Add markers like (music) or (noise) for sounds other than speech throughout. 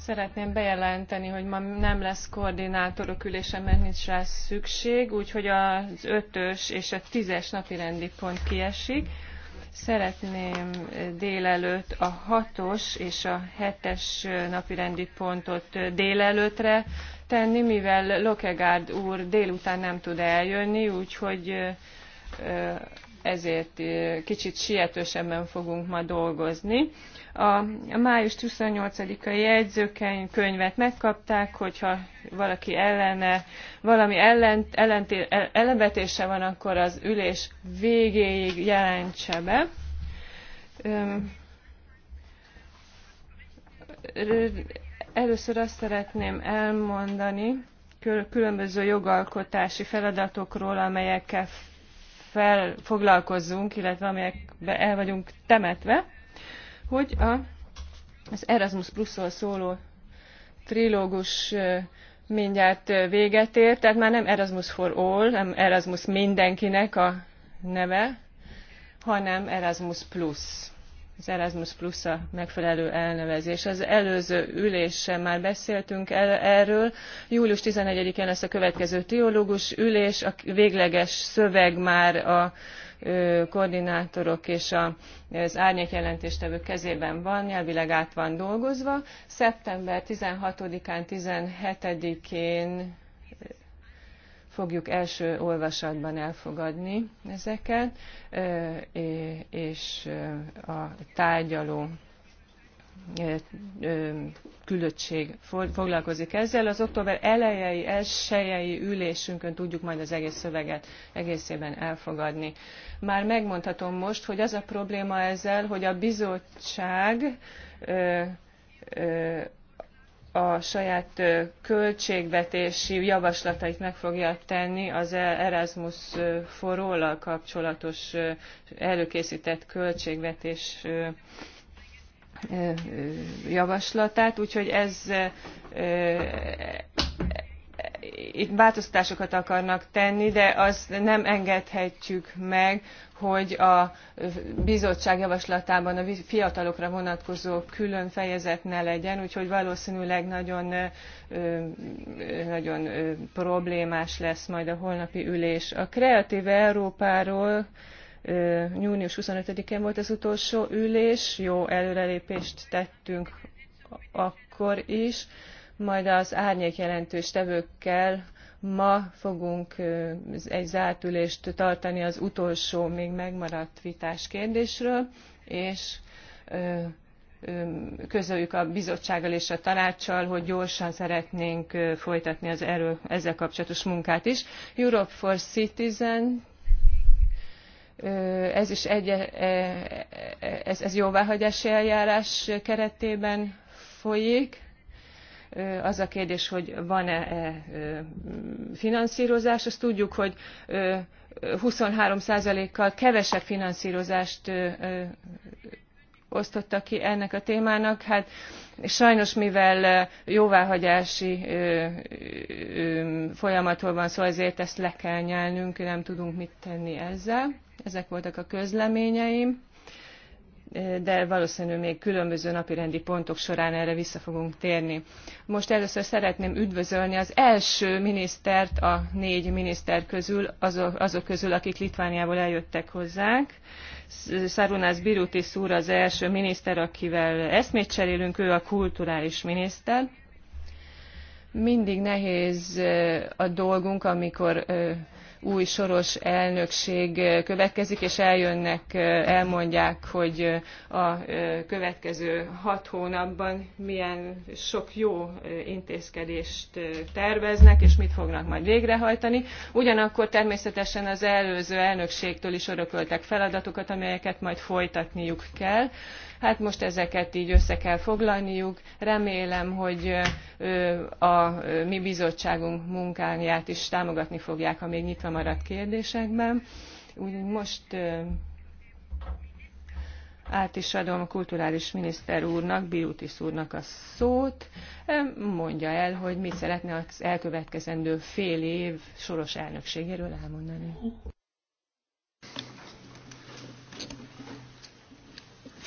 szeretném bejelenteni hogy ma nem lesz koordinátorok ülése mert nincs rá szükség úgyhogy az ötös és a tzes napirendi pont kiesik. szeretném délelőtt a hatos és a hetes napirendi pontot délelőttre tenni mivel lókegaard úr délután nem tud eljönni úgyhogy ezért kicsit sietősebben fogunk ma dolgozni. A május 28-ai jegyzőkönyvet megkapták, hogyha valaki ellene, valami ellent, ellent, ellenvetése van, akkor az ülés végéig jelentse be. Először azt szeretném elmondani, különböző jogalkotási feladatokról, amelyekkel fel foglalkozzunk, illetve amelyekbe el vagyunk temetve, hogy a, az Erasmus Plus-ról szóló trilógus mindjárt véget ért. tehát már nem Erasmus for all, nem Erasmus mindenkinek a neve, hanem Erasmus Plus az Erasmus plus a megfelelő elnevezés. Az előző ülésen már beszéltünk el, erről. Július 11-én lesz a következő teológus ülés, a végleges szöveg már a ö, koordinátorok és a, az árnyék kezében van, nyelvileg át van dolgozva. Szeptember 16-án, 17-én fogjuk első olvasatban elfogadni ezeket, és a tárgyaló küldöttség foglalkozik ezzel. Az október elejei, elsőjei ülésünkön tudjuk majd az egész szöveget egészében elfogadni. Már megmondhatom most, hogy az a probléma ezzel, hogy a bizottság a saját költségvetési javaslatait meg fogja tenni az e- Erasmus forróllal kapcsolatos előkészített költségvetés javaslatát, úgyhogy ez itt változtatásokat akarnak tenni, de azt nem engedhetjük meg, hogy a bizottság javaslatában a fiatalokra vonatkozó külön fejezet ne legyen, úgyhogy valószínűleg nagyon, nagyon problémás lesz majd a holnapi ülés. A Kreatív Európáról június 25-én volt az utolsó ülés, jó előrelépést tettünk akkor is majd az árnyék jelentős tevőkkel ma fogunk egy zárt ülést tartani az utolsó még megmaradt vitás kérdésről, és közöljük a bizottsággal és a tanácssal, hogy gyorsan szeretnénk folytatni az erő, ezzel kapcsolatos munkát is. Europe for Citizen ez is egy, e, e, ez, ez jóváhagyási eljárás keretében folyik az a kérdés, hogy van-e -e finanszírozás. Azt tudjuk, hogy 23%-kal kevesebb finanszírozást osztottak ki ennek a témának. Hát sajnos, mivel jóváhagyási folyamatról van szó, ezért ezt le kell nyelnünk, nem tudunk mit tenni ezzel. Ezek voltak a közleményeim de valószínűleg még különböző napirendi pontok során erre vissza fogunk térni. Most először szeretném üdvözölni az első minisztert a négy miniszter közül, azok, azok közül, akik Litvániából eljöttek hozzánk. Szarunász Birutis úr az első miniszter, akivel eszmét cserélünk, ő a kulturális miniszter. Mindig nehéz a dolgunk, amikor új soros elnökség következik, és eljönnek, elmondják, hogy a következő hat hónapban milyen sok jó intézkedést terveznek, és mit fognak majd végrehajtani. Ugyanakkor természetesen az előző elnökségtől is örököltek feladatokat, amelyeket majd folytatniuk kell. Hát most ezeket így össze kell foglalniuk. Remélem, hogy a mi bizottságunk munkáját is támogatni fogják, a még nyitva maradt kérdésekben. Úgyhogy most át is adom a kulturális miniszter úrnak, Birutis úrnak a szót. Mondja el, hogy mit szeretne az elkövetkezendő fél év soros elnökségéről elmondani.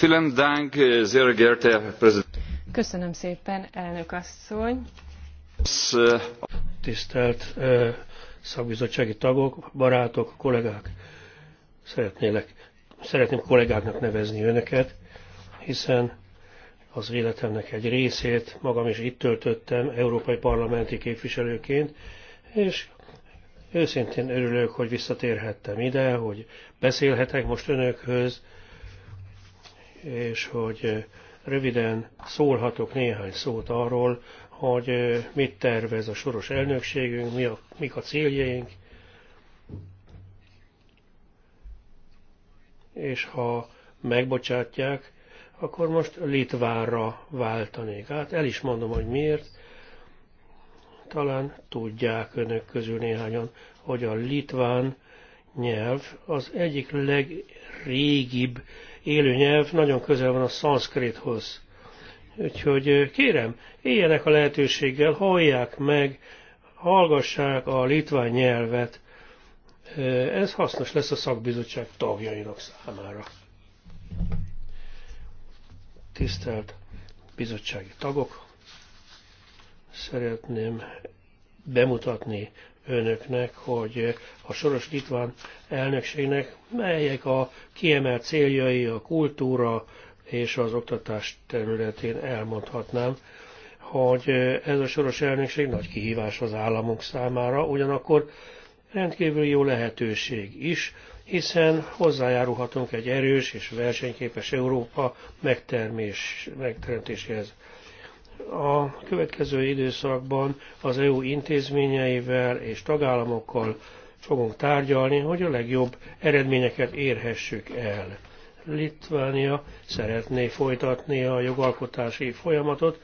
Eh, Köszönöm szépen, elnök asszony. Eh, Tisztelt eh, szakbizottsági tagok, barátok, kollégák, szeretnélek, szeretném kollégáknak nevezni önöket, hiszen az életemnek egy részét magam is itt töltöttem európai parlamenti képviselőként, és őszintén örülök, hogy visszatérhettem ide, hogy beszélhetek most önökhöz, és hogy eh, röviden szólhatok néhány szót arról, hogy eh, mit tervez a soros elnökségünk, mi a, mik a céljaink, és ha megbocsátják, akkor most Litvára váltanék hát El is mondom, hogy miért. Talán tudják önök közül néhányan, hogy a litván nyelv az egyik legrégibb élő nyelv nagyon közel van a szanszkrithoz. Úgyhogy kérem, éljenek a lehetőséggel, hallják meg, hallgassák a litván nyelvet. Ez hasznos lesz a szakbizottság tagjainak számára. Tisztelt bizottsági tagok, szeretném bemutatni önöknek, hogy a soros litván elnökségnek melyek a kiemelt céljai a kultúra és az oktatás területén elmondhatnám, hogy ez a soros elnökség nagy kihívás az államok számára, ugyanakkor rendkívül jó lehetőség is, hiszen hozzájárulhatunk egy erős és versenyképes Európa megtermés, megteremtéséhez a következő időszakban az EU intézményeivel és tagállamokkal fogunk tárgyalni, hogy a legjobb eredményeket érhessük el. Litvánia szeretné folytatni a jogalkotási folyamatot,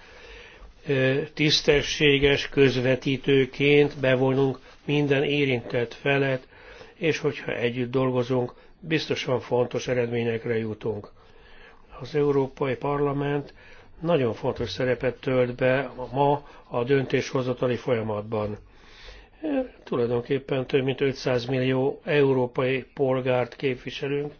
tisztességes közvetítőként bevonunk minden érintett felet, és hogyha együtt dolgozunk, biztosan fontos eredményekre jutunk. Az Európai Parlament nagyon fontos szerepet tölt be ma a döntéshozatali folyamatban. E, tulajdonképpen több mint 500 millió európai polgárt képviselünk,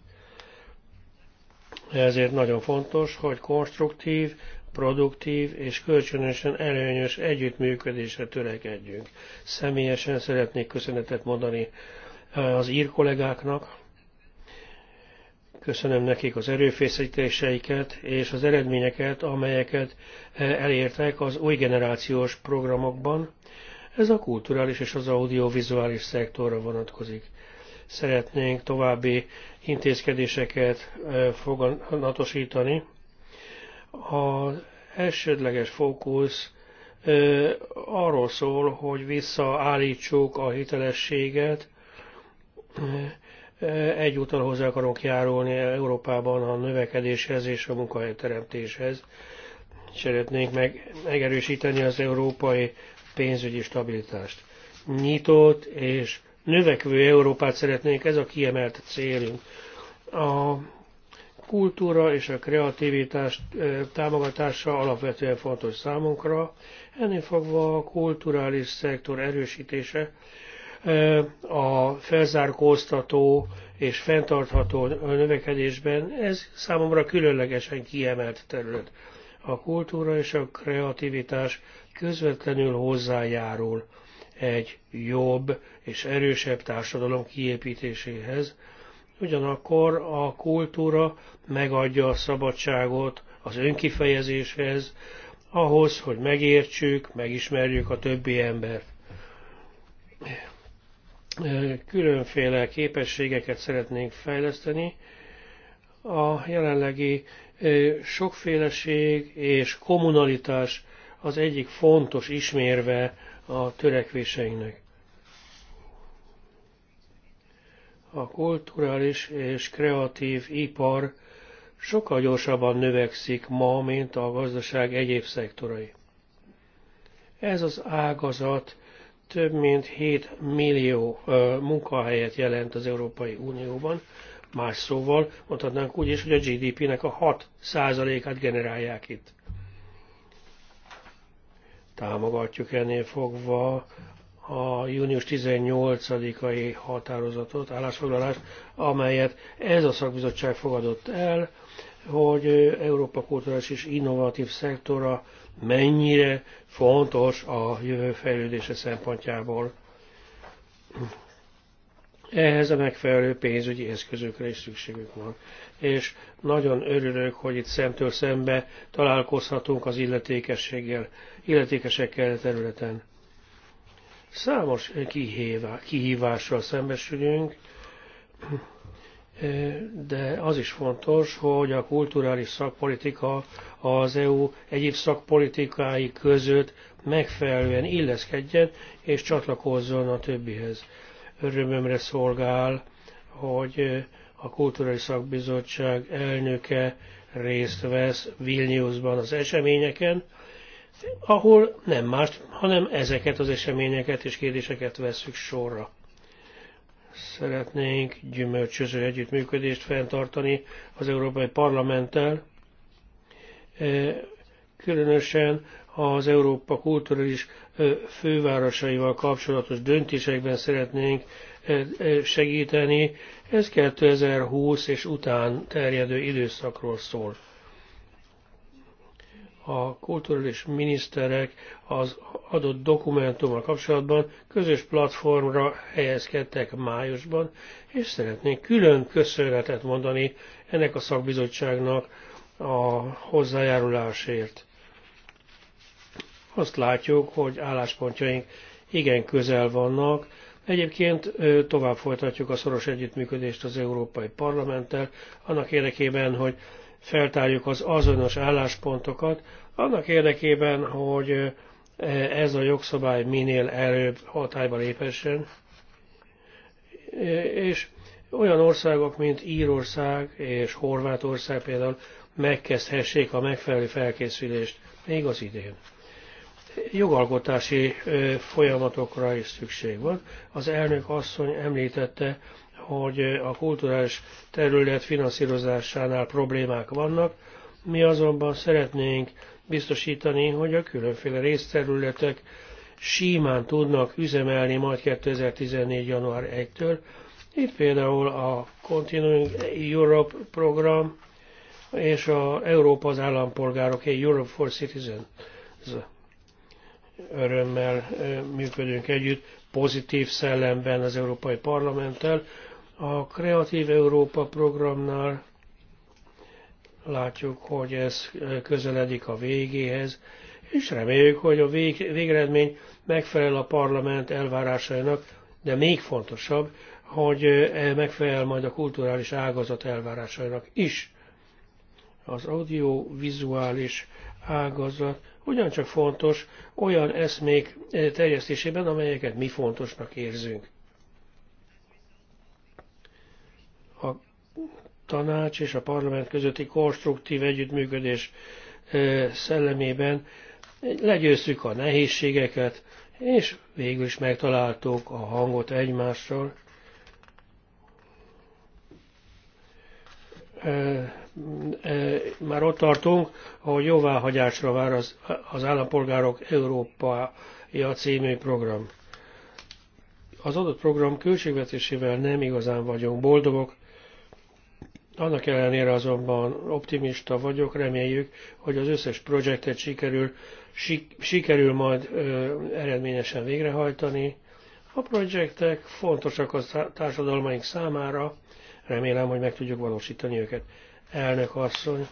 ezért nagyon fontos, hogy konstruktív, produktív és kölcsönösen előnyös együttműködésre törekedjünk. Személyesen szeretnék köszönetet mondani az ír kollégáknak, Köszönöm nekik az erőfeszítéseiket és az eredményeket, amelyeket eh, elértek az új generációs programokban. Ez a kulturális és az audiovizuális szektorra vonatkozik. Szeretnénk további intézkedéseket eh, foganatosítani. Az elsődleges fókusz eh, arról szól, hogy visszaállítsuk a hitelességet, E, egyúttal hozzá akarunk járulni Európában a növekedéshez és a munkahelyteremtéshez. Szeretnénk meg, megerősíteni az európai pénzügyi stabilitást. Nyitott és növekvő Európát szeretnénk, ez a kiemelt célunk. A kultúra és a kreativitás e, támogatása alapvetően fontos számunkra, ennél fogva a kulturális szektor erősítése a felzárkóztató és fenntartható növekedésben, ez számomra különlegesen kiemelt terület. A kultúra és a kreativitás közvetlenül hozzájárul egy jobb és erősebb társadalom kiépítéséhez, ugyanakkor a kultúra megadja a szabadságot az önkifejezéshez, ahhoz, hogy megértsük, megismerjük a többi embert különféle képességeket szeretnénk fejleszteni. A jelenlegi sokféleség és kommunalitás az egyik fontos ismérve a törekvéseinknek. A kulturális és kreatív ipar sokkal gyorsabban növekszik ma, mint a gazdaság egyéb szektorai. Ez az ágazat több mint 7 millió munkahelyet jelent az Európai Unióban. Más szóval mondhatnánk úgy is, hogy a GDP-nek a 6 át generálják itt. Támogatjuk ennél fogva a június 18-ai határozatot, állásfoglalást, amelyet ez a szakbizottság fogadott el, hogy Európa kulturális és innovatív szektora mennyire fontos a jövő fejlődése szempontjából. Ehhez a megfelelő pénzügyi eszközökre is szükségük van. És nagyon örülök, hogy itt szemtől szembe találkozhatunk az illetékességgel, illetékesekkel a területen. Számos kihívással szembesülünk, de az is fontos, hogy a kulturális szakpolitika az EU egyéb szakpolitikái között megfelelően illeszkedjen és csatlakozzon a többihez. Örömömre szolgál, hogy a Kulturális Szakbizottság elnöke részt vesz Vilniusban az eseményeken, ahol nem más, hanem ezeket az eseményeket és kérdéseket veszük sorra. Szeretnénk gyümölcsöző együttműködést fenntartani az Európai Parlamenttel, e, különösen az Európa kulturális e, fővárosaival kapcsolatos döntésekben szeretnénk e, segíteni. Ez 2020 és után terjedő időszakról szól a kulturális miniszterek az adott dokumentummal kapcsolatban közös platformra helyezkedtek májusban, és szeretnék külön köszönetet mondani ennek a szakbizottságnak a hozzájárulásért. Azt látjuk, hogy álláspontjaink igen közel vannak, Egyébként tovább folytatjuk a szoros együttműködést az Európai Parlamenttel, annak érdekében, hogy feltárjuk az azonos álláspontokat, annak érdekében, hogy ez a jogszabály minél előbb hatályba lépessen, és olyan országok, mint Írország és Horvátország például megkezdhessék a megfelelő felkészülést még az idén. Jogalkotási folyamatokra is szükség van. Az elnök asszony említette hogy a kulturális terület finanszírozásánál problémák vannak, mi azonban szeretnénk biztosítani, hogy a különféle részterületek simán tudnak üzemelni majd 2014. január 1-től. Itt például a Continuing Europe program és a Európa az egy Europe for Citizens örömmel működünk együtt, pozitív szellemben az Európai Parlamenttel, a Kreatív Európa programnál látjuk, hogy ez közeledik a végéhez, és reméljük, hogy a vég, végeredmény megfelel a parlament elvárásainak, de még fontosabb, hogy e megfelel majd a kulturális ágazat elvárásainak is. Az audiovizuális ágazat ugyancsak fontos olyan eszmék terjesztésében, amelyeket mi fontosnak érzünk. a tanács és a parlament közötti konstruktív együttműködés szellemében legyőztük a nehézségeket, és végül is megtaláltuk a hangot egymással. Már ott tartunk, hogy jóváhagyásra vár az, az Állampolgárok Európa című program. Az adott program költségvetésével nem igazán vagyunk boldogok, annak ellenére azonban optimista vagyok, reméljük, hogy az összes projektet sikerül, sik, sikerül majd ö, eredményesen végrehajtani. A projektek fontosak a társadalmaink számára, remélem, hogy meg tudjuk valósítani őket. Elnök asszony,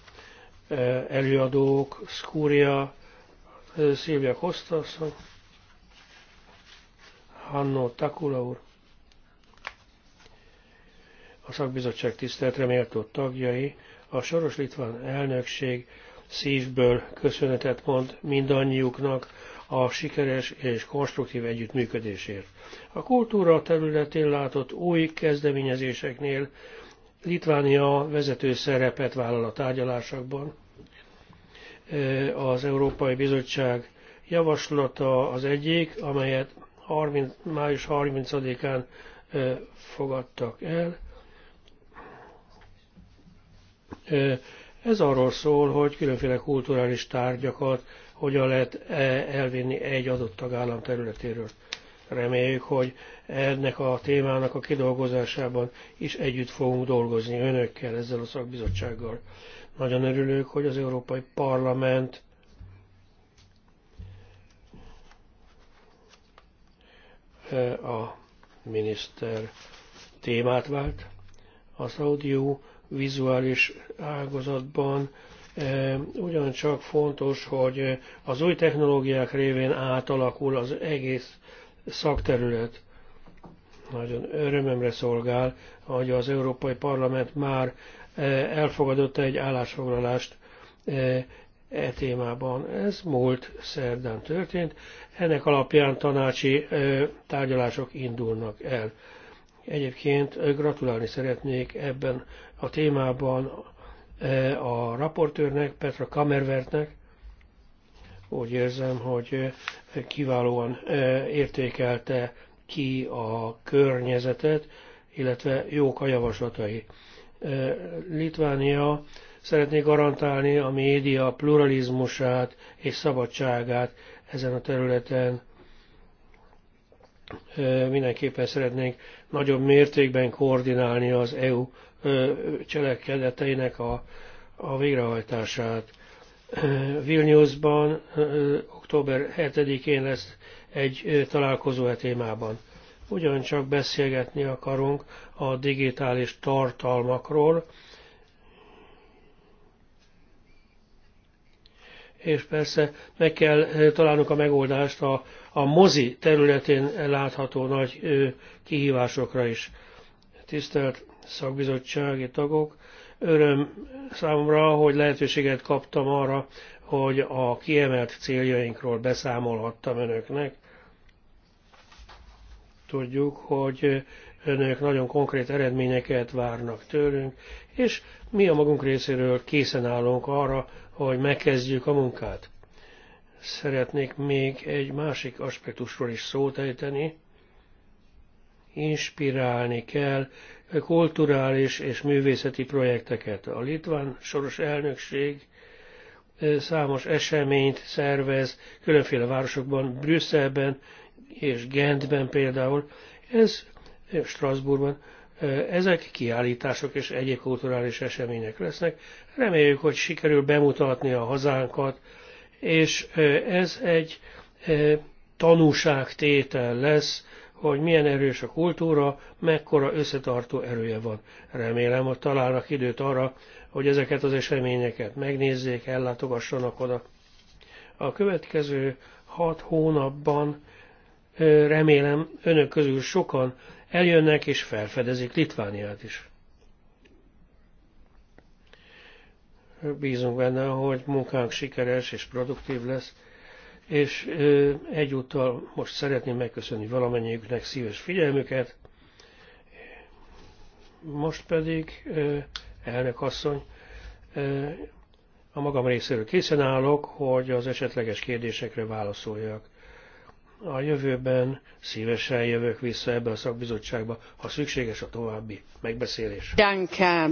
előadók, Skúria, Szilvia Kosztasszony, Hanno Takula úr a szakbizottság tiszteletre méltó tagjai, a soros litván elnökség szívből köszönetet mond mindannyiuknak a sikeres és konstruktív együttműködésért. A kultúra területén látott új kezdeményezéseknél Litvánia vezető szerepet vállal a tárgyalásokban. Az Európai Bizottság javaslata az egyik, amelyet 30, május 30-án fogadtak el. Ez arról szól, hogy különféle kulturális tárgyakat hogyan lehet e, elvinni egy adott tagállam területéről. Reméljük, hogy ennek a témának a kidolgozásában is együtt fogunk dolgozni önökkel, ezzel a szakbizottsággal. Nagyon örülök, hogy az Európai Parlament e, a miniszter témát vált. A Szaudiú vizuális ágazatban e, ugyancsak fontos, hogy az új technológiák révén átalakul az egész szakterület. Nagyon örömömre szolgál, hogy az Európai Parlament már e, elfogadott egy állásfoglalást e, e témában. Ez múlt szerdán történt. Ennek alapján tanácsi tárgyalások indulnak el. Egyébként gratulálni szeretnék ebben a témában e, a raportőrnek, Petra Kamervertnek. Úgy érzem, hogy e, kiválóan e, értékelte ki a környezetet, illetve jók a javaslatai. Litvánia szeretné garantálni a média pluralizmusát és szabadságát ezen a területen. Mindenképpen szeretnénk nagyobb mértékben koordinálni az EU cselekedeteinek a, a végrehajtását. Vilniusban október 7-én lesz egy találkozó e témában. Ugyancsak beszélgetni akarunk a digitális tartalmakról, és persze meg kell találnunk a megoldást a, a mozi területén látható nagy kihívásokra is. Tisztelt szakbizottsági tagok. Öröm számomra, hogy lehetőséget kaptam arra, hogy a kiemelt céljainkról beszámolhattam önöknek. Tudjuk, hogy önök nagyon konkrét eredményeket várnak tőlünk, és mi a magunk részéről készen állunk arra, hogy megkezdjük a munkát. Szeretnék még egy másik aspektusról is szót ejteni. Inspirálni kell kulturális és művészeti projekteket. A litván soros elnökség számos eseményt szervez különféle városokban, Brüsszelben és Gentben például, ez Strasbourgban, ezek kiállítások és egyéb kulturális események lesznek. Reméljük, hogy sikerül bemutatni a hazánkat, és ez egy tanúságtétel lesz hogy milyen erős a kultúra, mekkora összetartó erője van. Remélem, hogy találnak időt arra, hogy ezeket az eseményeket megnézzék, ellátogassanak oda. A következő hat hónapban remélem önök közül sokan eljönnek és felfedezik Litvániát is. Bízunk benne, hogy munkánk sikeres és produktív lesz és egyúttal most szeretném megköszönni valamennyiüknek szíves figyelmüket. Most pedig, elnök asszony, a magam részéről készen állok, hogy az esetleges kérdésekre válaszoljak a jövőben szívesen jövök vissza ebbe a szakbizottságba, ha szükséges a további megbeszélés. Danke,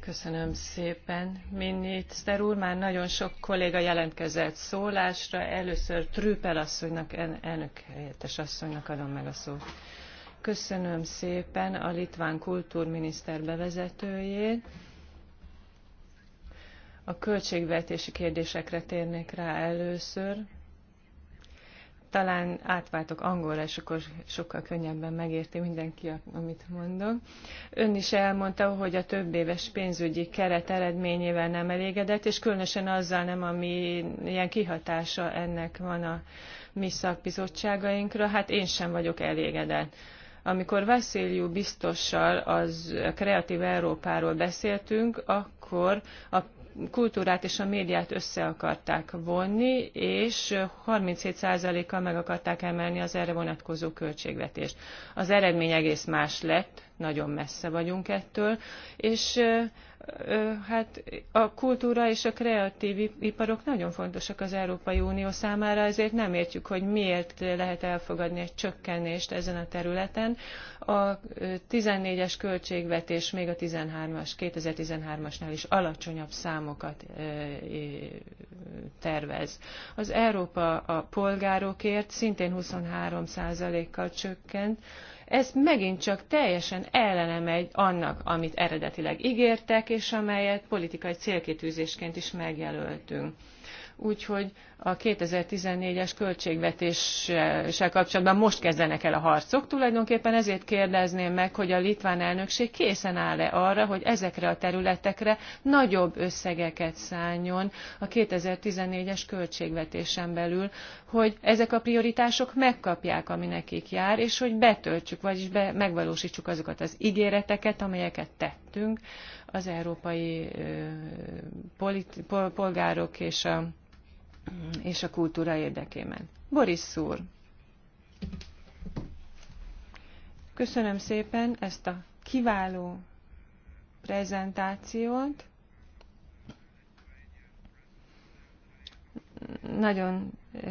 Köszönöm szépen, miniszter úr. Már nagyon sok kolléga jelentkezett szólásra. Először Trüpel asszonynak, elnök helyettes asszonynak adom meg a szót. Köszönöm szépen a litván kultúrminiszter bevezetőjét. A költségvetési kérdésekre térnék rá először talán átváltok angolra, és akkor sokkal könnyebben megérti mindenki, amit mondok. Ön is elmondta, hogy a több éves pénzügyi keret eredményével nem elégedett, és különösen azzal nem, ami ilyen kihatása ennek van a mi szakbizottságainkra. Hát én sem vagyok elégedett amikor Vassziliu biztossal az Kreatív Európáról beszéltünk, akkor a kultúrát és a médiát össze akarták vonni, és 37%-kal meg akarták emelni az erre vonatkozó költségvetést. Az eredmény egész más lett, nagyon messze vagyunk ettől, és hát a kultúra és a kreatív iparok nagyon fontosak az Európai Unió számára, ezért nem értjük, hogy miért lehet elfogadni egy csökkenést ezen a területen. A 14-es költségvetés még a 13-as, 2013-asnál is alacsonyabb számokat tervez. Az Európa a polgárokért szintén 23%-kal csökkent, ez megint csak teljesen ellene megy annak, amit eredetileg ígértek, és amelyet politikai célkitűzésként is megjelöltünk. Úgyhogy a 2014-es költségvetéssel kapcsolatban most kezdenek el a harcok. Tulajdonképpen ezért kérdezném meg, hogy a litván elnökség készen áll-e arra, hogy ezekre a területekre nagyobb összegeket szálljon a 2014-es költségvetésen belül, hogy ezek a prioritások megkapják, ami nekik jár, és hogy betöltsük, vagyis be, megvalósítsuk azokat az ígéreteket, amelyeket tettünk az európai polgárok és a és a kultúra érdekében. Boris Szúr. Köszönöm szépen ezt a kiváló prezentációt. Nagyon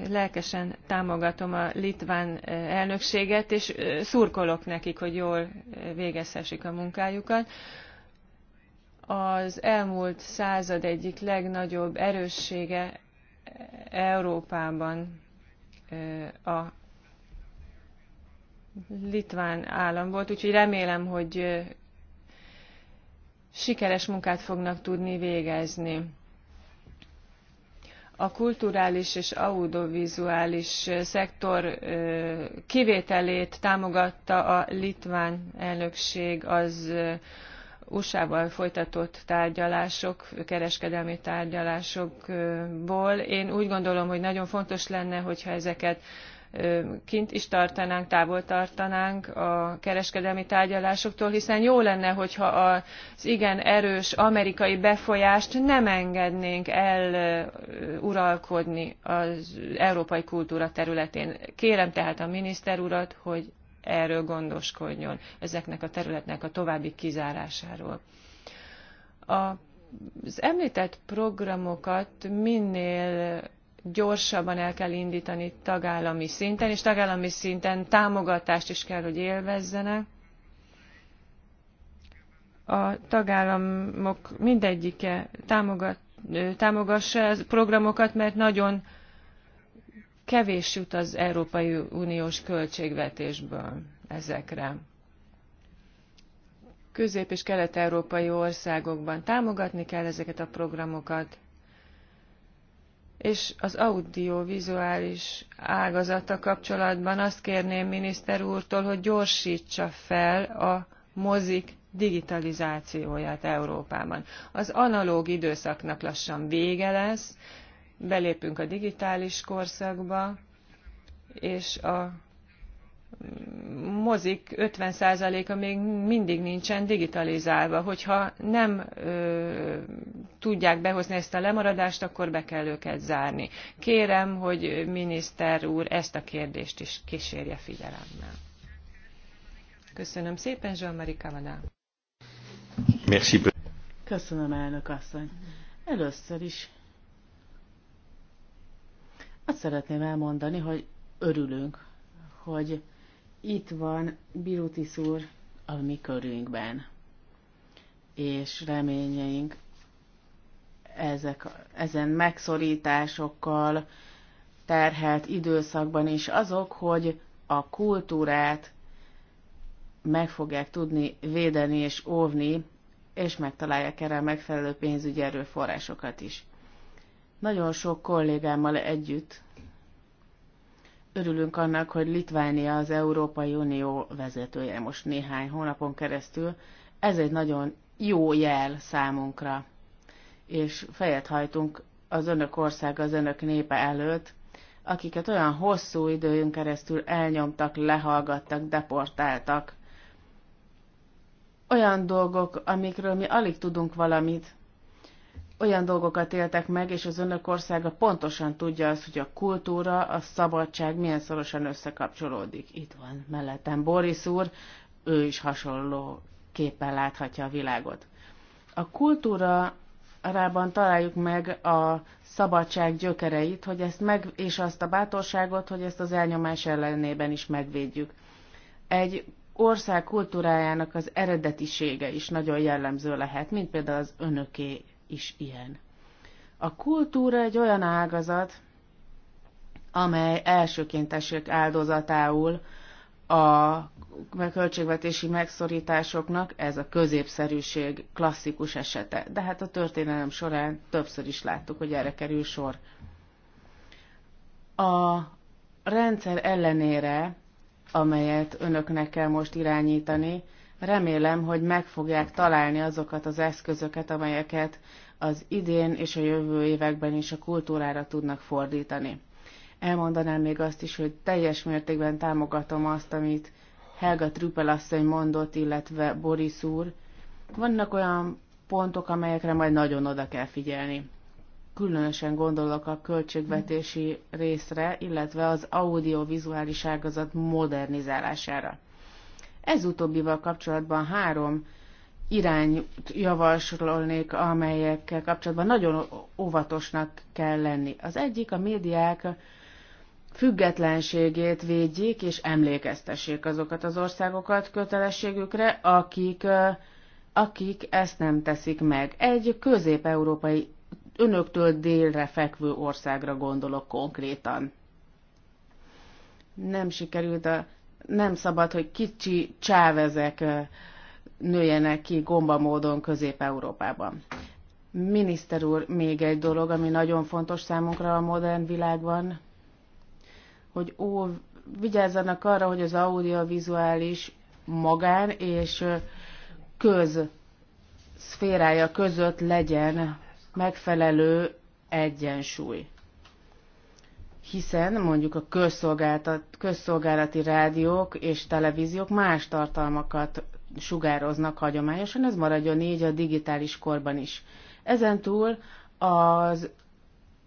lelkesen támogatom a litván elnökséget, és szurkolok nekik, hogy jól végezhessék a munkájukat az elmúlt század egyik legnagyobb erőssége Európában a litván állam volt, úgyhogy remélem, hogy sikeres munkát fognak tudni végezni. A kulturális és audiovizuális szektor kivételét támogatta a litván elnökség az USA-val folytatott tárgyalások, kereskedelmi tárgyalásokból. Én úgy gondolom, hogy nagyon fontos lenne, hogyha ezeket kint is tartanánk, távol tartanánk a kereskedelmi tárgyalásoktól, hiszen jó lenne, hogyha az igen erős amerikai befolyást nem engednénk el uralkodni az európai kultúra területén. Kérem tehát a miniszter urat, hogy erről gondoskodjon, ezeknek a területnek a további kizárásáról. Az említett programokat minél gyorsabban el kell indítani tagállami szinten, és tagállami szinten támogatást is kell, hogy élvezzenek. A tagállamok mindegyike támogat, támogassa a programokat, mert nagyon kevés jut az Európai Uniós költségvetésből ezekre. Közép- és kelet-európai országokban támogatni kell ezeket a programokat, és az audiovizuális ágazata kapcsolatban azt kérném miniszter úrtól, hogy gyorsítsa fel a mozik digitalizációját Európában. Az analóg időszaknak lassan vége lesz, belépünk a digitális korszakba, és a mozik 50%-a még mindig nincsen digitalizálva. Hogyha nem ö, tudják behozni ezt a lemaradást, akkor be kell őket zárni. Kérem, hogy miniszter úr ezt a kérdést is kísérje figyelemmel. Köszönöm szépen, Jean-Marie Merci. Köszönöm, elnök asszony. Először is azt szeretném elmondani, hogy örülünk, hogy itt van Birutis úr a mi körünkben. És reményeink ezek, ezen megszorításokkal terhelt időszakban is azok, hogy a kultúrát meg fogják tudni védeni és óvni, és megtalálják erre a megfelelő pénzügyi erőforrásokat is nagyon sok kollégámmal együtt örülünk annak, hogy Litvánia az Európai Unió vezetője most néhány hónapon keresztül. Ez egy nagyon jó jel számunkra, és fejet hajtunk az önök ország, az önök népe előtt, akiket olyan hosszú időjön keresztül elnyomtak, lehallgattak, deportáltak. Olyan dolgok, amikről mi alig tudunk valamit, olyan dolgokat éltek meg, és az önök országa pontosan tudja azt, hogy a kultúra, a szabadság milyen szorosan összekapcsolódik. Itt van mellettem Boris úr, ő is hasonló képpen láthatja a világot. A kultúra rában találjuk meg a szabadság gyökereit, hogy ezt meg, és azt a bátorságot, hogy ezt az elnyomás ellenében is megvédjük. Egy ország kultúrájának az eredetisége is nagyon jellemző lehet, mint például az önöké is ilyen. A kultúra egy olyan ágazat, amely elsőként esik áldozatául a költségvetési megszorításoknak, ez a középszerűség klasszikus esete. De hát a történelem során többször is láttuk, hogy erre kerül sor. A rendszer ellenére, amelyet önöknek kell most irányítani, remélem, hogy meg fogják találni azokat az eszközöket, amelyeket az idén és a jövő években is a kultúrára tudnak fordítani. Elmondanám még azt is, hogy teljes mértékben támogatom azt, amit Helga Trüppel asszony mondott, illetve Boris úr. Vannak olyan pontok, amelyekre majd nagyon oda kell figyelni. Különösen gondolok a költségvetési részre, illetve az audiovizuális ágazat modernizálására. Ez utóbbival kapcsolatban három irányt javasolnék, amelyekkel kapcsolatban nagyon óvatosnak kell lenni. Az egyik a médiák függetlenségét védjék és emlékeztessék azokat az országokat kötelességükre, akik, akik ezt nem teszik meg. Egy közép-európai önöktől délre fekvő országra gondolok konkrétan. Nem sikerült a, nem szabad, hogy kicsi csávezek nőjenek ki gomba módon Közép-Európában. Miniszter úr, még egy dolog, ami nagyon fontos számunkra a modern világban, hogy ó, vigyázzanak arra, hogy az audiovizuális magán és köz szférája között legyen megfelelő egyensúly. Hiszen mondjuk a közszolgálati rádiók és televíziók más tartalmakat sugároznak hagyományosan, ez maradjon így a digitális korban is. Ezen túl az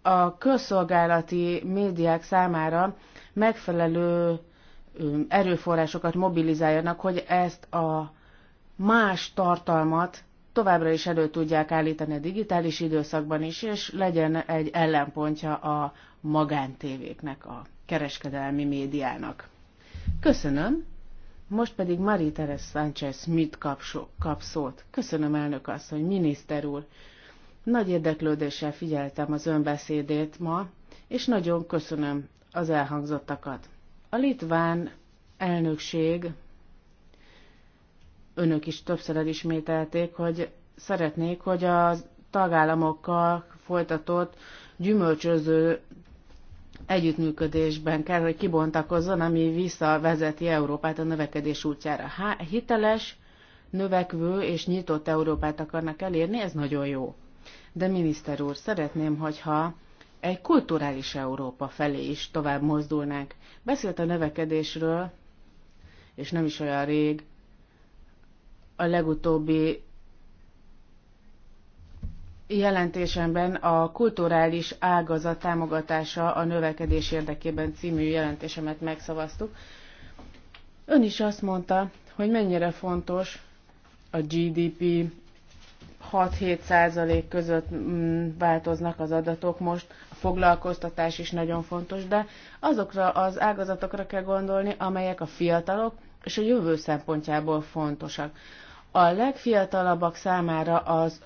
a közszolgálati médiák számára megfelelő um, erőforrásokat mobilizáljanak, hogy ezt a más tartalmat továbbra is elő tudják állítani a digitális időszakban is, és legyen egy ellenpontja a magántévéknek, a kereskedelmi médiának. Köszönöm! Most pedig Marie Teres Sánchez mit kap, kap szót. Köszönöm, elnök asszony, miniszter úr. Nagy érdeklődéssel figyeltem az önbeszédét ma, és nagyon köszönöm az elhangzottakat. A litván elnökség, önök is többször elismételték, hogy szeretnék, hogy a tagállamokkal folytatott gyümölcsöző együttműködésben kell, hogy kibontakozzon, ami visszavezeti Európát a növekedés útjára. Há, hiteles, növekvő és nyitott Európát akarnak elérni, ez nagyon jó. De miniszter úr, szeretném, hogyha egy kulturális Európa felé is tovább mozdulnánk. Beszélt a növekedésről, és nem is olyan rég, a legutóbbi jelentésemben a kulturális ágazat támogatása a növekedés érdekében című jelentésemet megszavaztuk. Ön is azt mondta, hogy mennyire fontos a GDP 6-7 százalék között mm, változnak az adatok most, a foglalkoztatás is nagyon fontos, de azokra az ágazatokra kell gondolni, amelyek a fiatalok és a jövő szempontjából fontosak. A legfiatalabbak számára az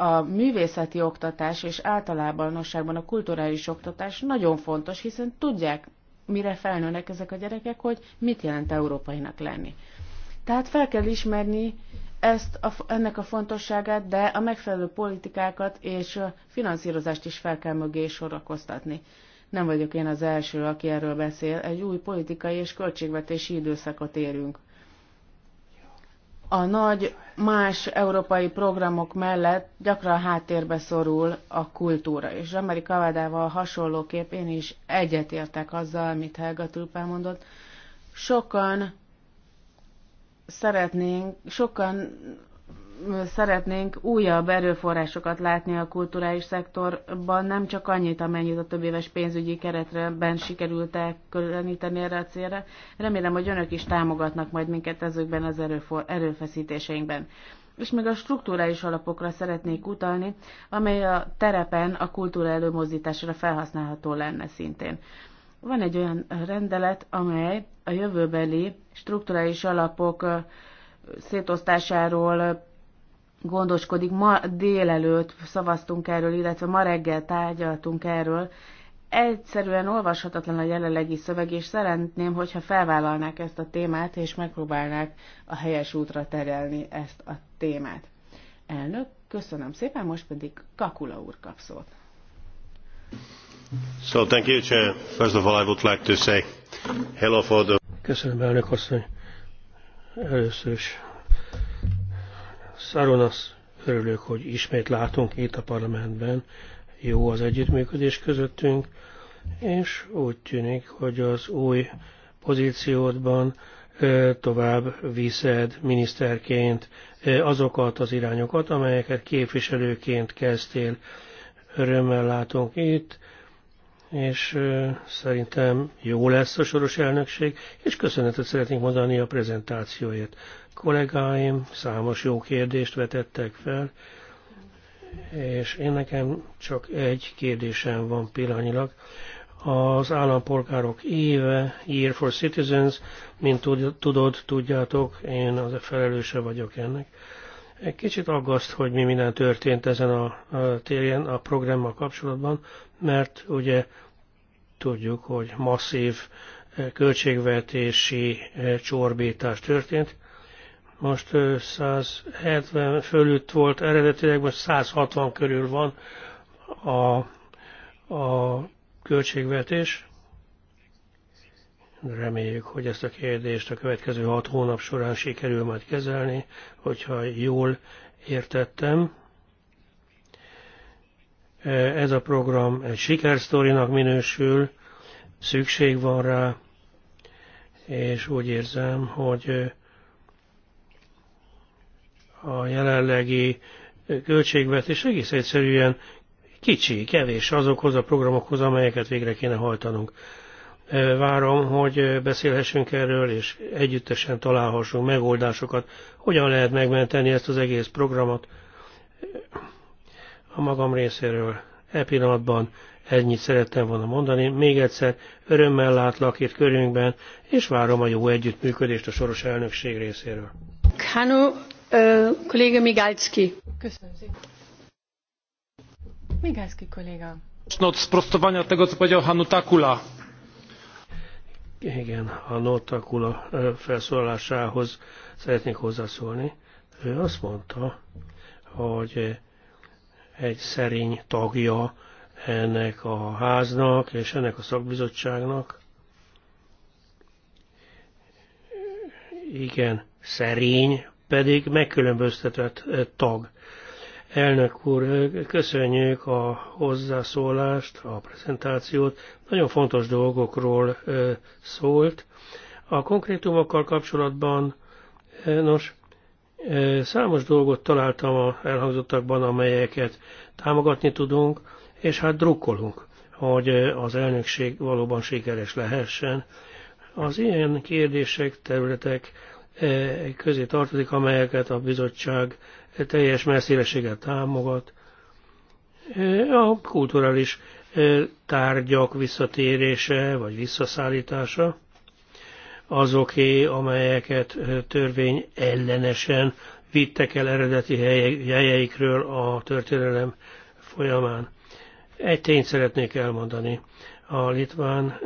a művészeti oktatás és általában a kulturális oktatás nagyon fontos, hiszen tudják, mire felnőnek ezek a gyerekek, hogy mit jelent európainak lenni. Tehát fel kell ismerni ezt a, ennek a fontosságát, de a megfelelő politikákat és a finanszírozást is fel kell mögé sorakoztatni. Nem vagyok én az első, aki erről beszél, egy új politikai és költségvetési időszakot érünk a nagy más európai programok mellett gyakran háttérbe szorul a kultúra, és Ameri Kavadával hasonlóképp én is egyetértek azzal, amit Helga Tulpán mondott. Sokan szeretnénk, sokan szeretnénk újabb erőforrásokat látni a kulturális szektorban, nem csak annyit, amennyit a több éves pénzügyi keretben sikerült elkülöníteni erre a célra. Remélem, hogy önök is támogatnak majd minket ezekben az erőfor- erőfeszítéseinkben. És még a struktúrális alapokra szeretnék utalni, amely a terepen a kultúra előmozdításra felhasználható lenne szintén. Van egy olyan rendelet, amely a jövőbeli struktúrális alapok szétosztásáról gondoskodik. Ma délelőtt szavaztunk erről, illetve ma reggel tárgyaltunk erről. Egyszerűen olvashatatlan a jelenlegi szöveg, és szeretném, hogyha felvállalnák ezt a témát, és megpróbálnák a helyes útra terelni ezt a témát. Elnök, köszönöm szépen, most pedig Kakula úr kap szót. So, thank you, Chair. First of all, I would like to say hello for the... Köszönöm, elnök asszony. Először is Szaronasz, örülök, hogy ismét látunk itt a parlamentben. Jó az együttműködés közöttünk, és úgy tűnik, hogy az új pozíciódban tovább viszed miniszterként azokat az irányokat, amelyeket képviselőként kezdtél. Örömmel látunk itt, és szerintem jó lesz a soros elnökség, és köszönetet szeretnénk mondani a prezentációért. Kollégáim számos jó kérdést vetettek fel, és én nekem csak egy kérdésem van pillanatnyilag. Az állampolgárok éve, Year for Citizens, mint tudod, tudjátok, én az a felelőse vagyok ennek. Egy kicsit aggaszt, hogy mi minden történt ezen a, a téren a programmal kapcsolatban, mert ugye tudjuk, hogy masszív eh, költségvetési eh, csorbítás történt most 170 fölött volt eredetileg, most 160 körül van a, a költségvetés. Reméljük, hogy ezt a kérdést a következő hat hónap során sikerül majd kezelni, hogyha jól értettem. Ez a program egy sikersztorinak minősül, szükség van rá, és úgy érzem, hogy a jelenlegi eh, költségvetés egész egyszerűen kicsi, kevés azokhoz a programokhoz, amelyeket végre kéne hajtanunk. Eh, várom, hogy eh, beszélhessünk erről, és együttesen találhassunk megoldásokat, hogyan lehet megmenteni ezt az egész programot. A magam részéről e pillanatban ennyit szerettem volna mondani. Még egyszer örömmel látlak itt körünkben, és várom a jó együttműködést a soros elnökség részéről. Kanu Kolléga Migalski. Köszönöm szépen. Migalski kolléga. Od sprostowania tego, co powiedział Hanutakula. Igen, a Notakula e, felszólalásához szeretnék hozzászólni. Ő azt mondta, hogy egy szerény tagja ennek a háznak és ennek a szakbizottságnak. Igen, szerény pedig megkülönböztetett tag. Elnök úr, köszönjük a hozzászólást, a prezentációt. Nagyon fontos dolgokról szólt. A konkrétumokkal kapcsolatban, nos, számos dolgot találtam a elhangzottakban, amelyeket támogatni tudunk, és hát drukkolunk, hogy az elnökség valóban sikeres lehessen. Az ilyen kérdések, területek E, közé tartozik, amelyeket a bizottság teljes messzélességgel támogat. E, a kulturális e, tárgyak visszatérése vagy visszaszállítása, azoké, amelyeket törvény ellenesen vittek el eredeti helyeikről a történelem folyamán. Egy tényt szeretnék elmondani. A litván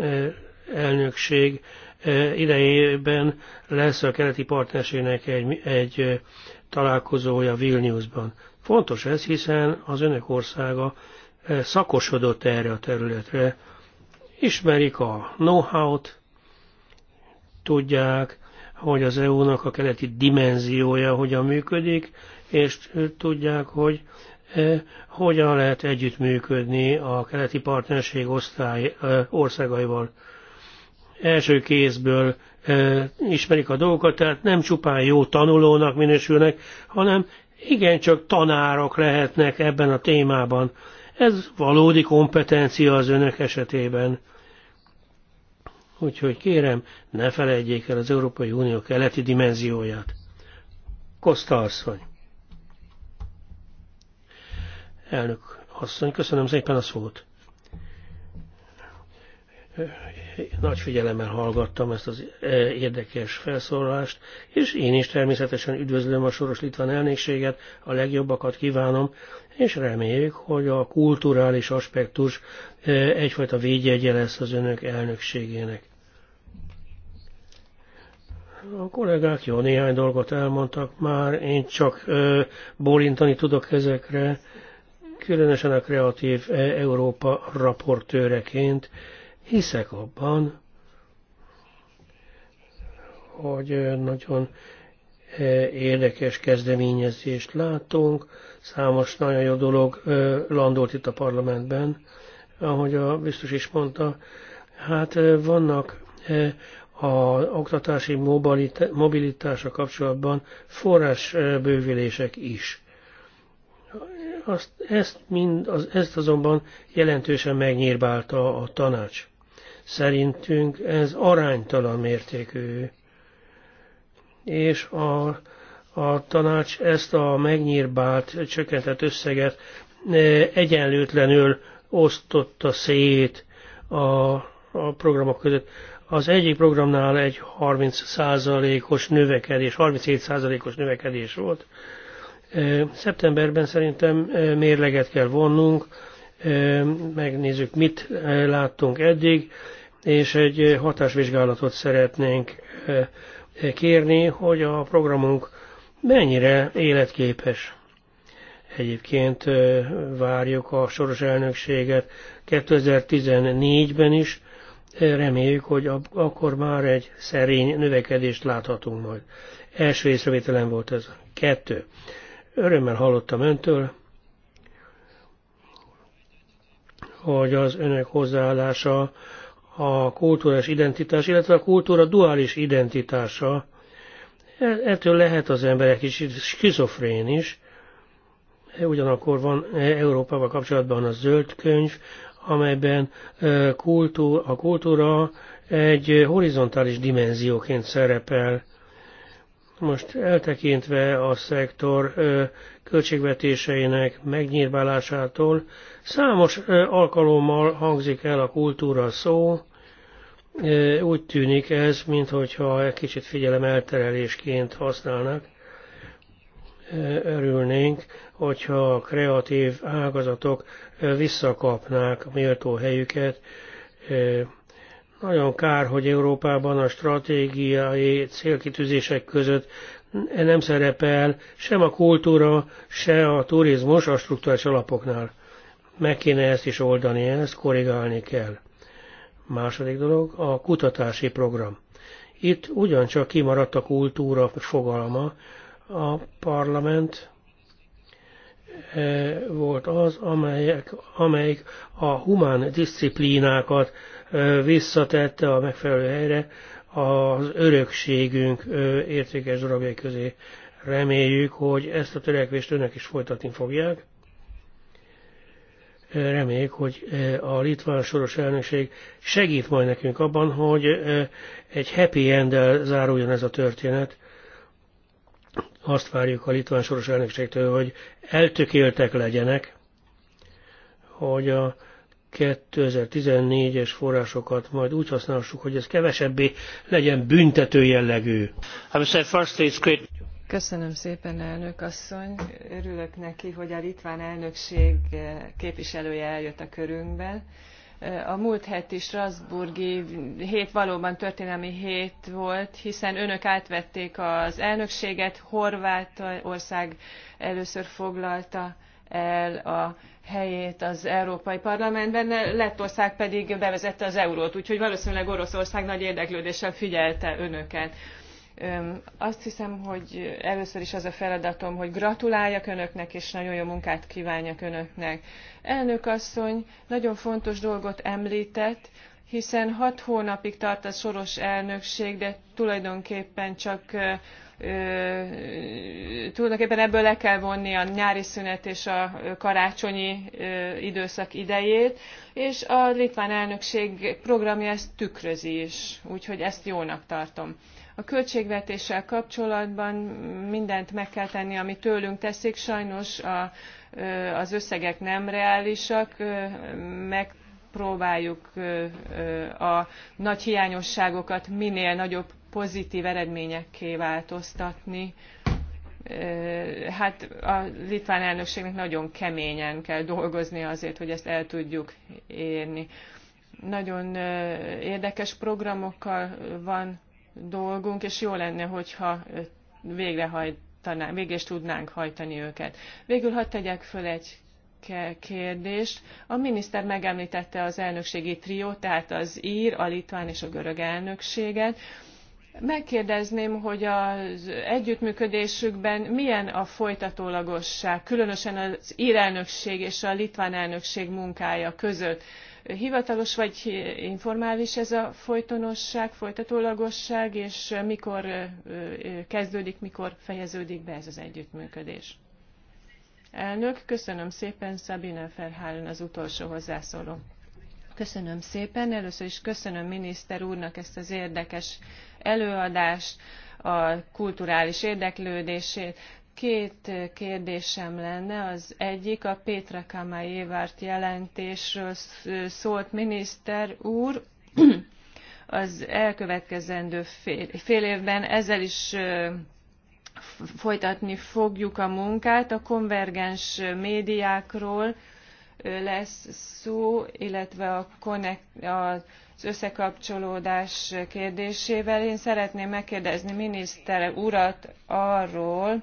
elnökség idejében lesz a keleti partnerségnek egy, egy találkozója Vilniusban. Fontos ez, hiszen az önök országa szakosodott erre a területre, ismerik a know-how-t, tudják, hogy az EU-nak a keleti dimenziója hogyan működik, és tudják, hogy hogyan lehet együttműködni a keleti partnerség osztály, országaival első kézből ismerik a dolgokat, tehát nem csupán jó tanulónak minősülnek, hanem igencsak tanárok lehetnek ebben a témában. Ez valódi kompetencia az önök esetében. Úgyhogy kérem, ne felejtjék el az Európai Unió keleti dimenzióját. Kosta asszony. Elnök asszony, köszönöm szépen a szót nagy figyelemmel hallgattam ezt az e, érdekes felszólalást, és én is természetesen üdvözlöm a Soros Litván elnökséget, a legjobbakat kívánom, és reméljük, hogy a kulturális aspektus e, egyfajta védjegye lesz az önök elnökségének. A kollégák jó néhány dolgot elmondtak már, én csak e, bólintani tudok ezekre, különösen a Kreatív Európa raportőreként, Hiszek abban, hogy nagyon érdekes kezdeményezést látunk, számos nagyon jó dolog landolt itt a parlamentben, ahogy a biztos is mondta, hát vannak a oktatási mobilitása kapcsolatban forrásbővülések is. Azt, ezt, mind, az, ezt azonban jelentősen megnyírbálta a tanács. Szerintünk ez aránytalan mértékű. És a, a tanács ezt a megnyírbált, csökkentett összeget e, egyenlőtlenül osztotta szét a, a programok között. Az egyik programnál egy 30%-os növekedés, 37%-os növekedés volt. E, szeptemberben szerintem e, mérleget kell vonnunk, megnézzük, mit láttunk eddig, és egy hatásvizsgálatot szeretnénk kérni, hogy a programunk mennyire életképes. Egyébként várjuk a soros elnökséget 2014-ben is, reméljük, hogy akkor már egy szerény növekedést láthatunk majd. Első észrevételem volt ez. Kettő. Örömmel hallottam öntől, hogy az önök hozzáállása a kultúrás identitás, illetve a kultúra duális identitása. E, ettől lehet az emberek is skizofrén is. E, ugyanakkor van e, Európával kapcsolatban a zöld könyv, amelyben a kultúra egy horizontális dimenzióként szerepel. Most eltekintve a szektor költségvetéseinek megnyírválásától. Számos alkalommal hangzik el a kultúra szó, úgy tűnik ez, mintha egy kicsit figyelem elterelésként használnak. Örülnénk, hogyha a kreatív ágazatok visszakapnák a méltó helyüket. Nagyon kár, hogy Európában a stratégiai célkitűzések között nem szerepel sem a kultúra, se a turizmus a struktúrás alapoknál. Meg kéne ezt is oldani, ezt korrigálni kell. Második dolog a kutatási program. Itt ugyancsak kimaradt a kultúra fogalma. A parlament e, volt az, amelyek, amelyik a humán disziplínákat e, visszatette a megfelelő helyre, az örökségünk értékes darabjai közé. Reméljük, hogy ezt a törekvést önök is folytatni fogják. Reméljük, hogy a litván soros elnökség segít majd nekünk abban, hogy egy happy end záruljon ez a történet. Azt várjuk a litván soros elnökségtől, hogy eltökéltek legyenek, hogy a 2014-es forrásokat majd úgy használhassuk, hogy ez kevesebbé legyen büntető jellegű. Köszönöm szépen, elnök asszony. Örülök neki, hogy a litván elnökség képviselője eljött a körünkben. A múlt heti Strasburgi hét valóban történelmi hét volt, hiszen önök átvették az elnökséget, Horvátország először foglalta el a helyét az Európai Parlamentben, Lettország pedig bevezette az eurót, úgyhogy valószínűleg Oroszország nagy érdeklődéssel figyelte önöket. Azt hiszem, hogy először is az a feladatom, hogy gratuláljak önöknek, és nagyon jó munkát kívánjak önöknek. Elnök asszony nagyon fontos dolgot említett, hiszen hat hónapig tart a soros elnökség, de tulajdonképpen csak tulajdonképpen ebből le kell vonni a nyári szünet és a karácsonyi időszak idejét, és a litván elnökség programja ezt tükrözi is, úgyhogy ezt jónak tartom. A költségvetéssel kapcsolatban mindent meg kell tenni, ami tőlünk teszik. Sajnos a, az összegek nem reálisak, meg próbáljuk a nagy hiányosságokat minél nagyobb pozitív eredményekké változtatni. Hát a litván elnökségnek nagyon keményen kell dolgozni azért, hogy ezt el tudjuk érni. Nagyon érdekes programokkal van dolgunk, és jó lenne, hogyha végre is tudnánk hajtani őket. Végül hadd tegyek föl egy kérdést. A miniszter megemlítette az elnökségi triót, tehát az ír, a litván és a görög elnökséget megkérdezném, hogy az együttműködésükben milyen a folytatólagosság, különösen az r elnökség és a litván elnökség munkája között. Hivatalos vagy informális ez a folytonosság, folytatólagosság, és mikor kezdődik, mikor fejeződik be ez az együttműködés? Elnök, köszönöm szépen, Sabine Ferhalen az utolsó hozzászóló. Köszönöm szépen. Először is köszönöm miniszter úrnak ezt az érdekes előadást, a kulturális érdeklődését. Két kérdésem lenne. Az egyik a Pétra Kamájévárt jelentésről szólt miniszter úr. Az elkövetkezendő fél, fél évben ezzel is folytatni fogjuk a munkát a konvergens médiákról, lesz szó, illetve a connect, az összekapcsolódás kérdésével. Én szeretném megkérdezni miniszter urat arról,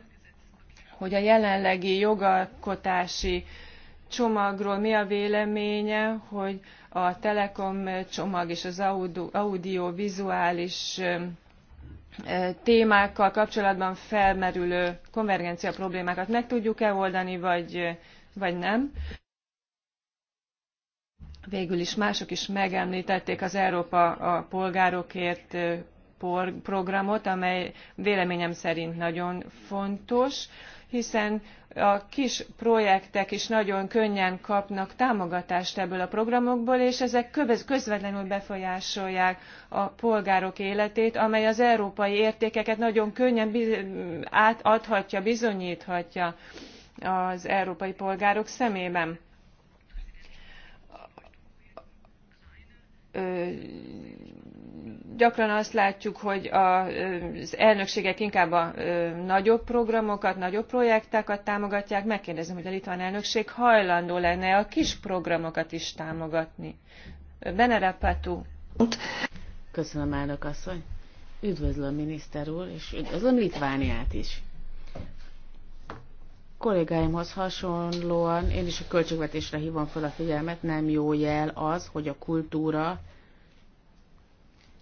hogy a jelenlegi jogalkotási csomagról mi a véleménye, hogy a Telekom csomag és az audiovizuális témákkal kapcsolatban felmerülő konvergencia problémákat meg tudjuk-e oldani, vagy, vagy nem végül is mások is megemlítették az Európa a polgárokért programot, amely véleményem szerint nagyon fontos, hiszen a kis projektek is nagyon könnyen kapnak támogatást ebből a programokból, és ezek közvetlenül befolyásolják a polgárok életét, amely az európai értékeket nagyon könnyen átadhatja, bizonyíthatja az európai polgárok szemében gyakran azt látjuk, hogy az elnökségek inkább a nagyobb programokat, nagyobb projektákat támogatják. Megkérdezem, hogy a litván elnökség hajlandó lenne a kis programokat is támogatni. Benerapatú. Köszönöm, elnök asszony. Üdvözlöm, miniszter úr, és üdvözlöm Litvániát is kollégáimhoz hasonlóan én is a költségvetésre hívom fel a figyelmet, nem jó jel az, hogy a kultúra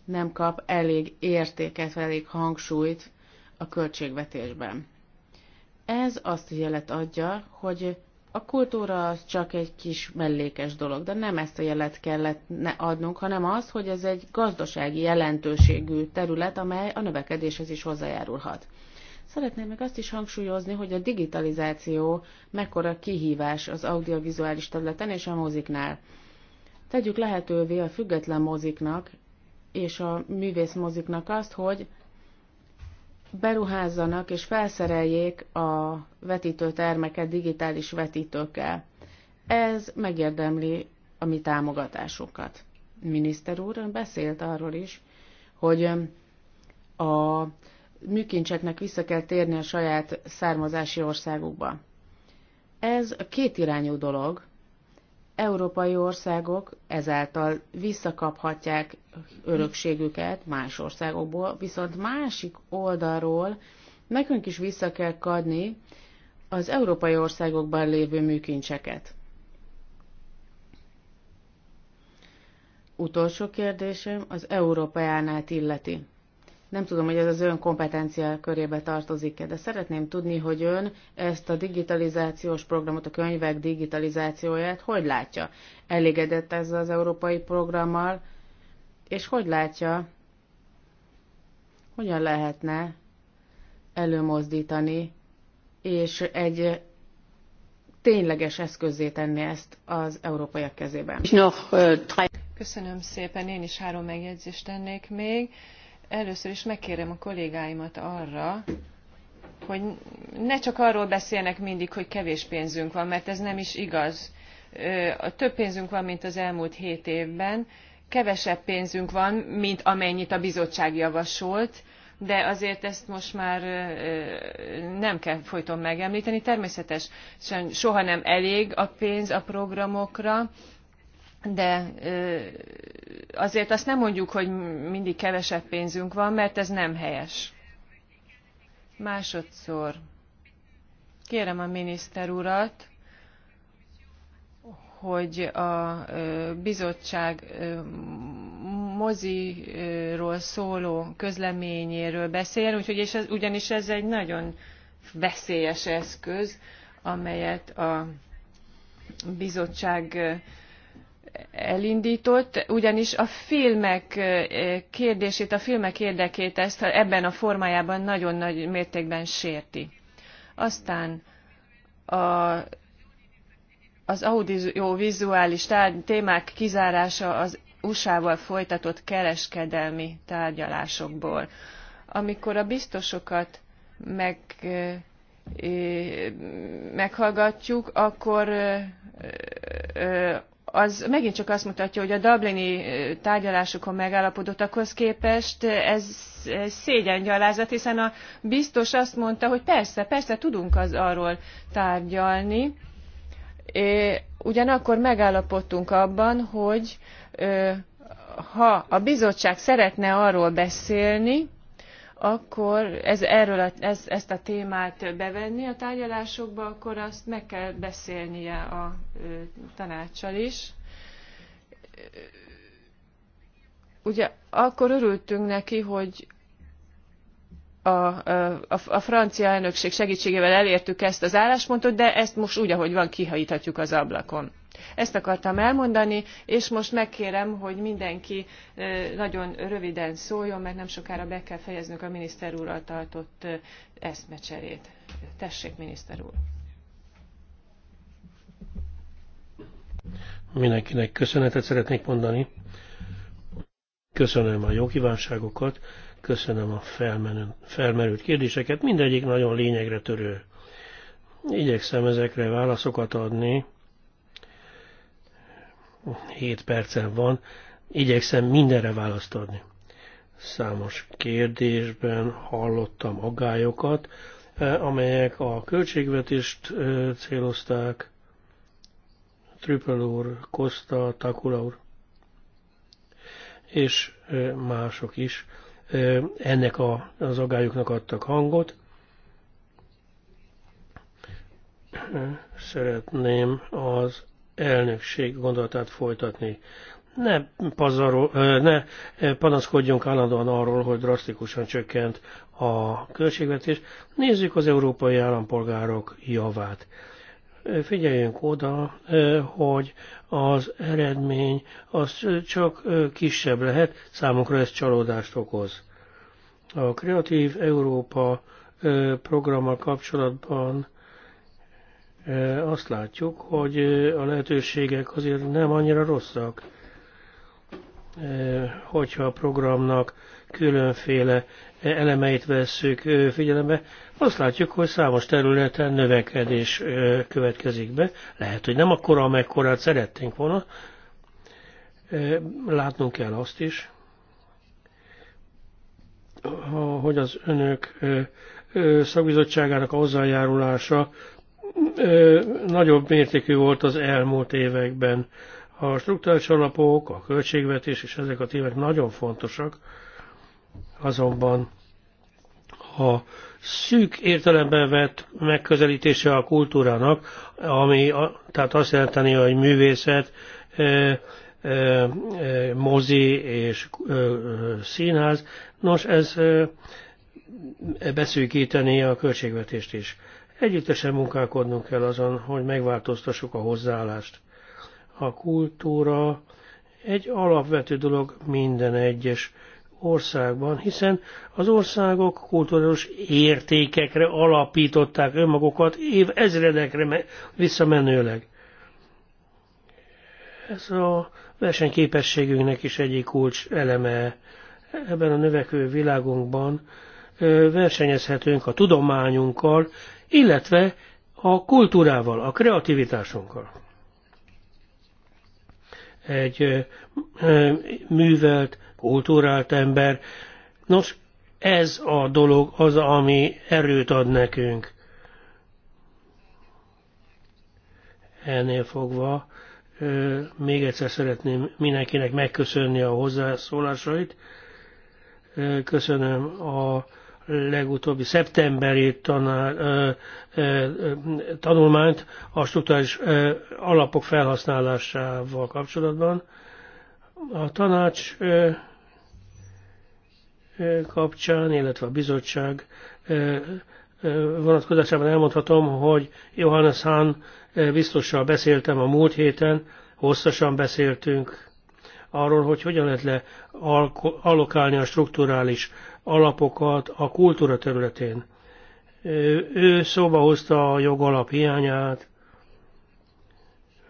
nem kap elég értéket, elég hangsúlyt a költségvetésben. Ez azt a jelet adja, hogy a kultúra az csak egy kis mellékes dolog, de nem ezt a jelet kellett adnunk, hanem az, hogy ez egy gazdasági jelentőségű terület, amely a növekedéshez is hozzájárulhat. Szeretném még azt is hangsúlyozni, hogy a digitalizáció mekkora kihívás az audiovizuális területen és a moziknál. Tegyük lehetővé a független moziknak és a moziknak azt, hogy beruházzanak és felszereljék a vetítőtermeket digitális vetítőkkel. Ez megérdemli a mi támogatásunkat. Miniszter úr beszélt arról is, hogy a műkincseknek vissza kell térni a saját származási országukba. Ez a kétirányú dolog. Európai országok ezáltal visszakaphatják örökségüket más országokból, viszont másik oldalról nekünk is vissza kell kadni az európai országokban lévő műkincseket. Utolsó kérdésem az Európajánát illeti. Nem tudom, hogy ez az ön kompetencia körébe tartozik-e, de szeretném tudni, hogy ön ezt a digitalizációs programot, a könyvek digitalizációját hogy látja? Elégedett ez az európai programmal, és hogy látja, hogyan lehetne előmozdítani, és egy tényleges eszközé tenni ezt az európaiak kezében. Köszönöm szépen, én is három megjegyzést tennék még. Először is megkérem a kollégáimat arra, hogy ne csak arról beszélnek mindig, hogy kevés pénzünk van, mert ez nem is igaz. Több pénzünk van, mint az elmúlt hét évben, kevesebb pénzünk van, mint amennyit a bizottság javasolt, de azért ezt most már nem kell folyton megemlíteni. Természetesen soha nem elég a pénz a programokra, de azért azt nem mondjuk, hogy mindig kevesebb pénzünk van, mert ez nem helyes. Másodszor kérem a miniszter urat, hogy a bizottság moziról szóló közleményéről beszél, úgyhogy és ez, ugyanis ez egy nagyon veszélyes eszköz, amelyet a bizottság elindított, ugyanis a filmek kérdését, a filmek érdekét ezt ebben a formájában nagyon nagy mértékben sérti. Aztán a, az audiovizuális témák kizárása az USA-val folytatott kereskedelmi tárgyalásokból. Amikor a biztosokat meg meghallgatjuk, akkor az megint csak azt mutatja, hogy a Dublini tárgyalásokon megállapodottakhoz képest ez szégyengyalázat, hiszen a biztos azt mondta, hogy persze, persze tudunk az arról tárgyalni. É, ugyanakkor megállapodtunk abban, hogy ö, ha a bizottság szeretne arról beszélni, akkor ez, erről a, ez, ezt a témát bevenni a tárgyalásokba, akkor azt meg kell beszélnie a tanácssal is. Ugye akkor örültünk neki, hogy a, a, a francia elnökség segítségével elértük ezt az álláspontot, de ezt most úgy, ahogy van, kihajíthatjuk az ablakon. Ezt akartam elmondani, és most megkérem, hogy mindenki nagyon röviden szóljon, mert nem sokára be kell fejeznünk a miniszter úrral tartott eszmecserét. Tessék, miniszter úr! Mindenkinek köszönetet szeretnék mondani. Köszönöm a jó kívánságokat, köszönöm a felmenő, felmerült kérdéseket, mindegyik nagyon lényegre törő. Igyekszem ezekre válaszokat adni, 7 percen van, igyekszem mindenre választ adni. Számos kérdésben hallottam aggályokat, eh, amelyek a költségvetést eh, célozták, Trüppel úr, Costa, Takula úr, és eh, mások is ennek a, az agályoknak adtak hangot. Szeretném az elnökség gondolatát folytatni. Ne, pazarol, ne panaszkodjunk állandóan arról, hogy drasztikusan csökkent a költségvetés. Nézzük az európai állampolgárok javát. Figyeljünk oda, hogy az eredmény az csak kisebb lehet, számunkra ez csalódást okoz. A Kreatív Európa programmal kapcsolatban azt látjuk, hogy a lehetőségek azért nem annyira rosszak, hogyha a programnak különféle elemeit vesszük figyelembe, azt látjuk, hogy számos területen növekedés következik be. Lehet, hogy nem akkora, amekkorát szerettünk volna. Látnunk kell azt is, hogy az önök szakbizottságának a hozzájárulása nagyobb mértékű volt az elmúlt években. A struktúrális alapok, a költségvetés és ezek a témák nagyon fontosak, azonban a szűk értelemben vett megközelítése a kultúrának, ami a, tehát azt jelenteni, hogy művészet, ö, ö, mozi és ö, színház, nos ez ö, beszűkíteni a költségvetést is. Együttesen munkálkodnunk kell azon, hogy megváltoztassuk a hozzáállást. A kultúra egy alapvető dolog minden egyes országban, hiszen az országok kulturális értékekre alapították önmagukat év ezredekre visszamenőleg. Ez a versenyképességünknek is egyik kulcs eleme. Ebben a növekvő világunkban versenyezhetünk a tudományunkkal, illetve a kultúrával, a kreativitásunkkal. Egy művelt, kultúrált ember. Nos, ez a dolog az, ami erőt ad nekünk. Ennél fogva még egyszer szeretném mindenkinek megköszönni a hozzászólásait. Köszönöm a legutóbbi szeptemberi tanár, ö, ö, tanulmányt a struktúrális alapok felhasználásával kapcsolatban. A tanács ö, kapcsán, illetve a bizottság vonatkozásában elmondhatom, hogy Johannes Hahn biztossal beszéltem a múlt héten, hosszasan beszéltünk arról, hogy hogyan lehet le allokálni a strukturális alapokat a kultúra területén. Ő szóba hozta a jogalap hiányát,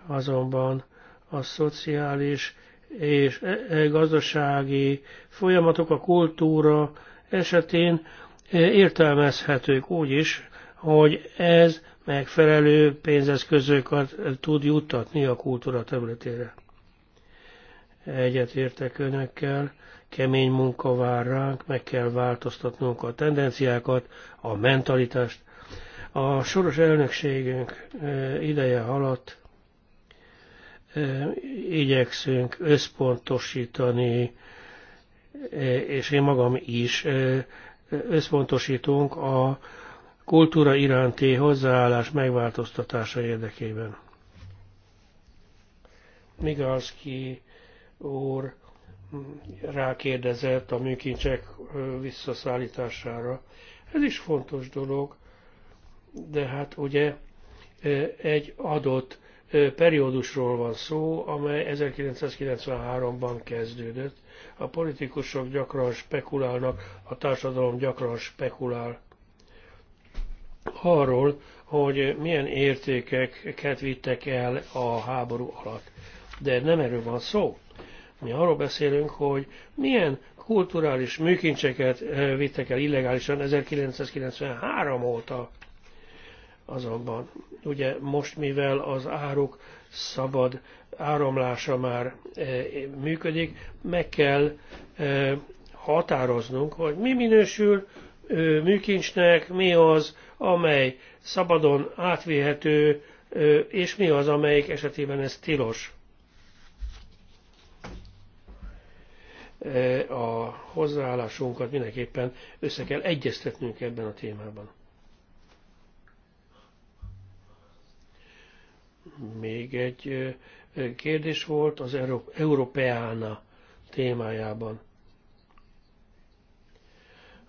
azonban a szociális és e, e, gazdasági folyamatok a kultúra esetén értelmezhetők úgy is, hogy ez megfelelő pénzeszközöket tud juttatni a kultúra területére. Egyet értek önökkel, kemény munka vár ránk, meg kell változtatnunk a tendenciákat, a mentalitást. A soros elnökségünk ideje alatt igyekszünk összpontosítani, és én magam is összpontosítunk a kultúra iránti hozzáállás megváltoztatása érdekében. Migalski úr rákérdezett a műkincsek visszaszállítására. Ez is fontos dolog, de hát ugye egy adott periódusról van szó, amely 1993-ban kezdődött. A politikusok gyakran spekulálnak, a társadalom gyakran spekulál arról, hogy milyen értékeket vittek el a háború alatt. De nem erről van szó mi arról beszélünk, hogy milyen kulturális műkincseket eh, vittek el illegálisan 1993 óta. Azonban, ugye most mivel az áruk szabad áramlása már eh, működik, meg kell eh, határoznunk, hogy mi minősül műkincsnek, mi az, amely szabadon átvihető, és mi az, amelyik esetében ez tilos. E, a hozzáállásunkat mindenképpen össze kell egyeztetnünk ebben a témában. Még egy e, e, kérdés volt az Európeána témájában.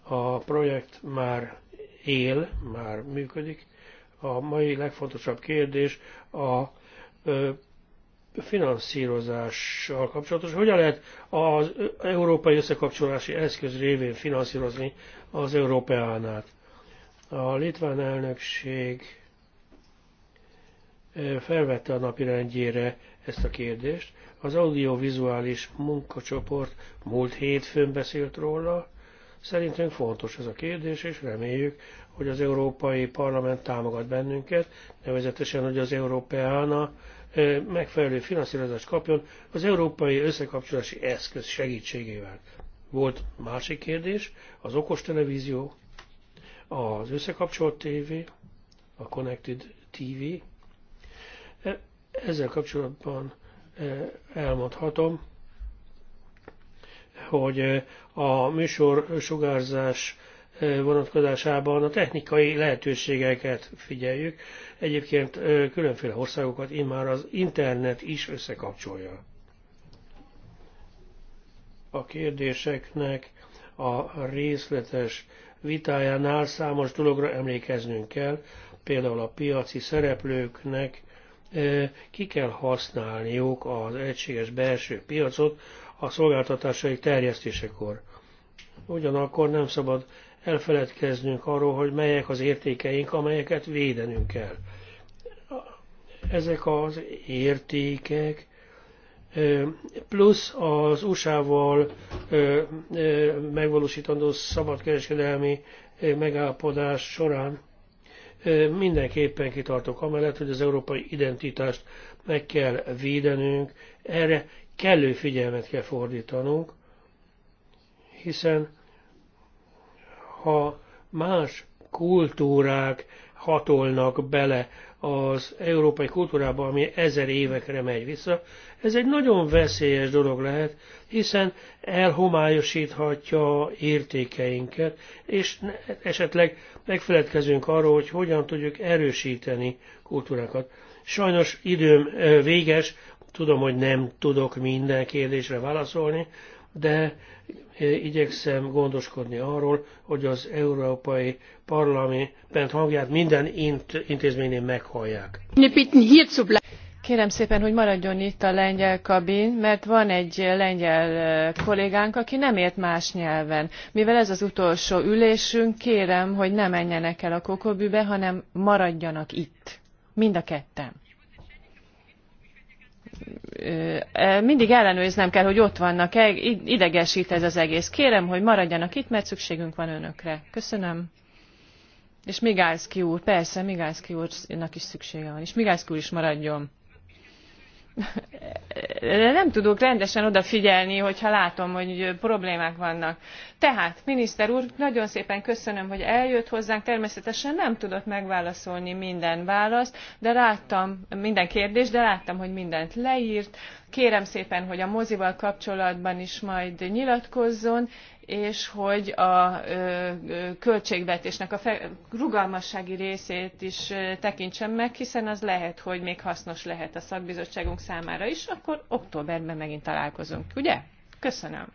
A projekt már él, már működik. A mai legfontosabb kérdés a finanszírozással kapcsolatos. Hogyan lehet az európai összekapcsolási eszköz révén finanszírozni az Európeánát? A litván elnökség felvette a napirendjére ezt a kérdést. Az audiovizuális munkacsoport múlt hétfőn beszélt róla. Szerintünk fontos ez a kérdés, és reméljük, hogy az Európai Parlament támogat bennünket, nevezetesen, hogy az Európeána megfelelő finanszírozást kapjon az európai összekapcsolási eszköz segítségével. Volt másik kérdés, az okos televízió, az összekapcsolt TV, a Connected TV. E, ezzel kapcsolatban e, elmondhatom, hogy e, a műsor sugárzás vonatkozásában a technikai lehetőségeket figyeljük. Egyébként különféle országokat immár az internet is összekapcsolja. A kérdéseknek a részletes vitájánál számos dologra emlékeznünk kell, például a piaci szereplőknek ki kell használniuk az egységes belső piacot a szolgáltatásai terjesztésekor. Ugyanakkor nem szabad elfeledkeznünk arról, hogy melyek az értékeink, amelyeket védenünk kell. Ezek az értékek plusz az USA-val megvalósítandó szabadkereskedelmi megállapodás során mindenképpen kitartok amellett, hogy az európai identitást meg kell védenünk, erre kellő figyelmet kell fordítanunk, hiszen ha más kultúrák hatolnak bele az európai kultúrába, ami ezer évekre megy vissza, ez egy nagyon veszélyes dolog lehet, hiszen elhomályosíthatja értékeinket, és esetleg megfeledkezünk arról, hogy hogyan tudjuk erősíteni kultúrákat. Sajnos időm véges, tudom, hogy nem tudok minden kérdésre válaszolni, de e, igyekszem gondoskodni arról, hogy az Európai Parlament hangját minden int intézményén meghallják. Kérem szépen, hogy maradjon itt a lengyel kabin, mert van egy lengyel e, kollégánk, aki nem ért más nyelven. Mivel ez az utolsó ülésünk, kérem, hogy ne menjenek el a kokobűbe, hanem maradjanak itt. Mind a ketten mindig ellenőriznem kell, hogy ott vannak-e, idegesít ez az egész. Kérem, hogy maradjanak itt, mert szükségünk van önökre. Köszönöm. És Migálszki úr, persze, Migálszki úrnak is szüksége van, és Migálszki úr is maradjon nem tudok rendesen odafigyelni, hogyha látom, hogy problémák vannak. Tehát, miniszter úr, nagyon szépen köszönöm, hogy eljött hozzánk. Természetesen nem tudott megválaszolni minden választ, de láttam minden kérdést, de láttam, hogy mindent leírt Kérem szépen, hogy a mozival kapcsolatban is majd nyilatkozzon, és hogy a költségvetésnek a rugalmassági részét is tekintsem meg, hiszen az lehet, hogy még hasznos lehet a szakbizottságunk számára is, akkor októberben megint találkozunk, ugye? Köszönöm.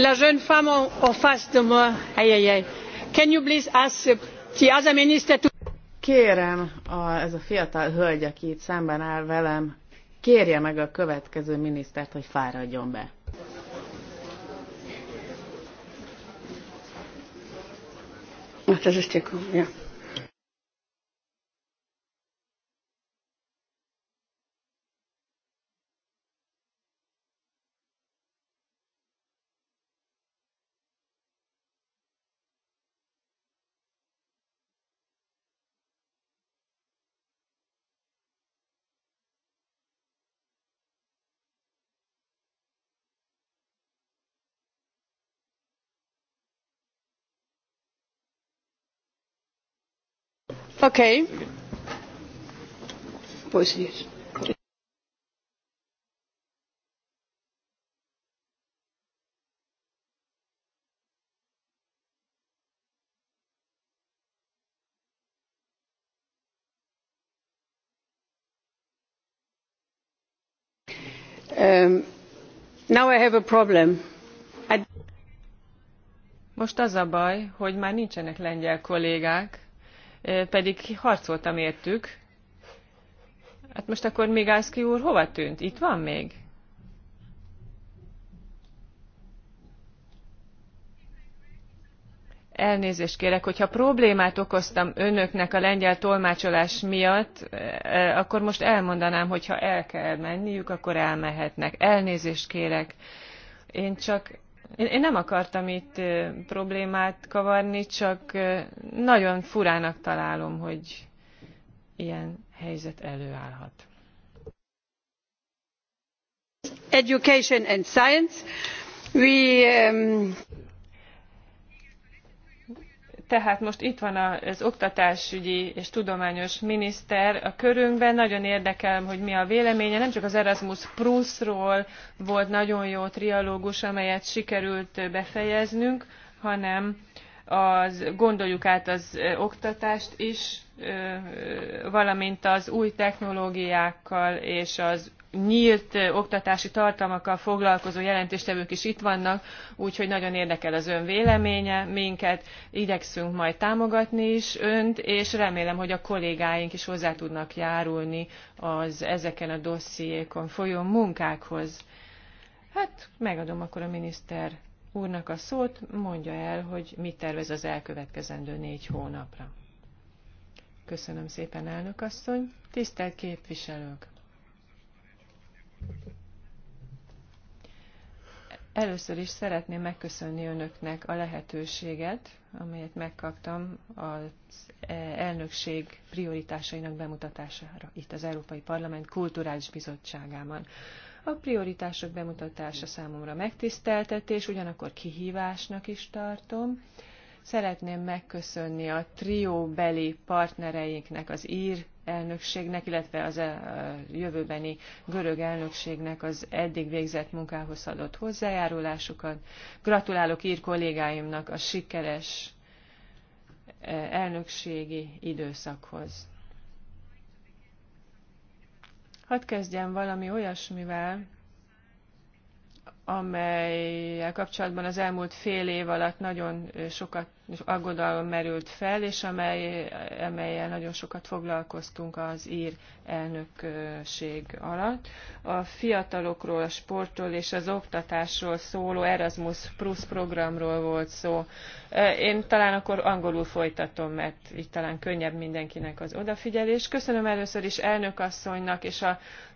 la jeune femme en face de moi can you please ask the other minister to Kérem, a, ez a fiatal hölgy, aki itt szemben áll velem, kérje meg a következő minisztert, hogy fáradjon be. Hát ez is csak, ja. Okay. Um, now I have a problem. Most az a baj, hogy már nincsenek lengyel kollégák, pedig harcoltam értük. Hát most akkor még Ászki úr hova tűnt? Itt van még? Elnézést kérek, hogyha problémát okoztam önöknek a lengyel tolmácsolás miatt, akkor most elmondanám, hogyha el kell menniük, akkor elmehetnek. Elnézést kérek. Én csak én nem akartam itt problémát kavarni, csak nagyon furának találom, hogy ilyen helyzet előállhat. Education and science. We, um tehát most itt van az oktatásügyi és tudományos miniszter a körünkben. Nagyon érdekel, hogy mi a véleménye. Nem csak az Erasmus Plus-ról volt nagyon jó trialógus, amelyet sikerült befejeznünk, hanem az gondoljuk át az oktatást is, valamint az új technológiákkal és az nylt oktatási tartalmakkal foglalkozó jelentéstevők is itt vannak, úgyhogy nagyon érdekel az ön véleménye minket, igyekszünk majd támogatni is önt, és remélem, hogy a kollégáink is hozzá tudnak járulni az ezeken a dossziékon folyó munkákhoz. Hát megadom akkor a miniszter úrnak a szót, mondja el, hogy mit tervez az elkövetkezendő négy hónapra. Köszönöm szépen, elnök asszony. Tisztelt képviselők! Először is szeretném megköszönni önöknek a lehetőséget, amelyet megkaptam az elnökség prioritásainak bemutatására itt az Európai Parlament Kulturális Bizottságában. A prioritások bemutatása számomra megtiszteltetés, ugyanakkor kihívásnak is tartom. Szeretném megköszönni a trióbeli partnereinknek, az ír elnökségnek, illetve az eh, jövőbeni görög elnökségnek az eddig végzett munkához adott hozzájárulásukat. Gratulálok ír kollégáimnak a sikeres eh, elnökségi időszakhoz. Hadd kezdjem valami olyasmivel, amelyel kapcsolatban az elmúlt fél év alatt nagyon eh, sokat aggodalom merült fel, és amely, amelyel nagyon sokat foglalkoztunk az ír elnökség alatt. A fiatalokról, a sportról és az oktatásról szóló Erasmus Plus programról volt szó. E, én talán akkor angolul folytatom, mert így talán könnyebb mindenkinek az odafigyelés. Köszönöm először is elnökasszonynak és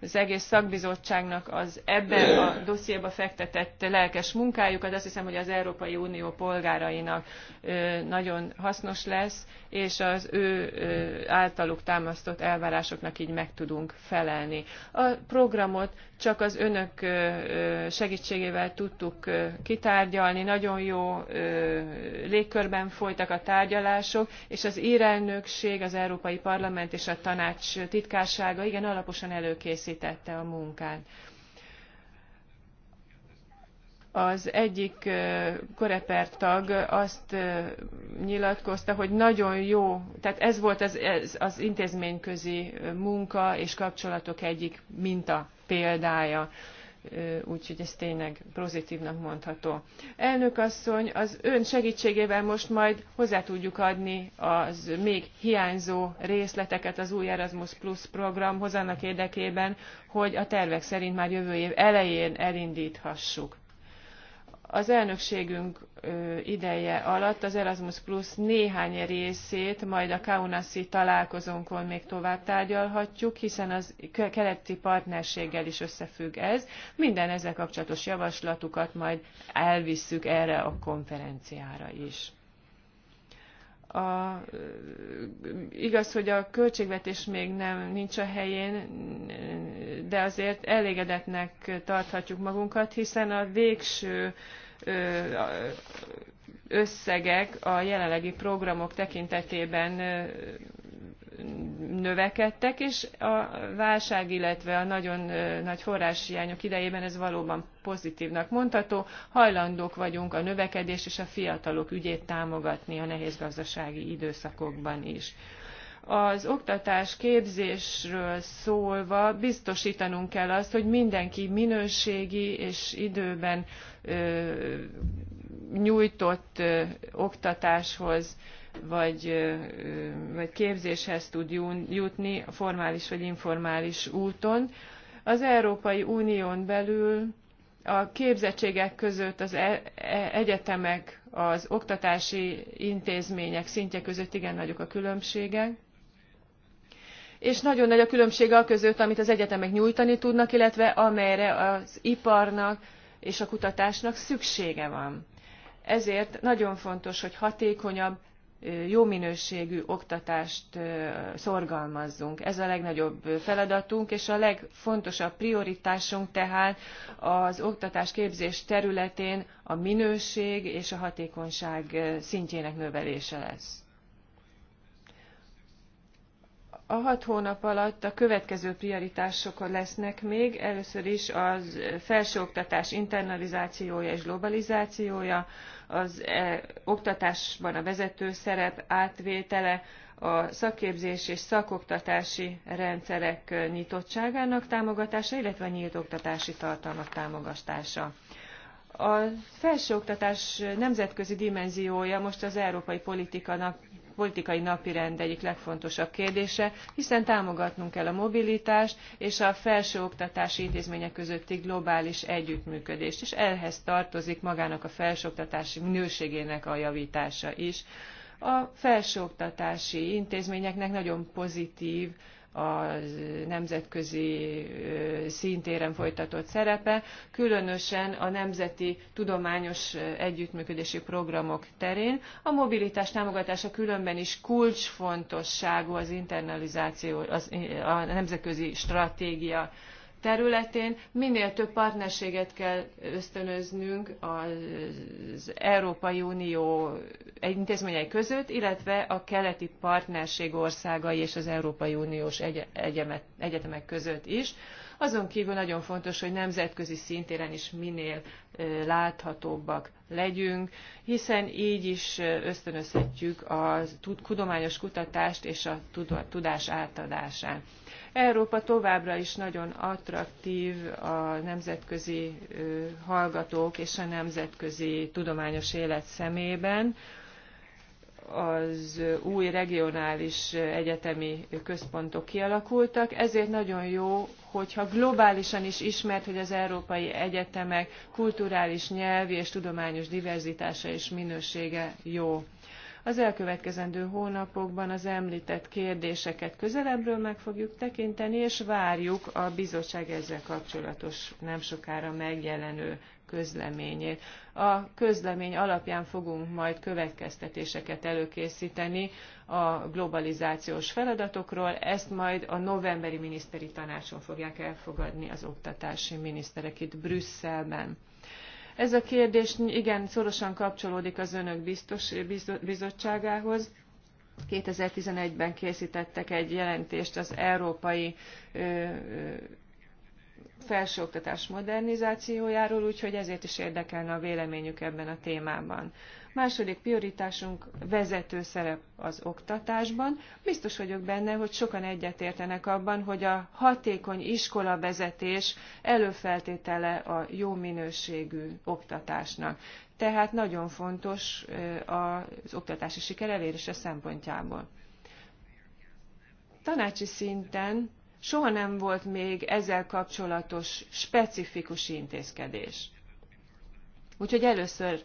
az egész szakbizottságnak az ebben a dossziéba fektetett lelkes munkájukat. Azt hiszem, hogy az Európai Unió polgárainak e, nagyon hasznos lesz, és az ő általuk támasztott elvárásoknak így meg tudunk felelni. A programot csak az önök segítségével tudtuk kitárgyalni, nagyon jó légkörben folytak a tárgyalások, és az írelnökség, az Európai Parlament és a tanács titkársága igen alaposan előkészítette a munkát az egyik korepertag azt nyilatkozta, hogy nagyon jó, tehát ez volt az, ez az intézményközi munka és kapcsolatok egyik minta példája úgyhogy ez tényleg pozitívnak mondható. Elnök asszony, az ön segítségével most majd hozzá tudjuk adni az még hiányzó részleteket az új Erasmus Plus programhoz annak érdekében, hogy a tervek szerint már jövő év elején elindíthassuk. Az elnökségünk ideje alatt az Erasmus Plus néhány részét majd a Kaunasi találkozónkon még tovább tárgyalhatjuk, hiszen az keleti partnerséggel is összefügg ez. Minden ezzel kapcsolatos javaslatukat majd elvisszük erre a konferenciára is a, igaz, hogy a költségvetés még nem nincs a helyén, de azért elégedetnek tarthatjuk magunkat, hiszen a végső összegek a jelenlegi programok tekintetében növekedtek, és a válság, illetve a nagyon nagy forráshiányok idejében ez valóban pozitívnak mondható. Hajlandók vagyunk a növekedés és a fiatalok ügyét támogatni a nehéz gazdasági időszakokban is az oktatás képzésről szólva biztosítanunk kell azt, hogy mindenki minőségi és időben ö, nyújtott ö, oktatáshoz vagy, vagy képzéshez tud jutni formális vagy informális úton. Az Európai Unión belül a képzettségek között az e, e, egyetemek, az oktatási intézmények szintje között igen nagyok a különbségek és nagyon nagy a különbség a között, amit az egyetemek nyújtani tudnak, illetve amelyre az iparnak és a kutatásnak szüksége van. Ezért nagyon fontos, hogy hatékonyabb, jó minőségű oktatást szorgalmazzunk. Ez a legnagyobb feladatunk, és a legfontosabb prioritásunk tehát az oktatás képzés területén a minőség és a hatékonyság szintjének növelése lesz. A hat hónap alatt a következő prioritások lesznek még. Először is az felsőoktatás internalizációja és globalizációja, az e, oktatásban a vezető szerep átvétele, a szakképzés és szakoktatási rendszerek nyitottságának támogatása, illetve a nyílt oktatási tartalmak támogatása. A felsőoktatás nemzetközi dimenziója most az európai politika politikai napirend egyik legfontosabb kérdése, hiszen támogatnunk kell a mobilitást és a felsőoktatási intézmények közötti globális együttműködést, és ehhez tartozik magának a felsőoktatási minőségének a javítása is. A felsőoktatási intézményeknek nagyon pozitív a nemzetközi szintéren folytatott szerepe, különösen a nemzeti tudományos együttműködési programok terén. A mobilitás támogatása különben is kulcsfontosságú az internalizáció, az, a nemzetközi stratégia területén minél több partnerséget kell ösztönöznünk az Európai Unió intézményei között, illetve a keleti partnerség országai és az Európai Uniós egyetemek között is. Azon kívül nagyon fontos, hogy nemzetközi szintéren is minél láthatóbbak legyünk, hiszen így is ösztönözhetjük a tudományos kutatást és a tudás átadását. Európa továbbra is nagyon attraktív a nemzetközi hallgatók és a nemzetközi tudományos élet szemében az új regionális egyetemi központok kialakultak, ezért nagyon jó, hogyha globálisan is ismert, hogy az európai egyetemek kulturális, nyelvi és tudományos diverzitása és minősége jó. Az elkövetkezendő hónapokban az említett kérdéseket közelebbről meg fogjuk tekinteni, és várjuk a bizottság ezzel kapcsolatos nem sokára megjelenő közleményét. A közlemény alapján fogunk majd következtetéseket előkészíteni a globalizációs feladatokról, ezt majd a novemberi miniszteri tanácson fogják elfogadni az oktatási miniszterek itt Brüsszelben. Ez a kérdés igen szorosan kapcsolódik az önök thousand and 2011-ben készítettek egy jelentést az európai felsőoktatás modernizációjáról, úgyhogy ezért is érdekelne a véleményük ebben a témában. Második prioritásunk vezető szerep az oktatásban. Biztos vagyok benne, hogy sokan egyetértenek abban, hogy a hatékony vezetés előfeltétele a jó minőségű oktatásnak. Tehát nagyon fontos az oktatási siker elérése szempontjából. Tanácsi szinten soha nem volt még ezzel kapcsolatos specifikus intézkedés. Úgyhogy először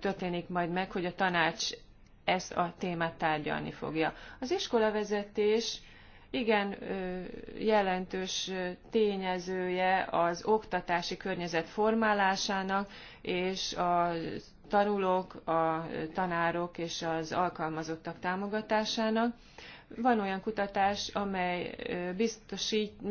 történik majd meg, hogy a tanács ezt a témát tárgyalni fogja. Az iskolavezetés igen jelentős tényezője az oktatási környezet formálásának, és a tanulók, a tanárok és az alkalmazottak támogatásának. Van olyan kutatás, amely biztosít,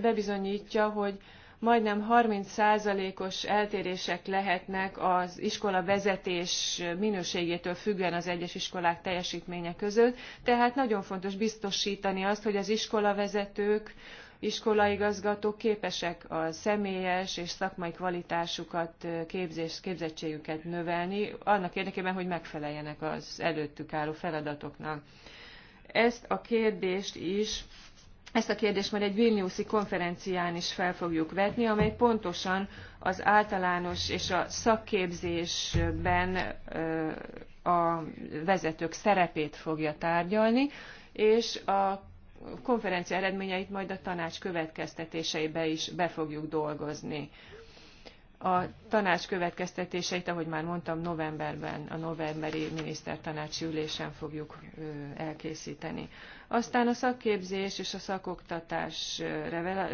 bebizonyítja, hogy majdnem 30%-os eltérések lehetnek az iskola vezetés minőségétől függően az egyes iskolák teljesítménye között, tehát nagyon fontos biztosítani azt, hogy az iskolavezetők, iskolaigazgatók képesek a személyes és szakmai kvalitásukat, képzés, képzettségüket növelni, annak érdekében, hogy megfeleljenek az előttük álló feladatoknak. Ezt a kérdést is ezt a kérdést majd egy Vilniuszi konferencián is fel fogjuk vetni, amely pontosan az általános és a szakképzésben a vezetők szerepét fogja tárgyalni, és a konferencia eredményeit majd a tanács következtetéseibe is be fogjuk dolgozni. A tanács következtetéseit, ahogy már mondtam, novemberben, a novemberi minisztertanácsi ülésen fogjuk elkészíteni. Aztán a szakképzés és a szakoktatás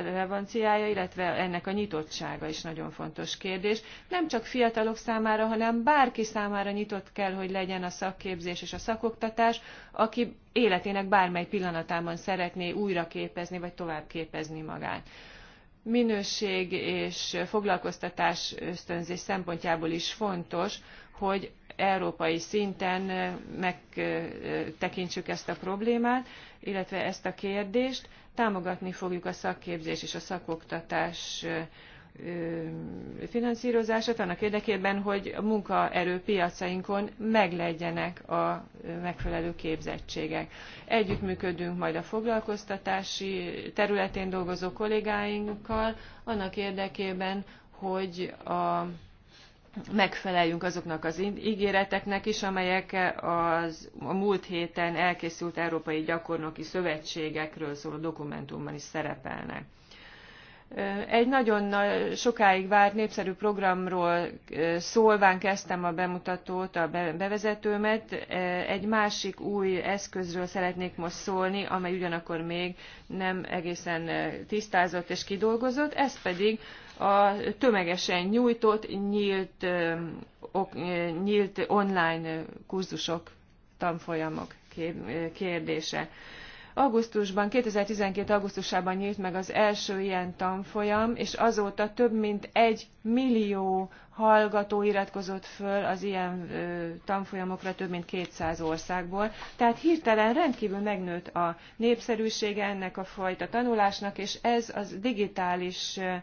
relevanciája, illetve ennek a nyitottsága is nagyon fontos kérdés. Nem csak fiatalok számára, hanem bárki számára nyitott kell, hogy legyen a szakképzés és a szakoktatás, aki életének bármely pillanatában szeretné újra képezni vagy tovább képezni magát minőség és foglalkoztatás ösztönzés szempontjából is fontos hogy európai szinten megtekintsük ezt a problémát, illetve ezt a kérdést. Támogatni fogjuk a szakképzés és a szakoktatás finanszírozását annak érdekében, hogy a munkaerőpiacainkon meglegyenek a megfelelő képzettségek. Együttműködünk majd a foglalkoztatási területén dolgozó kollégáinkkal annak érdekében, hogy a megfeleljünk azoknak az ígéreteknek is, amelyek az, a múlt héten elkészült Európai Gyakornoki Szövetségekről szóló dokumentumban is szerepelnek. Egy nagyon sokáig várt népszerű programról szólván kezdtem a bemutatót, a bevezetőmet. Egy másik új eszközről szeretnék most szólni, amely ugyanakkor még nem egészen tisztázott és kidolgozott, ez pedig a tömegesen nyújtott, nyílt, nyílt online kurzusok, tanfolyamok kérdése. Augusztusban, 2012. augusztusában nyílt meg az első ilyen tanfolyam, és azóta több mint egy millió hallgató iratkozott föl az ilyen ö, tanfolyamokra több mint 200 országból. Tehát hirtelen rendkívül megnőtt a népszerűsége ennek a fajta tanulásnak, és ez az digitális ö,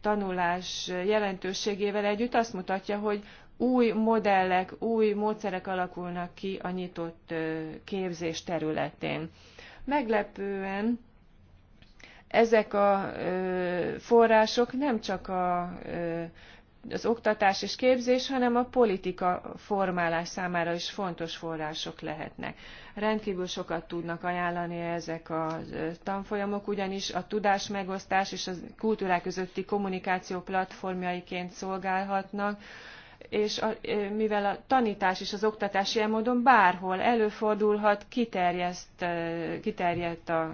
tanulás jelentőségével együtt azt mutatja, hogy új modellek, új módszerek alakulnak ki a nyitott képzés területén. Meglepően ezek a források nem csak a az oktatás és képzés, hanem a politika formálás számára is fontos források lehetnek. Rendkívül sokat tudnak ajánlani ezek a e, tanfolyamok, ugyanis a tudásmegosztás és a kultúrák közötti kommunikáció platformjaiként szolgálhatnak, és a, e, mivel a tanítás és az oktatás ilyen módon bárhol előfordulhat, e, kiterjedt a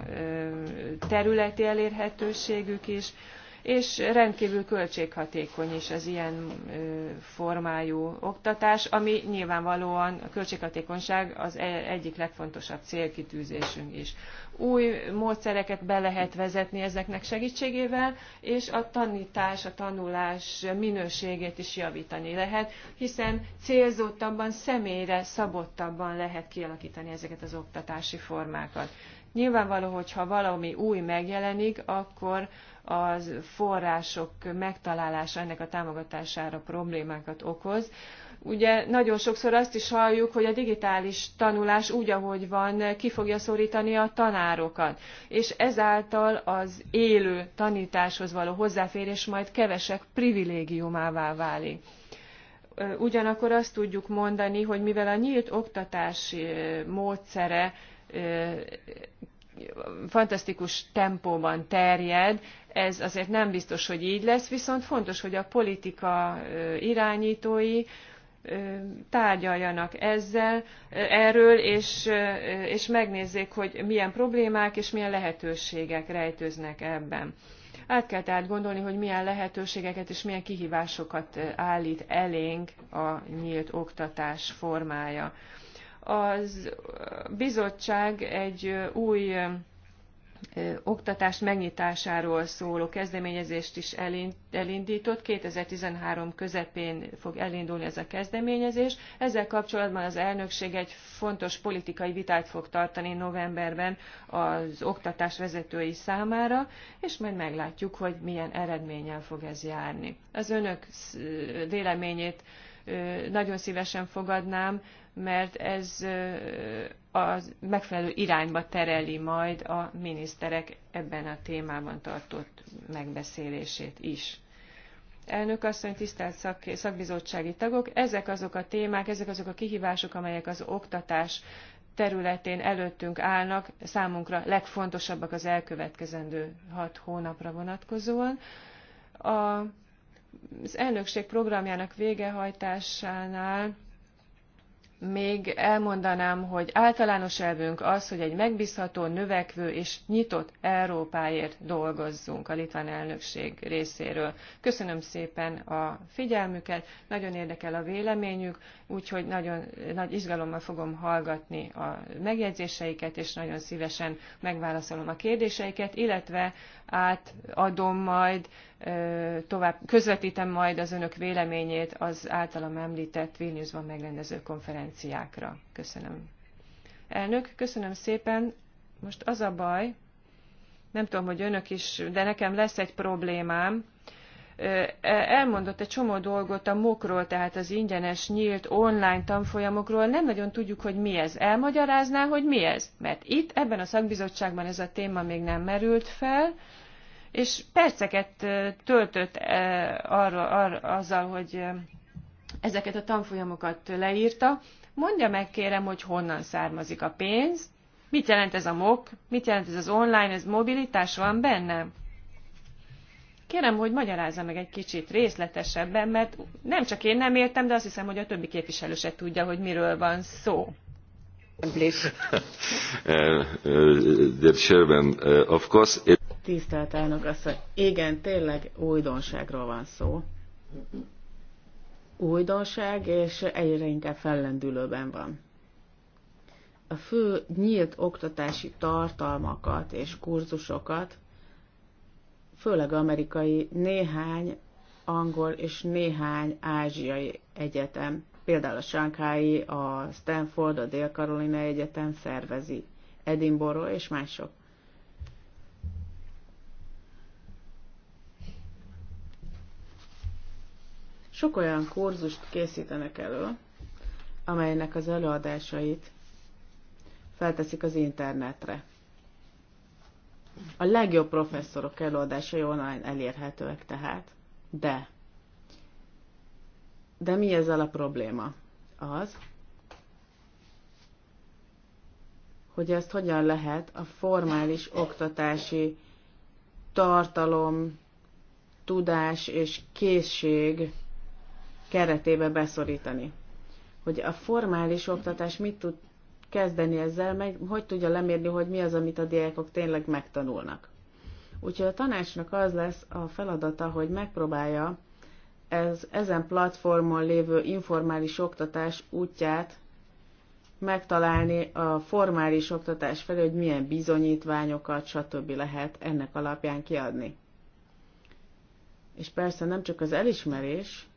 területi elérhetőségük is, és rendkívül költséghatékony is az ilyen formájú oktatás, ami nyilvánvalóan a költséghatékonyság az e, egyik legfontosabb célkitűzésünk is. Új módszereket be lehet vezetni ezeknek segítségével, és a tanítás, a tanulás minőségét is javítani lehet, hiszen célzottabban, személyre szabottabban lehet kialakítani ezeket az oktatási formákat. Nyilvánvaló, hogyha valami új megjelenik, akkor az források megtalálása ennek a támogatására problémákat okoz. Ugye nagyon sokszor azt is halljuk, hogy a digitális tanulás úgy, ahogy van, ki fogja szorítani a tanárokat, és ezáltal az élő tanításhoz való hozzáférés majd kevesek privilégiumává válik ugyanakkor azt tudjuk mondani, hogy mivel a nyílt oktatási módszere fantasztikus tempóban terjed, ez azért nem biztos, hogy így lesz, viszont fontos, hogy a politika irányítói tárgyaljanak ezzel, erről, és, és megnézzék, hogy milyen problémák és milyen lehetőségek rejtőznek ebben. Át kell tehát gondolni, hogy milyen lehetőségeket és milyen kihívásokat állít elénk a nyílt oktatás formája az bizottság egy új oktatás megnyitásáról szóló kezdeményezést is elindított. 2013 közepén fog elindulni ez a kezdeményezés. Ezzel kapcsolatban az elnökség egy fontos politikai vitát fog tartani novemberben az oktatás vezetői számára, és majd meglátjuk, hogy milyen eredménnyel fog ez járni. Az önök véleményét nagyon szívesen fogadnám, mert ez a megfelelő irányba tereli majd a miniszterek ebben a témában tartott megbeszélését is. Elnök asszony, tisztelt szak, szakbizottsági tagok, ezek azok a témák, ezek azok a kihívások, amelyek az oktatás területén előttünk állnak, számunkra legfontosabbak az elkövetkezendő hat hónapra vonatkozóan. A, az elnökség programjának végrehajtásánál még elmondanám, hogy általános elvünk az, hogy egy megbízható, növekvő és nyitott Európáért dolgozzunk a litván elnökség részéről. Köszönöm szépen a figyelmüket, nagyon érdekel a véleményük, úgyhogy nagyon nagy izgalommal fogom hallgatni a megjegyzéseiket, és nagyon szívesen megválaszolom a kérdéseiket, illetve átadom majd tovább közvetítem majd az önök véleményét az általam említett Vilniusban megrendező konferenciákra. Köszönöm. Elnök, köszönöm szépen. Most az a baj, nem tudom, hogy önök is, de nekem lesz egy problémám. Elmondott egy csomó dolgot a mokról, tehát az ingyenes, nyílt online tanfolyamokról. Nem nagyon tudjuk, hogy mi ez. Elmagyarázná, hogy mi ez? Mert itt, ebben a szakbizottságban ez a téma még nem merült fel, és perceket töltött arra, arra, azzal, hogy ezeket a tanfolyamokat leírta. Mondja meg kérem, hogy honnan származik a pénz, mit jelent ez a MOK, mit jelent ez az online, ez mobilitás van benne? Kérem, hogy magyarázza meg egy kicsit részletesebben, mert nem csak én nem értem, de azt hiszem, hogy a többi képviselő se tudja, hogy miről van szó. Please. (laughs) uh, uh, dear Chairman, uh, of course, it Tisztelt elnök asszony, igen, tényleg újdonságról van szó. Újdonság, és egyre inkább fellendülőben van. A fő nyílt oktatási tartalmakat és kurzusokat, főleg amerikai néhány angol és néhány ázsiai egyetem, például a Shanghai, a Stanford, a Dél-Karolina Egyetem szervezi, Edinburgh és mások. Sok olyan kurzust készítenek elő, amelynek az előadásait felteszik az internetre. A legjobb professzorok előadásai online elérhetőek tehát, de de mi ezzel a probléma? Az, hogy ezt hogyan lehet a formális oktatási tartalom, tudás és készség keretébe beszorítani. Hogy a formális oktatás mit tud kezdeni ezzel, meg hogy tudja lemérni, hogy mi az, amit a diákok tényleg megtanulnak. Úgyhogy a tanácsnak az lesz a feladata, hogy megpróbálja ez, ezen platformon lévő informális oktatás útját megtalálni a formális oktatás felé, hogy milyen bizonyítványokat, stb. lehet ennek alapján kiadni. És persze nem csak az elismerés,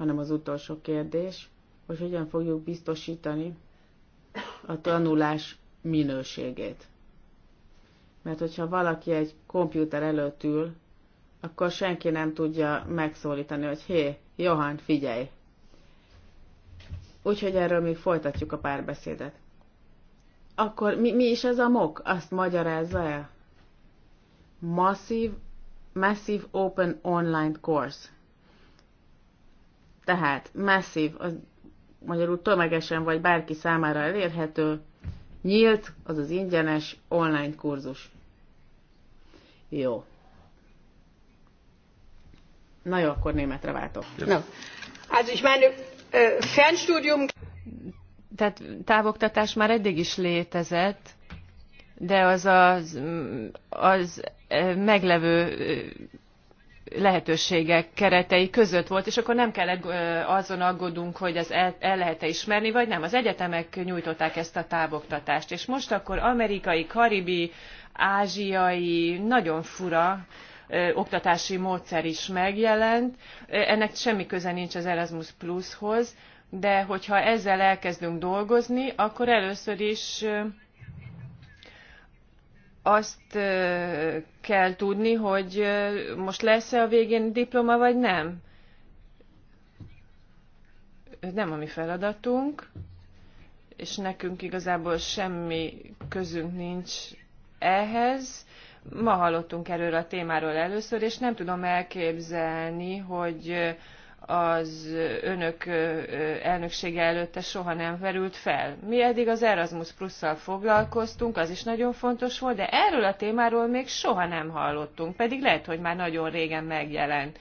hanem az utolsó kérdés, hogy hogyan fogjuk biztosítani a tanulás minőségét. Mert hogyha valaki egy kompjúter előtt ül, akkor senki nem tudja megszólítani, hogy hé, Johan, figyelj! Úgyhogy erről még folytatjuk a párbeszédet. Akkor mi, mi is ez a MOK? Azt magyarázza el? Massive, Massive Open Online Course. Tehát masszív, az magyarul tömegesen vagy bárki számára elérhető, nyílt, az az ingyenes online kurzus. Jó. Na jó, akkor németre váltok. Na. Az is már Fernstudium... Tehát távoktatás már eddig is létezett, de az az, mm, az meglevő lehetőségek keretei között volt, és akkor nem kellett azon aggódunk, hogy ez el, el lehet-e ismerni, vagy nem. Az egyetemek nyújtották ezt a távoktatást, és most akkor amerikai, karibi, ázsiai, nagyon fura ö, oktatási módszer is megjelent. Ennek semmi köze nincs az Erasmus Plushoz, de hogyha ezzel elkezdünk dolgozni, akkor először is azt kell tudni, hogy most lesz-e a végén diploma, vagy nem. Ez nem a mi feladatunk, és nekünk igazából semmi közünk nincs ehhez. Ma hallottunk erről a témáról először, és nem tudom elképzelni, hogy az önök elnöksége előtte soha nem verült fel. Mi eddig az Erasmus Plus-szal foglalkoztunk, az is nagyon fontos volt, de erről a témáról még soha nem hallottunk, pedig lehet, hogy már nagyon régen megjelent.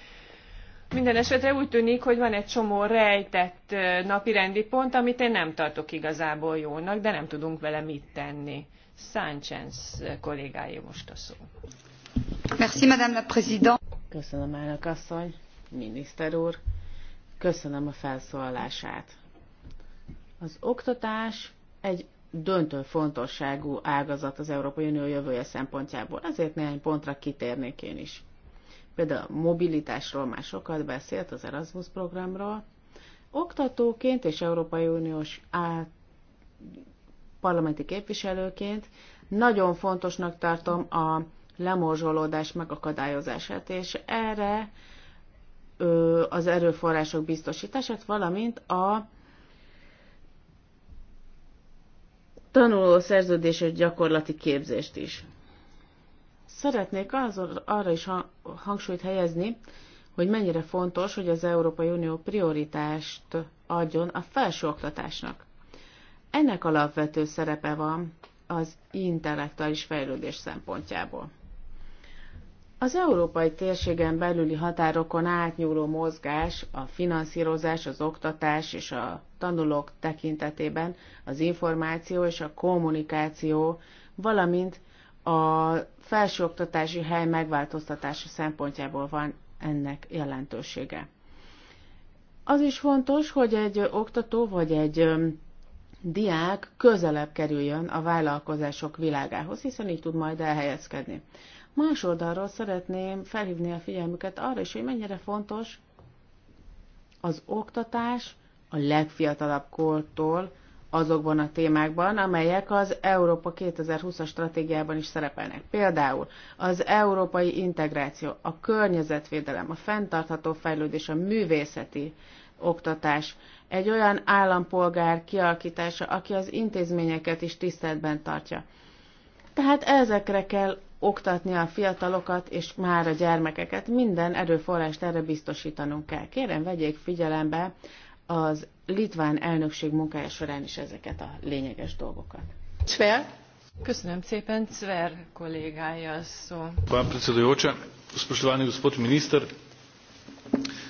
Minden esetre úgy tűnik, hogy van egy csomó rejtett napirendi pont, amit én nem tartok igazából jónak, de nem tudunk vele mit tenni. Sánchez kollégája most a szó. Merci, Madame la Président. Köszönöm, elnök asszony, miniszter úr. Köszönöm a felszólalását. Az oktatás egy döntő fontosságú ágazat az Európai Unió jövője szempontjából, ezért néhány pontra kitérnék én is. Például a mobilitásról már sokat beszélt az Erasmus programról. Oktatóként és Európai Uniós á... parlamenti képviselőként nagyon fontosnak tartom a lemorzsolódás megakadályozását, és erre az erőforrások biztosítását, valamint a tanuló szerződés és gyakorlati képzést is. Szeretnék az, arra is hangsúlyt helyezni, hogy mennyire fontos, hogy az Európai Unió prioritást adjon a felsőoktatásnak. Ennek alapvető szerepe van az intellektuális fejlődés szempontjából. Az európai térségen belüli határokon átnyúló mozgás, a finanszírozás, az oktatás és a tanulók tekintetében az információ és a kommunikáció, valamint a felsőoktatási hely megváltoztatása szempontjából van ennek jelentősége. Az is fontos, hogy egy oktató vagy egy diák közelebb kerüljön a vállalkozások világához, hiszen így tud majd elhelyezkedni. Más oldalról szeretném felhívni a figyelmüket arra is, hogy mennyire fontos az oktatás a legfiatalabb kortól azokban a témákban, amelyek az Európa 2020-as stratégiában is szerepelnek. Például az európai integráció, a környezetvédelem, a fenntartható fejlődés, a művészeti oktatás, egy olyan állampolgár kialakítása, aki az intézményeket is tiszteletben tartja. Tehát ezekre kell oktatni a fiatalokat és már a gyermekeket. Minden erőforrást erre biztosítanunk kell. Kérem, vegyék figyelembe az litván elnökség munkája során is ezeket a lényeges dolgokat. Cver. Köszönöm szépen, Cver kollégája a szó. Pán predsedujoča, spoštovani gospod minister,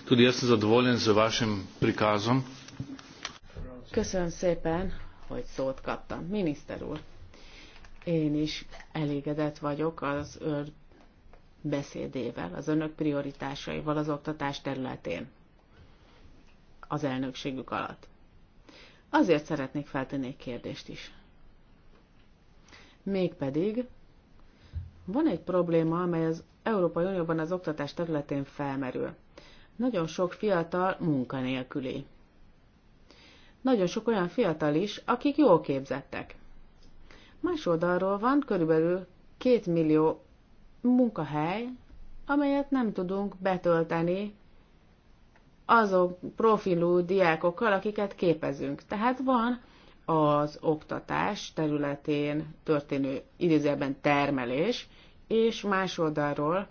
tudi jaz sem zadovoljen z vašim prikazom. Köszönöm szépen, hogy szót kaptam. Miniszter úr. Én is elégedett vagyok az ön beszédével, az önök prioritásaival az oktatás területén az elnökségük alatt. Azért szeretnék feltenni egy kérdést is. Mégpedig van egy probléma, amely az Európai Unióban az oktatás területén felmerül. Nagyon sok fiatal munkanélküli. Nagyon sok olyan fiatal is, akik jól képzettek. Más oldalról van körülbelül két millió munkahely, amelyet nem tudunk betölteni azok profilú diákokkal, akiket képezünk. Tehát van az oktatás területén történő idézőben termelés, és más oldalról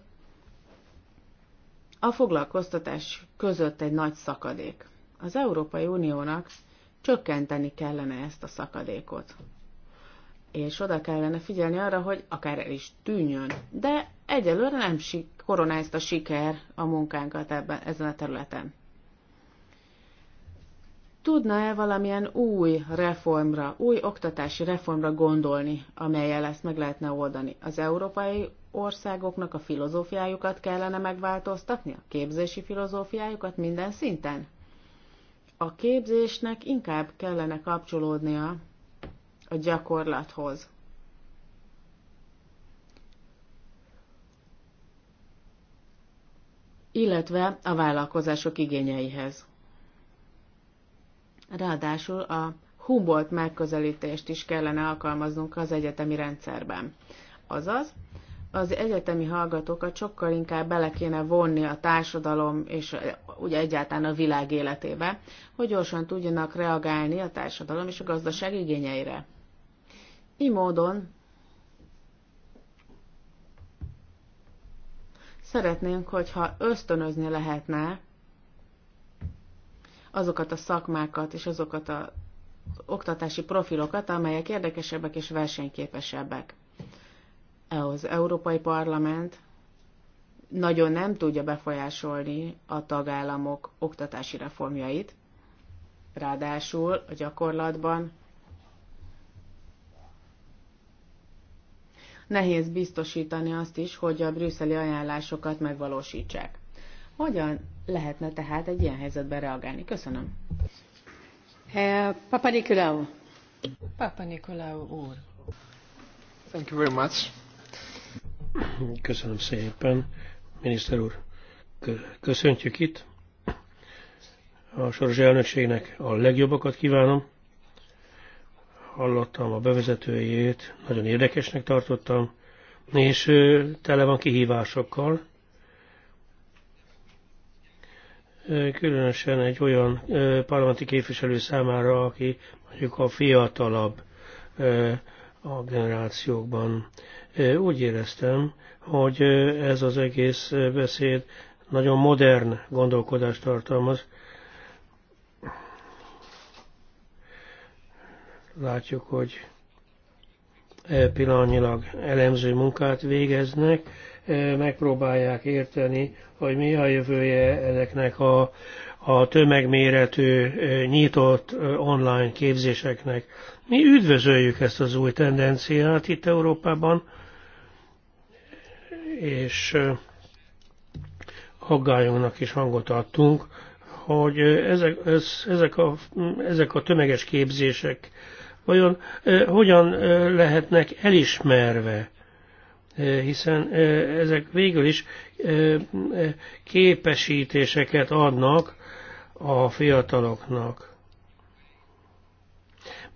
a foglalkoztatás között egy nagy szakadék. Az Európai Uniónak csökkenteni kellene ezt a szakadékot és oda kellene figyelni arra, hogy akár el is tűnjön. De egyelőre nem koronázta siker a munkánkat ebben, ezen a területen. Tudna-e valamilyen új reformra, új oktatási reformra gondolni, amelyel ezt meg lehetne oldani? Az európai országoknak a filozófiájukat kellene megváltoztatni, a képzési filozófiájukat minden szinten? A képzésnek inkább kellene kapcsolódnia a gyakorlathoz. illetve a vállalkozások igényeihez. Ráadásul a Humboldt megközelítést is kellene alkalmaznunk az egyetemi rendszerben. Azaz, az egyetemi hallgatókat sokkal inkább bele kéne vonni a társadalom és eh, ugye egyáltalán a világ életébe, hogy gyorsan tudjanak reagálni a társadalom és a gazdaság igényeire. Így módon szeretnénk, hogyha ösztönözni lehetne azokat a szakmákat és azokat az oktatási profilokat, amelyek érdekesebbek és versenyképesebbek. Az Európai Parlament nagyon nem tudja befolyásolni a tagállamok oktatási reformjait, ráadásul a gyakorlatban nehéz biztosítani azt is, hogy a brüsszeli ajánlásokat megvalósítsák. Hogyan lehetne tehát egy ilyen helyzetben reagálni? Köszönöm. Eh, Papa Nikolaou. Papa Nikolaou úr. Thank you very much. Köszönöm szépen, miniszter úr. Köszöntjük itt. A soros elnökségnek a legjobbakat kívánom hallottam a bevezetőjét, nagyon érdekesnek tartottam, és tele van kihívásokkal. Különösen egy olyan parlamenti képviselő számára, aki mondjuk a fiatalabb a generációkban. Úgy éreztem, hogy ez az egész beszéd nagyon modern gondolkodást tartalmaz, látjuk, hogy e, pillanatnyilag elemző munkát végeznek, e, megpróbálják érteni, hogy mi a jövője ezeknek a, a tömegméretű, e, nyitott online képzéseknek. Mi üdvözöljük ezt az új tendenciát itt Európában, és aggályunknak is hangot adtunk, hogy ezek, ez, ezek, a, ezek a tömeges képzések vajon hogyan lehetnek elismerve, hiszen ezek végül is képesítéseket adnak a fiataloknak.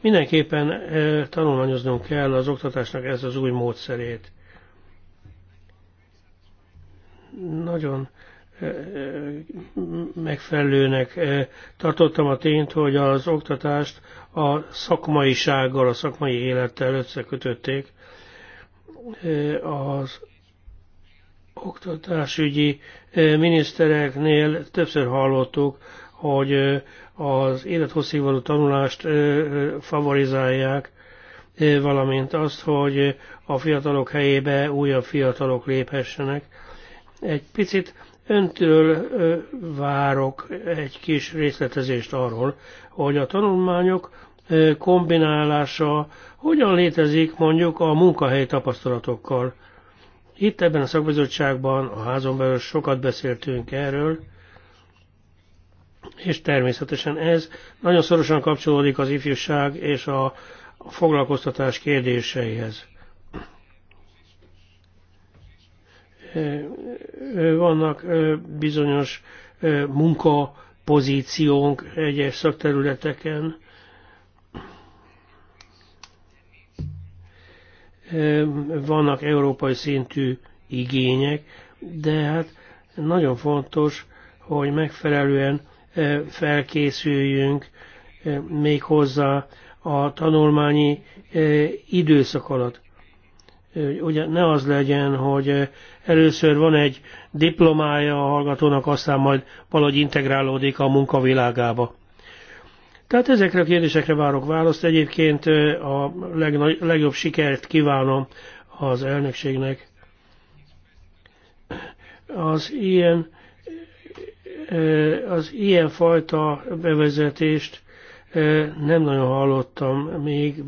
Mindenképpen tanulmányoznunk kell az oktatásnak ezt az új módszerét. Nagyon megfelelőnek tartottam a tényt, hogy az oktatást a szakmaisággal, a szakmai élettel összekötötték. Az oktatásügyi minisztereknél többször hallottuk, hogy az élethosszígvaló tanulást favorizálják, valamint azt, hogy a fiatalok helyébe újabb fiatalok léphessenek. Egy picit Öntől várok egy kis részletezést arról, hogy a tanulmányok kombinálása hogyan létezik mondjuk a munkahely tapasztalatokkal. Itt ebben a szakbizottságban, a házon belül sokat beszéltünk erről, és természetesen ez nagyon szorosan kapcsolódik az ifjúság és a foglalkoztatás kérdéseihez. Vannak bizonyos munkapozíciónk egyes szakterületeken, vannak európai szintű igények, de hát nagyon fontos, hogy megfelelően felkészüljünk még hozzá a tanulmányi időszak alatt. Ugye ne az legyen, hogy Először van egy diplomája a hallgatónak, aztán majd valahogy integrálódik a munkavilágába. Tehát ezekre a kérdésekre várok választ. Egyébként a legnagy, legjobb sikert kívánom az elnökségnek. Az ilyen, az ilyen fajta bevezetést nem nagyon hallottam még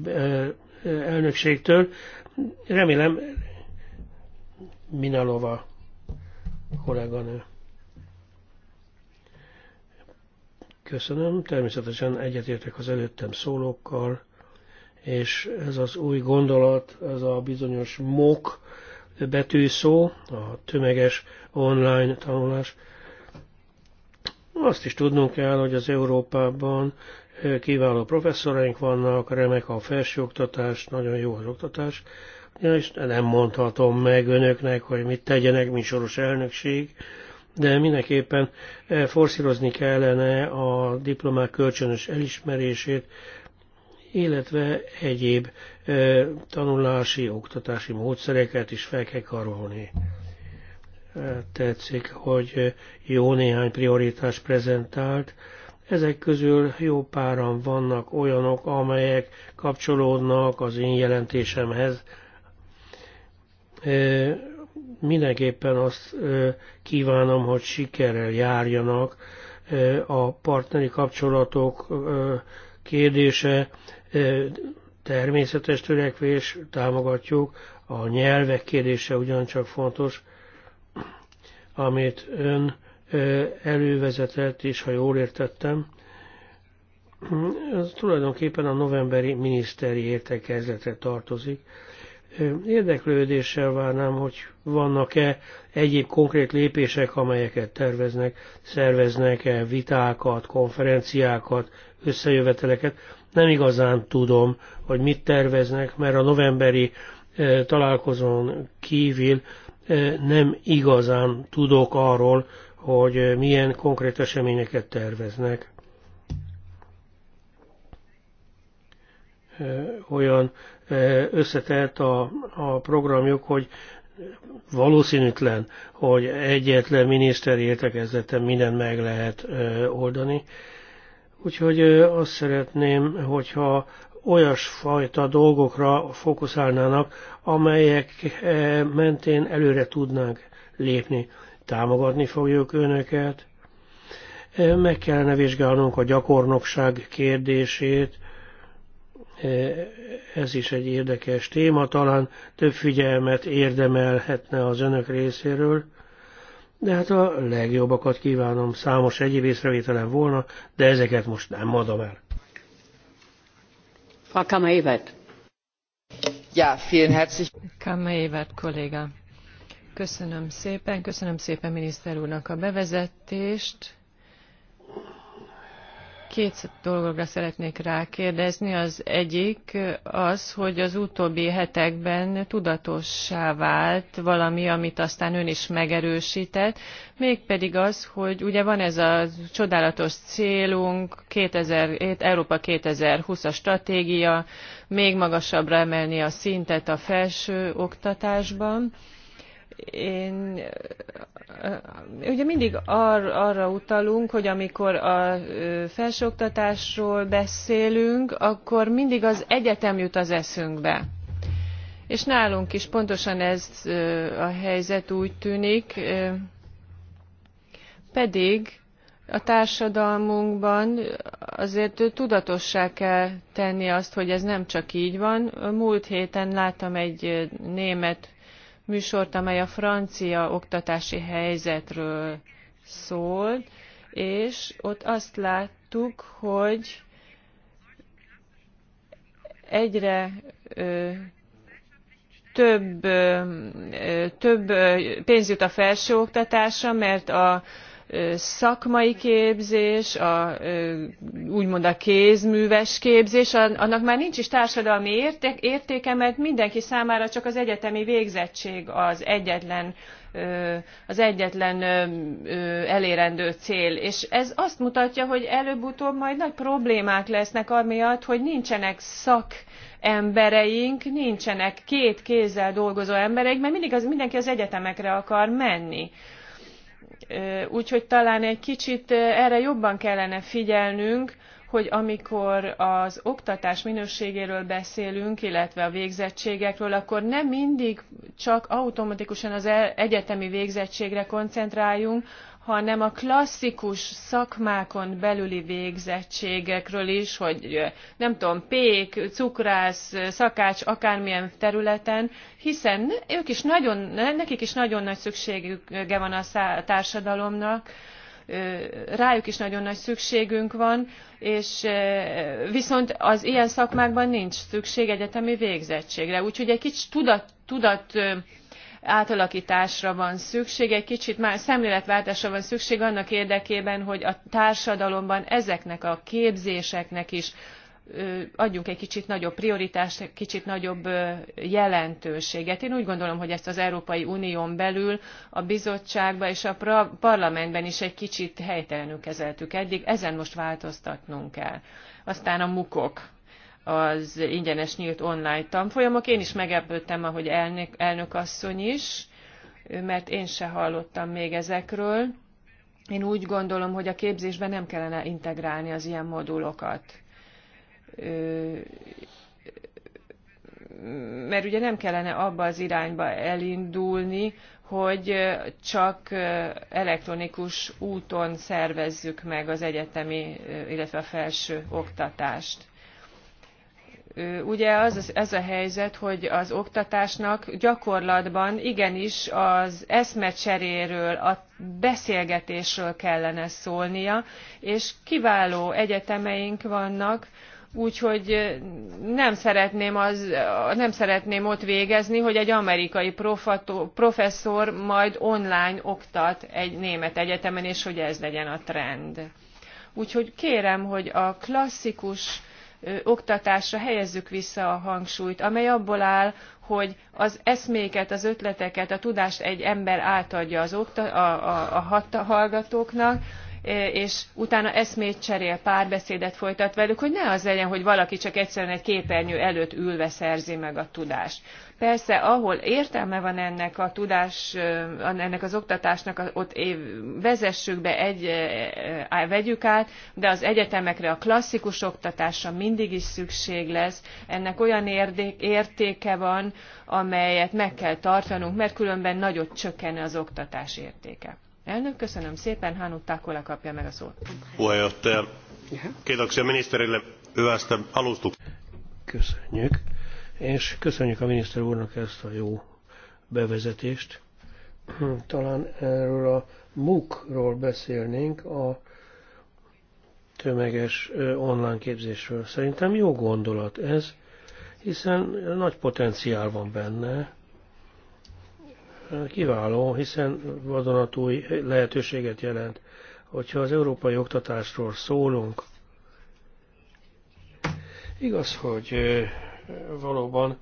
elnökségtől. Remélem Minalova kolléganő. Köszönöm, természetesen egyetértek az előttem szólókkal, és ez az új gondolat, ez a bizonyos MOK betűszó, a tömeges online tanulás. Azt is tudnunk kell, hogy az Európában kiváló professzoraink vannak, remek a felsőoktatás, nagyon jó az oktatás, és nem mondhatom meg önöknek, hogy mit tegyenek, mint soros elnökség, de mindenképpen eh, forszírozni kellene a diplomák kölcsönös elismerését, illetve egyéb eh, tanulási, oktatási módszereket is fel kell karolni. Eh, tetszik, hogy jó néhány prioritást prezentált, ezek közül jó páran vannak olyanok, amelyek kapcsolódnak az én jelentésemhez, Mindenképpen azt kívánom, hogy sikerrel járjanak a partneri kapcsolatok kérdése, természetes törekvés, támogatjuk, a nyelvek kérdése ugyancsak fontos, amit ön elővezetett, és ha jól értettem, ez tulajdonképpen a novemberi miniszteri értekezletre tartozik. Érdeklődéssel várnám, hogy vannak-e egyéb konkrét lépések, amelyeket terveznek, szerveznek-e vitákat, konferenciákat, összejöveteleket. Nem igazán tudom, hogy mit terveznek, mert a novemberi e, találkozón kívül e, nem igazán tudok arról, hogy milyen konkrét eseményeket terveznek. E, olyan összetett a, a programjuk, hogy valószínűtlen, hogy egyetlen miniszteri értekezleten mindent meg lehet oldani. Úgyhogy azt szeretném, hogyha olyasfajta dolgokra fókuszálnának, amelyek mentén előre tudnánk lépni. Támogatni fogjuk önöket. Meg kellene vizsgálnunk a gyakornokság kérdését, E, ez is egy érdekes téma, talán több figyelmet érdemelhetne az önök részéről, de hát a legjobbakat kívánom, számos egyéb észrevételem volna, de ezeket most nem adom el. Frau évet. Ja, vielen herzlich. kammer évet, kolléga. Köszönöm szépen, köszönöm szépen miniszter úrnak a bevezetést Két dologra szeretnék rákérdezni. Az egyik az, hogy az utóbbi hetekben tudatossá vált valami, amit aztán ön is megerősített, mégpedig az, hogy ugye van ez a csodálatos célunk, 2000, Európa 2020-as stratégia, még magasabbra emelni a szintet a felső oktatásban, én, ugye mindig ar, arra utalunk, hogy amikor a felsőoktatásról beszélünk, akkor mindig az egyetem jut az eszünkbe. És nálunk is pontosan ez a helyzet úgy tűnik, pedig a társadalmunkban azért tudatossá kell tenni azt, hogy ez nem csak így van. Múlt héten láttam egy német műsort, amely a francia oktatási helyzetről szól, és ott azt láttuk, hogy egyre ö, több, ö, több pénz jut a felsőoktatásra, mert a szakmai képzés, a, úgymond a kézműves képzés, annak már nincs is társadalmi értéke, mert mindenki számára csak az egyetemi végzettség az egyetlen az egyetlen elérendő cél. És ez azt mutatja, hogy előbb-utóbb majd nagy problémák lesznek amiatt, hogy nincsenek szak embereink, nincsenek két kézzel dolgozó embereink, mert mindig az, mindenki az egyetemekre akar menni Úgyhogy talán egy kicsit erre jobban kellene figyelnünk, hogy amikor az oktatás minőségéről beszélünk, illetve a végzettségekről, akkor nem mindig csak automatikusan az e-, egyetemi végzettségre koncentráljunk, hanem a klasszikus szakmákon belüli végzettségekről is, hogy nem tudom, pék, cukrász, szakács, akármilyen területen, hiszen ők is nagyon, nekik is nagyon nagy szükségüke van a társadalomnak, rájuk is nagyon nagy szükségünk van, és viszont az ilyen szakmákban nincs szükség egyetemi végzettségre. Úgyhogy egy kicsit tudat, tudat átalaktásra van szükség, egy kicsit már szemléletváltásra van szükség annak érdekében, hogy a társadalomban ezeknek a képzéseknek is adjunk egy kicsit nagyobb prioritást, egy kicsit nagyobb jelentőséget. Én úgy gondolom, hogy ezt az Európai Unión belül a bizottságban és a parlamentben is egy kicsit helytelenül kezeltük eddig, ezen most változtatnunk kell. Aztán a mukok az ingyenes nyílt online tanfolyamok. Én is megepődtem, ahogy elnök, elnök asszony is, mert én se hallottam még ezekről. Én úgy gondolom, hogy a képzésben nem kellene integrálni az ilyen modulokat. Mert ugye nem kellene abba az irányba elindulni, hogy csak elektronikus úton szervezzük meg az egyetemi, illetve a felső oktatást ugye az, az a helyzet, hogy az oktatásnak gyakorlatban igenis az eszmecseréről, a beszélgetésről kellene szólnia, és kiváló egyetemeink vannak, úgyhogy nem szeretném, az, nem szeretném ott végezni, hogy egy amerikai professzor majd online oktat egy német egyetemen, és hogy ez legyen a trend. Úgyhogy kérem, hogy a klasszikus oktatásra helyezzük vissza a hangsúlyt, amely abból áll, hogy az eszméket, az ötleteket, a tudást egy ember átadja az okta- a, a, a hallgatóknak, E, és utána eszmét cserél, párbeszédet folytat velük, hogy ne az legyen, hogy valaki csak egyszerűen egy képernyő előtt ülve szerzi meg a tudást. Persze, ahol értelme van ennek a tudás, e, ennek az oktatásnak, ott vezessük be, egy, e, vegyük át, de az egyetemekre a klasszikus oktatásra mindig is szükség lesz. Ennek olyan értéke van, amelyet meg kell tartanunk, mert különben nagyot csökken az oktatás értéke. Elnök, köszönöm szépen. Hánu Tákola kapja meg a szót. Puheenjohtaja, kiitoksia ministerille hyvästä alustuk. Köszönjük, és köszönjük a miniszter úrnak ezt a jó bevezetést. Talán erről a MOOC-ról beszélnénk, a tömeges online képzésről. Szerintem jó gondolat ez, hiszen nagy potenciál van benne, kiváló, hiszen vadonatúj lehetőséget jelent. Hogyha az európai oktatásról szólunk, igaz, hogy valóban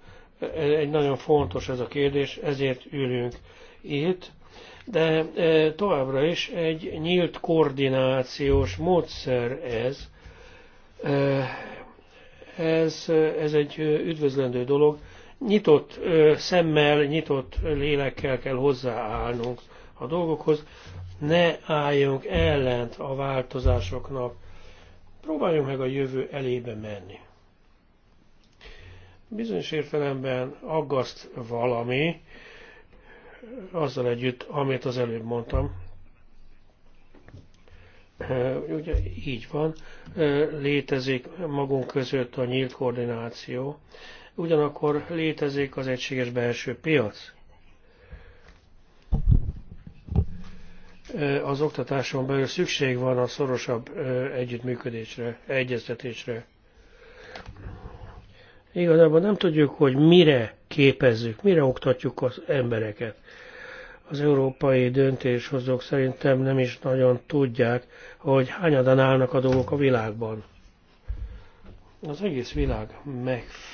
egy nagyon fontos ez a kérdés, ezért ülünk itt, de továbbra is egy nyílt koordinációs módszer ez. Ez, ez egy üdvözlendő dolog, Nyitott szemmel, nyitott lélekkel kell hozzáállnunk a dolgokhoz, ne álljunk ellent a változásoknak, próbáljunk meg a jövő elébe menni. Bizonyos értelemben aggaszt valami, azzal együtt, amit az előbb mondtam. Ugye így van, létezik magunk között a nyílt koordináció, ugyanakkor létezik az egységes belső piac. Az oktatáson belül szükség van a szorosabb együttműködésre, egyeztetésre. Igazából nem tudjuk, hogy mire képezzük, mire oktatjuk az embereket. Az európai döntéshozók szerintem nem is nagyon tudják, hogy hányadan állnak a dolgok a világban. Az egész világ megfelelő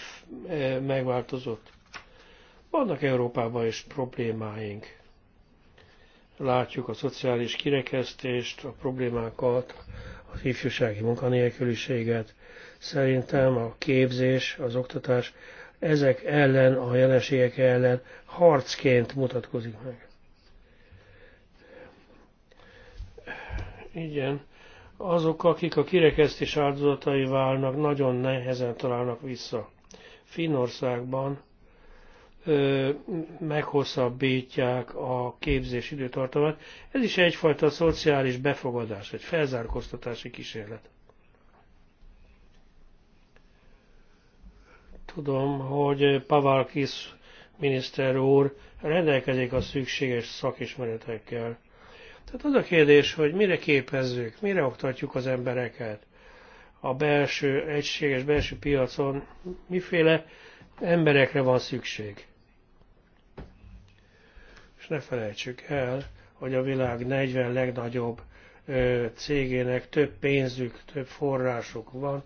E, megváltozott. Vannak Európában is problémáink. Látjuk a szociális kirekesztést, a problémákat, az ifjúsági munkanélküliséget. Szerintem a képzés, az oktatás ezek ellen, a jelenségek ellen harcként mutatkozik meg. Igen, azok, akik a kirekesztés áldozatai válnak, nagyon nehezen találnak vissza. Finnországban meghosszabbítják a képzés időtartamát. Ez is egyfajta szociális befogadás, egy felzárkóztatási kísérlet. Tudom, hogy Pavalkis miniszter úr rendelkezik a szükséges szakismeretekkel. Tehát az a kérdés, hogy mire képezzük, mire oktatjuk az embereket a belső, egységes belső piacon miféle emberekre van szükség. És ne felejtsük el, hogy a világ 40 legnagyobb cégének több pénzük, több forrásuk van,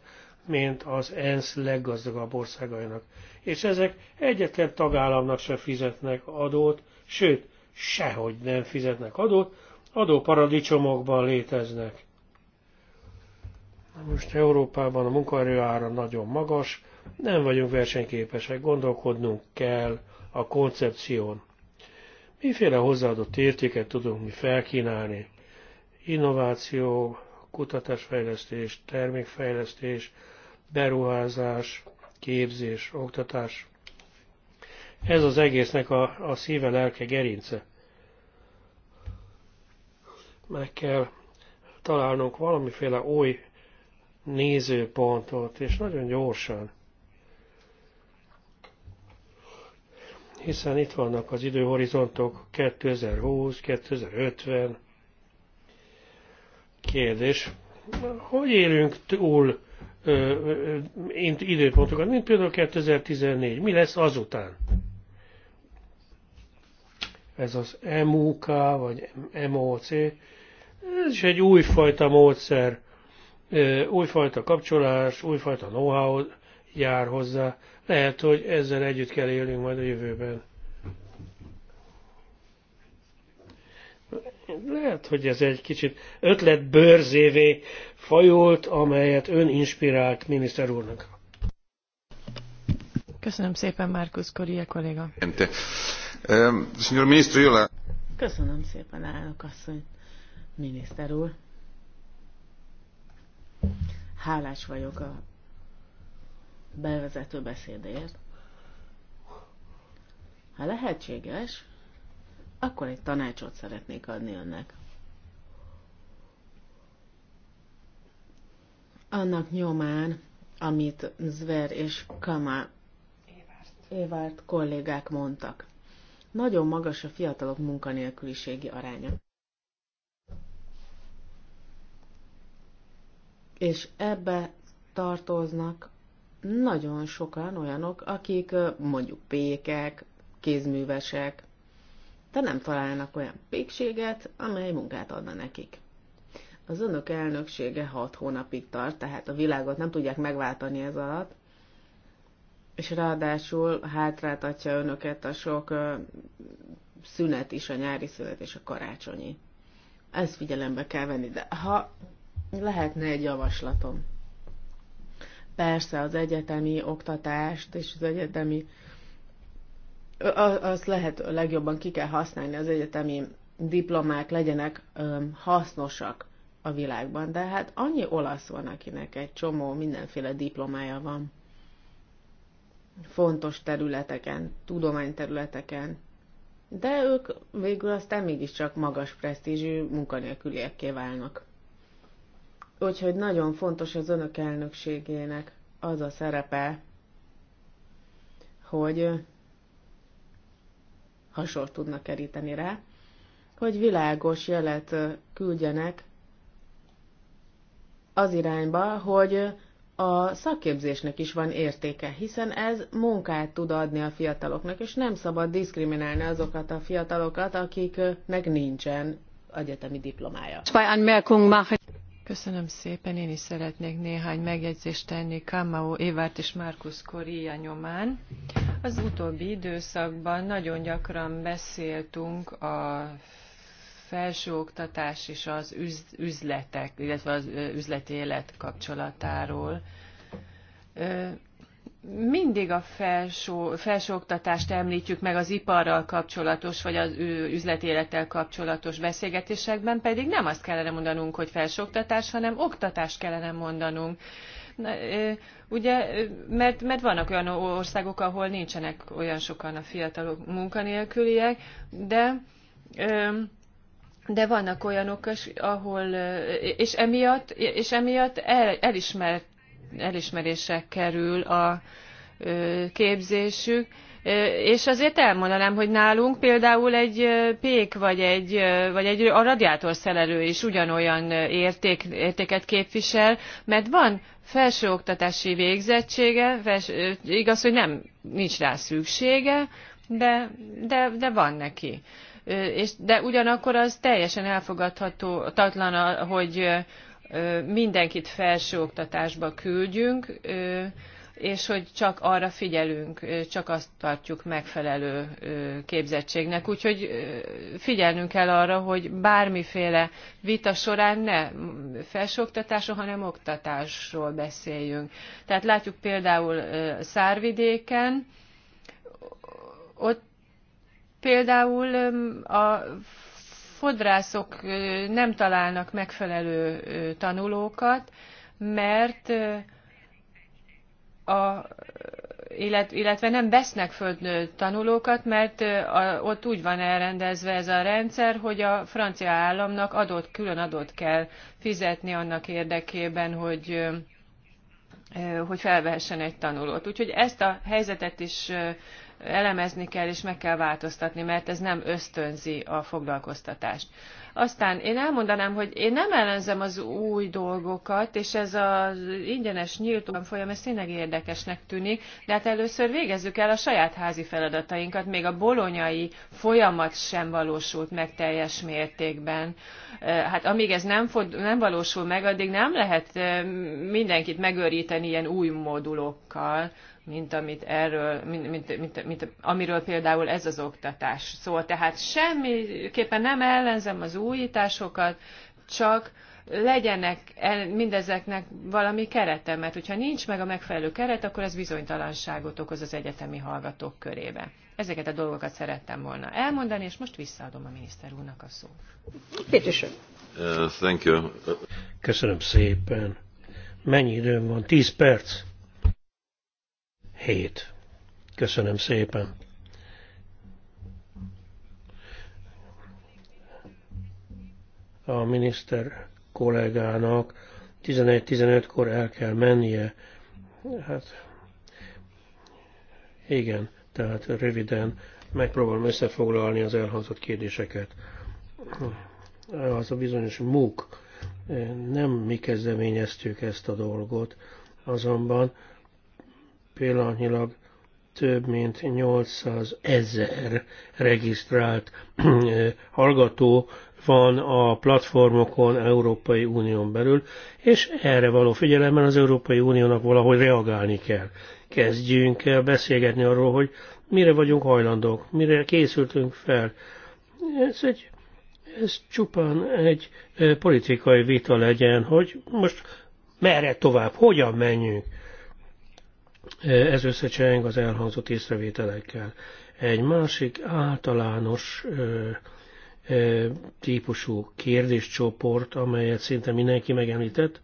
mint az ENSZ leggazdagabb országainak. És ezek egyetlen tagállamnak se fizetnek adót, sőt, sehogy nem fizetnek adót, adóparadicsomokban léteznek. Most Európában a munkaerő ára nagyon magas, nem vagyunk versenyképesek, gondolkodnunk kell a koncepción. Miféle hozzáadott értéket tudunk mi felkínálni? Innováció, kutatásfejlesztés, termékfejlesztés, beruházás, képzés, oktatás. Ez az egésznek a, a szíve, lelke, gerince. Meg kell találnunk valamiféle oly nézőpontot, és nagyon gyorsan. Hiszen itt vannak az időhorizontok 2020, 2050. Kérdés, hogy élünk túl ö, ö, időpontokat, mint például 2014, mi lesz azután? Ez az MUK vagy MOC, ez is egy újfajta módszer újfajta kapcsolás, újfajta know-how jár hozzá. Lehet, hogy ezzel együtt kell élnünk majd a jövőben. Lehet, hogy ez egy kicsit ötletbőrzévé fajult, amelyet ön inspirált miniszter úrnak. Köszönöm szépen, Márkusz Koria kolléga. Köszönöm szépen, elnök asszony, miniszter úr. Hálás vagyok a bevezető beszédért. Ha lehetséges, akkor egy tanácsot szeretnék adni önnek. Annak nyomán, amit Zver és Kama Évárt kollégák mondtak. Nagyon magas a fiatalok munkanélküliségi aránya. és ebbe tartoznak nagyon sokan olyanok, akik mondjuk pékek, kézművesek, de nem találnak olyan pékséget, amely munkát adna nekik. Az önök elnöksége hat hónapig tart, tehát a világot nem tudják megváltani ez alatt, és ráadásul hátráltatja önöket a sok szünet is, a nyári szünet és a karácsonyi. Ezt figyelembe kell venni, de ha lehetne egy javaslatom. Persze az egyetemi oktatást és az egyetemi azt lehet legjobban ki kell használni, az egyetemi diplomák legyenek hasznosak a világban, de hát annyi olasz van, akinek egy csomó mindenféle diplomája van. Fontos területeken, tudományterületeken, de ők végül aztán mégiscsak magas presztízsű munkanélküliekké válnak. Úgyhogy nagyon fontos az önök elnökségének az a szerepe, hogy hasonl tudnak keríteni rá, hogy világos jelet küldjenek az irányba, hogy a szakképzésnek is van értéke, hiszen ez munkát tud adni a fiataloknak, és nem szabad diszkriminálni azokat a fiatalokat, akiknek nincsen egyetemi diplomája. Köszönöm szépen, én is szeretnék néhány megjegyzést tenni Kamau Évárt és Markus Koria nyomán. Az utóbbi időszakban nagyon gyakran beszéltünk a felsőoktatás és az üzletek, illetve az üzleti élet kapcsolatáról mindig a felső, felsőoktatást említjük meg az iparral kapcsolatos, vagy az üzletélettel kapcsolatos beszélgetésekben, pedig nem azt kellene mondanunk, hogy felsőoktatás, hanem oktatást kellene mondanunk. Na, ugye, mert, mert vannak olyan országok, ahol nincsenek olyan sokan a fiatalok munkanélküliek, de de vannak olyanok, ahol, és emiatt, és emiatt el, elismert elismerésre kerül a képzésük. És azért elmondanám, hogy nálunk például egy pék vagy egy, vagy egy a radiátorszelelő is ugyanolyan érték, értéket képvisel, mert van felsőoktatási végzettsége, fels, igaz, hogy nem nincs rá szüksége, de, de, de van neki. És, de ugyanakkor az teljesen elfogadható, tatlan, hogy mindenkit felsőoktatásba küldjünk, és hogy csak arra figyelünk, csak azt tartjuk megfelelő képzettségnek. Úgyhogy figyelnünk kell arra, hogy bármiféle vita során ne felsőoktatásról, hanem oktatásról beszéljünk. Tehát látjuk például Szárvidéken, ott például a fodrászok nem találnak megfelelő tanulókat, mert a, illetve nem vesznek föl tanulókat, mert ott úgy van elrendezve ez a rendszer, hogy a francia államnak adott külön adót kell fizetni annak érdekében, hogy hogy felvehessen egy tanulót. Úgyhogy ezt a helyzetet is elemezni kell és meg kell változtatni, mert ez nem ösztönzi a foglalkoztatást. Aztán én elmondanám, hogy én nem ellenzem az új dolgokat, és ez az ingyenes nyílt folyam, ez tényleg érdekesnek tűnik, de hát először végezzük el a saját házi feladatainkat, még a bolonyai folyamat sem valósult meg teljes mértékben. Eh, hát amíg ez nem, fog, nem valósul meg, addig nem lehet eh, mindenkit megőríteni ilyen új modulokkal mint, amit erről, mint, mint, mint, mint, amiről például ez az oktatás szól. Tehát semmiképpen nem ellenzem az újításokat, csak legyenek mindezeknek valami kerete, mert hogyha nincs meg a megfelelő keret, akkor ez bizonytalanságot okoz az egyetemi hallgatók körébe. Ezeket a dolgokat szerettem volna elmondani, és most visszaadom a miniszter úrnak a szót. Uh, thank you. Köszönöm szépen. Mennyi időm van? Tíz perc. 7. Köszönöm szépen. A miniszter kollégának 11-15-kor el kell mennie. Hát igen, tehát röviden megpróbálom összefoglalni az elhangzott kérdéseket. Az a bizonyos MOOC, nem mi kezdeményeztük ezt a dolgot, azonban pillanatnyilag több mint 800 ezer regisztrált hallgató van a platformokon Európai Unión belül, és erre való figyelemmel az Európai Uniónak valahogy reagálni kell. Kezdjünk el beszélgetni arról, hogy mire vagyunk hajlandók, mire készültünk fel. Ez, egy, ez csupán egy politikai vita legyen, hogy most merre tovább, hogyan menjünk. Eh, ez összecseng az elhangzott észrevételekkel. Egy másik általános ö, eh, ö, eh, típusú kérdéscsoport, amelyet szinte mindenki megemlített,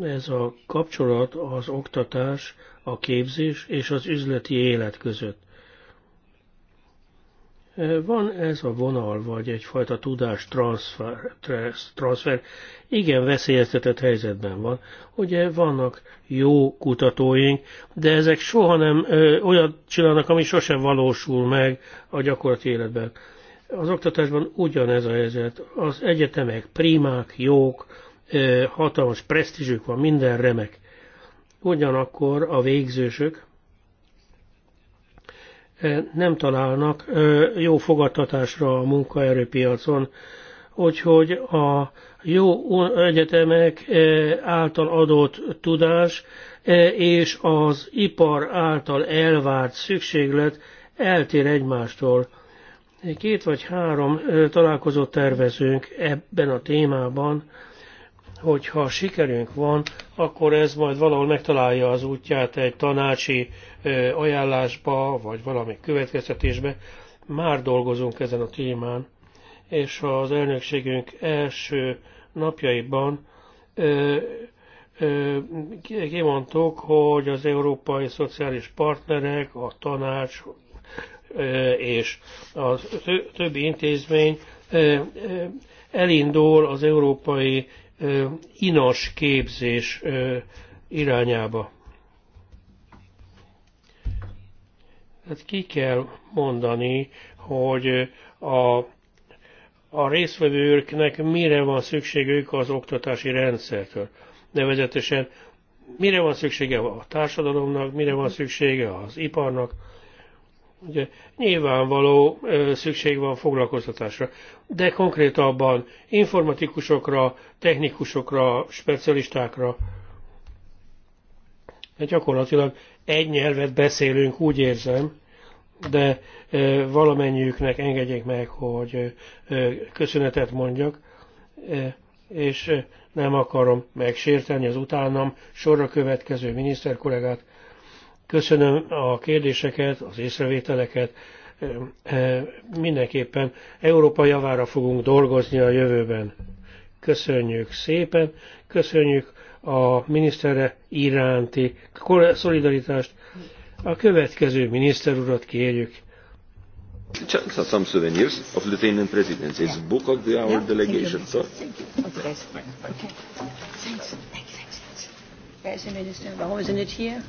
ez a kapcsolat az oktatás, a képzés és az üzleti élet között. Van ez a vonal, vagy egyfajta tudás transfer, transfer, igen veszélyeztetett helyzetben van. Ugye vannak jó kutatóink, de ezek soha nem ö, olyat csinálnak, ami sosem valósul meg a gyakorlati életben. Az oktatásban ugyanez a helyzet. Az egyetemek primák, jók, ö, hatalmas presztízsük van, minden remek. Ugyanakkor a végzősök, nem találnak jó fogadtatásra a munkaerőpiacon. Úgyhogy a jó egyetemek által adott tudás és az ipar által elvárt szükséglet eltér egymástól. Két vagy három találkozott tervezünk ebben a témában, hogyha sikerünk van, akkor ez majd valahol megtalálja az útját egy tanácsi ajánlásba, vagy valami következtetésbe. Már dolgozunk ezen a témán, és az elnökségünk első napjaiban kimondtuk, hogy az európai szociális partnerek, a tanács és a többi intézmény elindul az európai inas képzés irányába. Hát ki kell mondani, hogy a, a részvevőknek mire van szükségük az oktatási rendszertől. Nevezetesen mire van szüksége a társadalomnak, mire van szüksége az iparnak, Ugye, nyilvánvaló szükség van foglalkoztatásra, de konkrétabban informatikusokra, technikusokra, specialistákra. De gyakorlatilag egy nyelvet beszélünk, úgy érzem, de valamennyiüknek engedjék meg, hogy köszönetet mondjak, és nem akarom megsérteni az utánam sorra következő miniszter kollégát, Köszönöm a kérdéseket, az észrevételeket. Mindenképpen Európa javára fogunk dolgozni a jövőben. Köszönjük szépen, köszönjük a minisztere iránti szolidaritást. A következő miniszter urat kérjük. some souvenirs of Lithuanian It's book of the, our delegation. So. Where is the minister? isn't it here?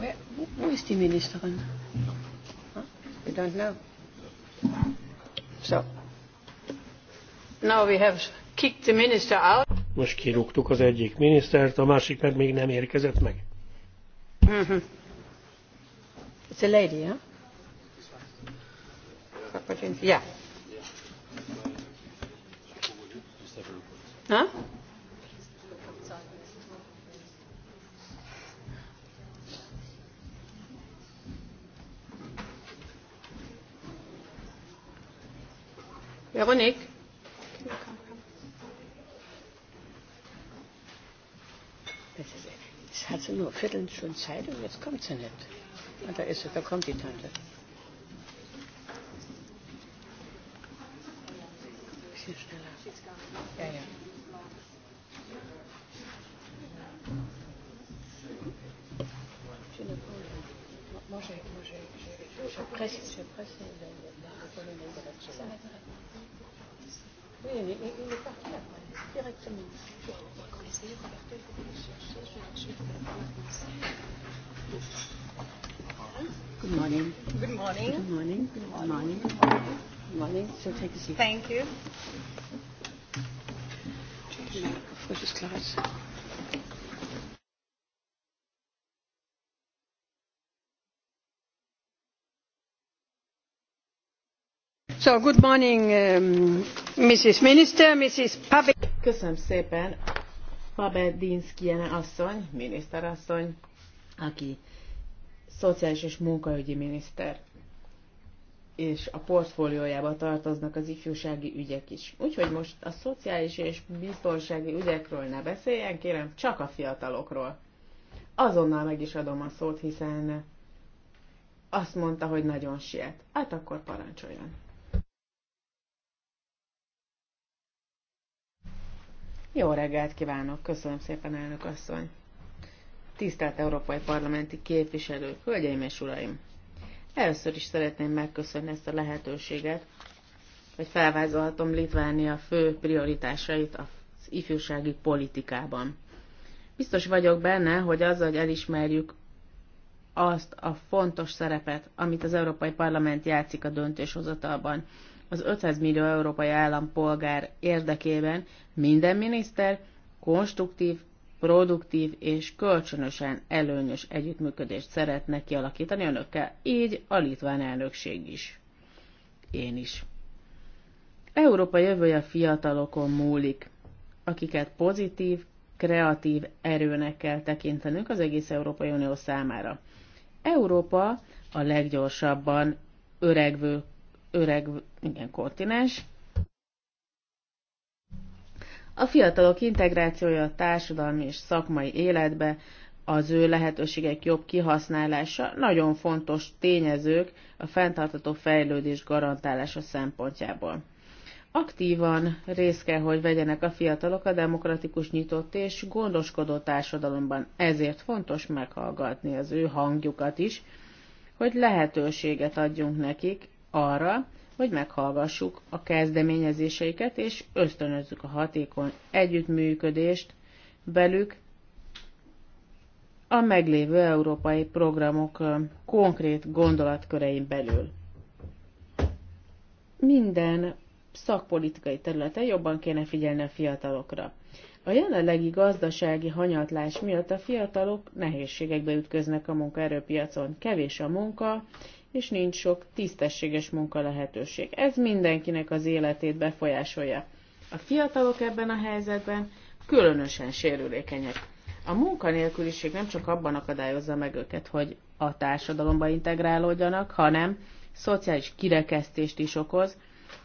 Where, where is the ministerin? We don't know. So, now we have kicked the minister out. Most kirúgtuk az egyik minisztert, a másik meg még nem érkezett meg. Mm -hmm. It's a lady, huh? Yeah. Huh? Veronique? Es hat sie nur Viertelstunden Zeit und jetzt kommt sie nicht. Und ah, da ist sie, da kommt die Tante. Bisschen schneller. Ja, ja. Oui, mais, mais il est parti là, directement. Essayez de faire quelque chose, chercher, je vais chercher. Good morning. Good morning. Good morning. Good morning. Good morning. Good morning. So take a seat. Thank you. Mijn koffie is klaar. So, good morning, Mrs. Um, Minister, Mrs. Köszönöm szépen, asszony, aki szociális és munkaügyi miniszter és a portfóliójába tartoznak az ifjúsági ügyek is. Úgyhogy most a szociális és biztonsági ügyekről ne beszéljen, kérem, csak a fiatalokról. Azonnal meg is adom a szót, hiszen azt mondta, hogy nagyon siet. Hát akkor parancsoljon. Jó reggelt kívánok, köszönöm szépen, elnök asszony. Tisztelt Európai Parlamenti képviselők, hölgyeim és uraim! Először is szeretném megköszönni ezt a lehetőséget, hogy felvázolhatom Litvánia fő prioritásait az ifjúsági politikában. Biztos vagyok benne, hogy azzal, hogy elismerjük azt a fontos szerepet, amit az Európai Parlament játszik a döntéshozatalban, az 500 millió európai állampolgár érdekében minden miniszter konstruktív, produktív és kölcsönösen előnyös együttműködést szeretne kialakítani önökkel, így a litván elnökség is. Én is. Európa jövője a fiatalokon múlik, akiket pozitív, kreatív erőnek kell tekintenünk az egész Európai Unió számára. Európa a leggyorsabban öregvő öreg, igen, kontinens. A fiatalok integrációja a társadalmi és szakmai életbe, az ő lehetőségek jobb kihasználása nagyon fontos tényezők a fenntartató fejlődés garantálása szempontjából. Aktívan részt kell, hogy vegyenek a fiatalok a demokratikus, nyitott és gondoskodó társadalomban, ezért fontos meghallgatni az ő hangjukat is, hogy lehetőséget adjunk nekik arra, hogy meghallgassuk a kezdeményezéseiket, és ösztönözzük a hatékony együttműködést belük a meglévő európai programok konkrét gondolatkörein belül. Minden szakpolitikai területen jobban kéne figyelni a fiatalokra. A jelenlegi gazdasági hanyatlás miatt a fiatalok nehézségekbe ütköznek a munkaerőpiacon. Kevés a munka, és nincs sok tisztességes munka lehetőség. Ez mindenkinek az életét befolyásolja. A fiatalok ebben a helyzetben különösen sérülékenyek. A munkanélküliség nem csak abban akadályozza meg őket, hogy a társadalomba integrálódjanak, hanem szociális kirekesztést is okoz,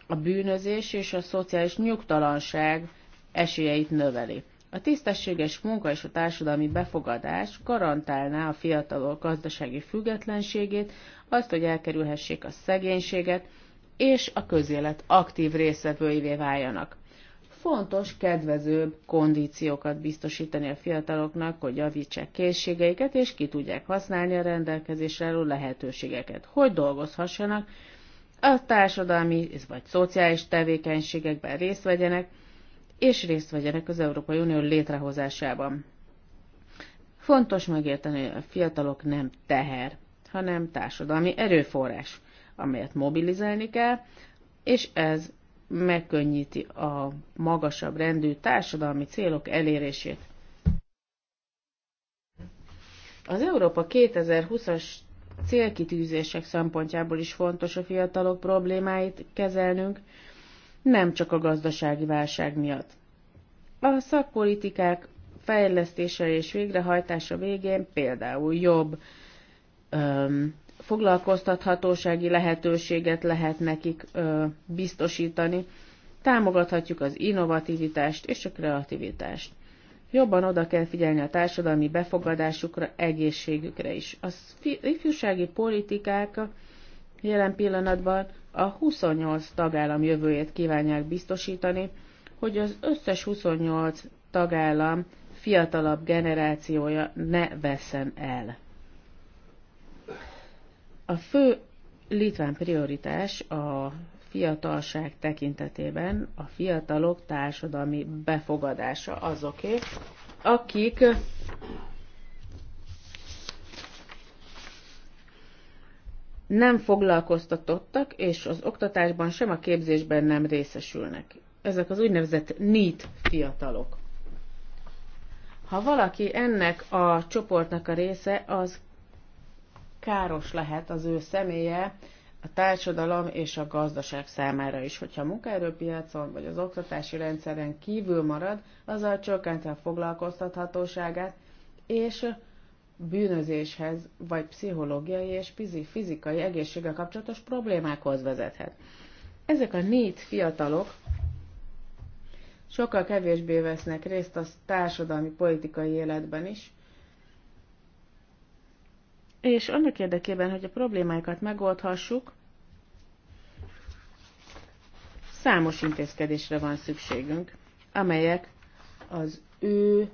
a bűnözés és a szociális nyugtalanság esélyeit növeli. A tisztességes munka és a társadalmi befogadás garantálná a fiatalok gazdasági függetlenségét, azt, hogy elkerülhessék a szegénységet, és a közélet aktív részevőivé váljanak. Fontos kedvezőbb kondíciókat biztosítani a fiataloknak, hogy javítsák készségeiket, és ki tudják használni a rendelkezésre álló lehetőségeket, hogy dolgozhassanak, a társadalmi vagy szociális tevékenységekben részt vegyenek, és részt vegyenek az Európai Unió létrehozásában. Fontos megérteni, hogy a fiatalok nem teher hanem társadalmi erőforrás, amelyet mobilizálni kell, és ez megkönnyíti a magasabb rendű társadalmi célok elérését. Az Európa 2020-as célkitűzések szempontjából is fontos a fiatalok problémáit kezelnünk, nem csak a gazdasági válság miatt. A szakpolitikák fejlesztése és végrehajtása végén például jobb öm, foglalkoztathatósági lehetőséget lehet nekik ö, biztosítani, támogathatjuk az innovativitást és a kreativitást. Jobban oda kell figyelni a társadalmi befogadásukra, egészségükre is. Az ifjúsági politikák jelen pillanatban a 28 tagállam jövőjét kívánják biztosítani, hogy az összes 28 tagállam fiatalabb generációja ne veszen el. A fő litván prioritás a fiatalság tekintetében a fiatalok társadalmi befogadása azoké, akik nem foglalkoztatottak, és az oktatásban sem a képzésben nem részesülnek. Ezek az úgynevezett NEET fiatalok. Ha valaki ennek a csoportnak a része, az káros lehet az ő személye a társadalom és a gazdaság számára is. Hogyha a munkaerőpiacon vagy az oktatási rendszeren kívül marad, azzal csökkenti a foglalkoztathatóságát, és bűnözéshez, vagy pszichológiai és fizikai egészséggel kapcsolatos problémákhoz vezethet. Ezek a négy fiatalok sokkal kevésbé vesznek részt a társadalmi politikai életben is, és annak érdekében, hogy a problémáikat megoldhassuk, számos intézkedésre van szükségünk, amelyek az ő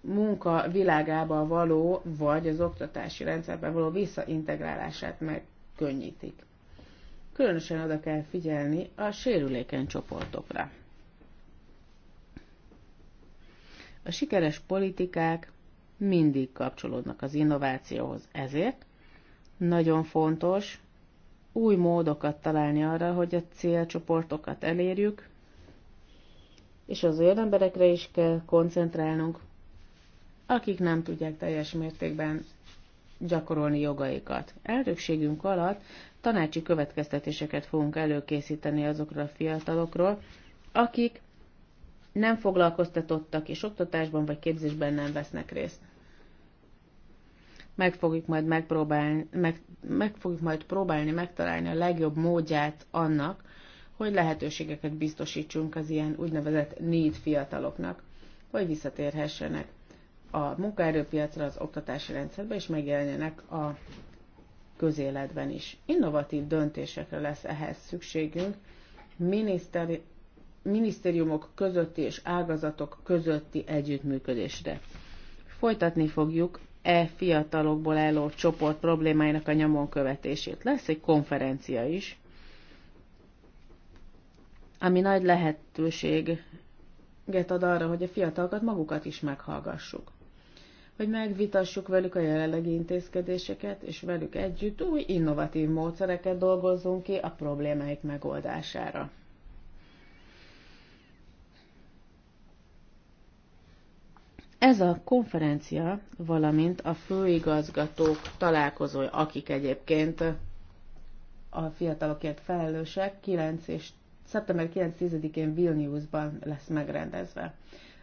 munka világába való, vagy az oktatási rendszerben való visszaintegrálását megkönnyítik. Különösen oda kell figyelni a sérülékeny csoportokra. A sikeres politikák mindig kapcsolódnak az innovációhoz. Ezért nagyon fontos új módokat találni arra, hogy a célcsoportokat elérjük, és az olyan emberekre is kell koncentrálnunk, akik nem tudják teljes mértékben gyakorolni jogaikat. Elnökségünk alatt tanácsi következtetéseket fogunk előkészíteni azokra a fiatalokról, akik nem foglalkoztatottak és oktatásban vagy képzésben nem vesznek részt meg fogjuk majd megpróbálni, meg, meg fogjuk majd próbálni megtalálni a legjobb módját annak, hogy lehetőségeket biztosítsunk az ilyen úgynevezett need fiataloknak, hogy visszatérhessenek a munkaerőpiacra, az oktatási rendszerbe, és megjelenjenek a közéletben is. Innovatív döntésekre lesz ehhez szükségünk, miniszteri, minisztériumok közötti és ágazatok közötti együttműködésre. Folytatni fogjuk e fiatalokból álló csoport problémáinak a nyomon követését. Lesz egy konferencia is, ami nagy lehetőséget ad arra, hogy a fiatalokat magukat is meghallgassuk. Hogy megvitassuk velük a jelenlegi intézkedéseket, és velük együtt új innovatív módszereket dolgozzunk ki a problémáik megoldására. Ez a konferencia, valamint a főigazgatók találkozója, akik egyébként a fiatalokért felelősek, 9 és szeptember 9-10-én Vilniusban lesz megrendezve.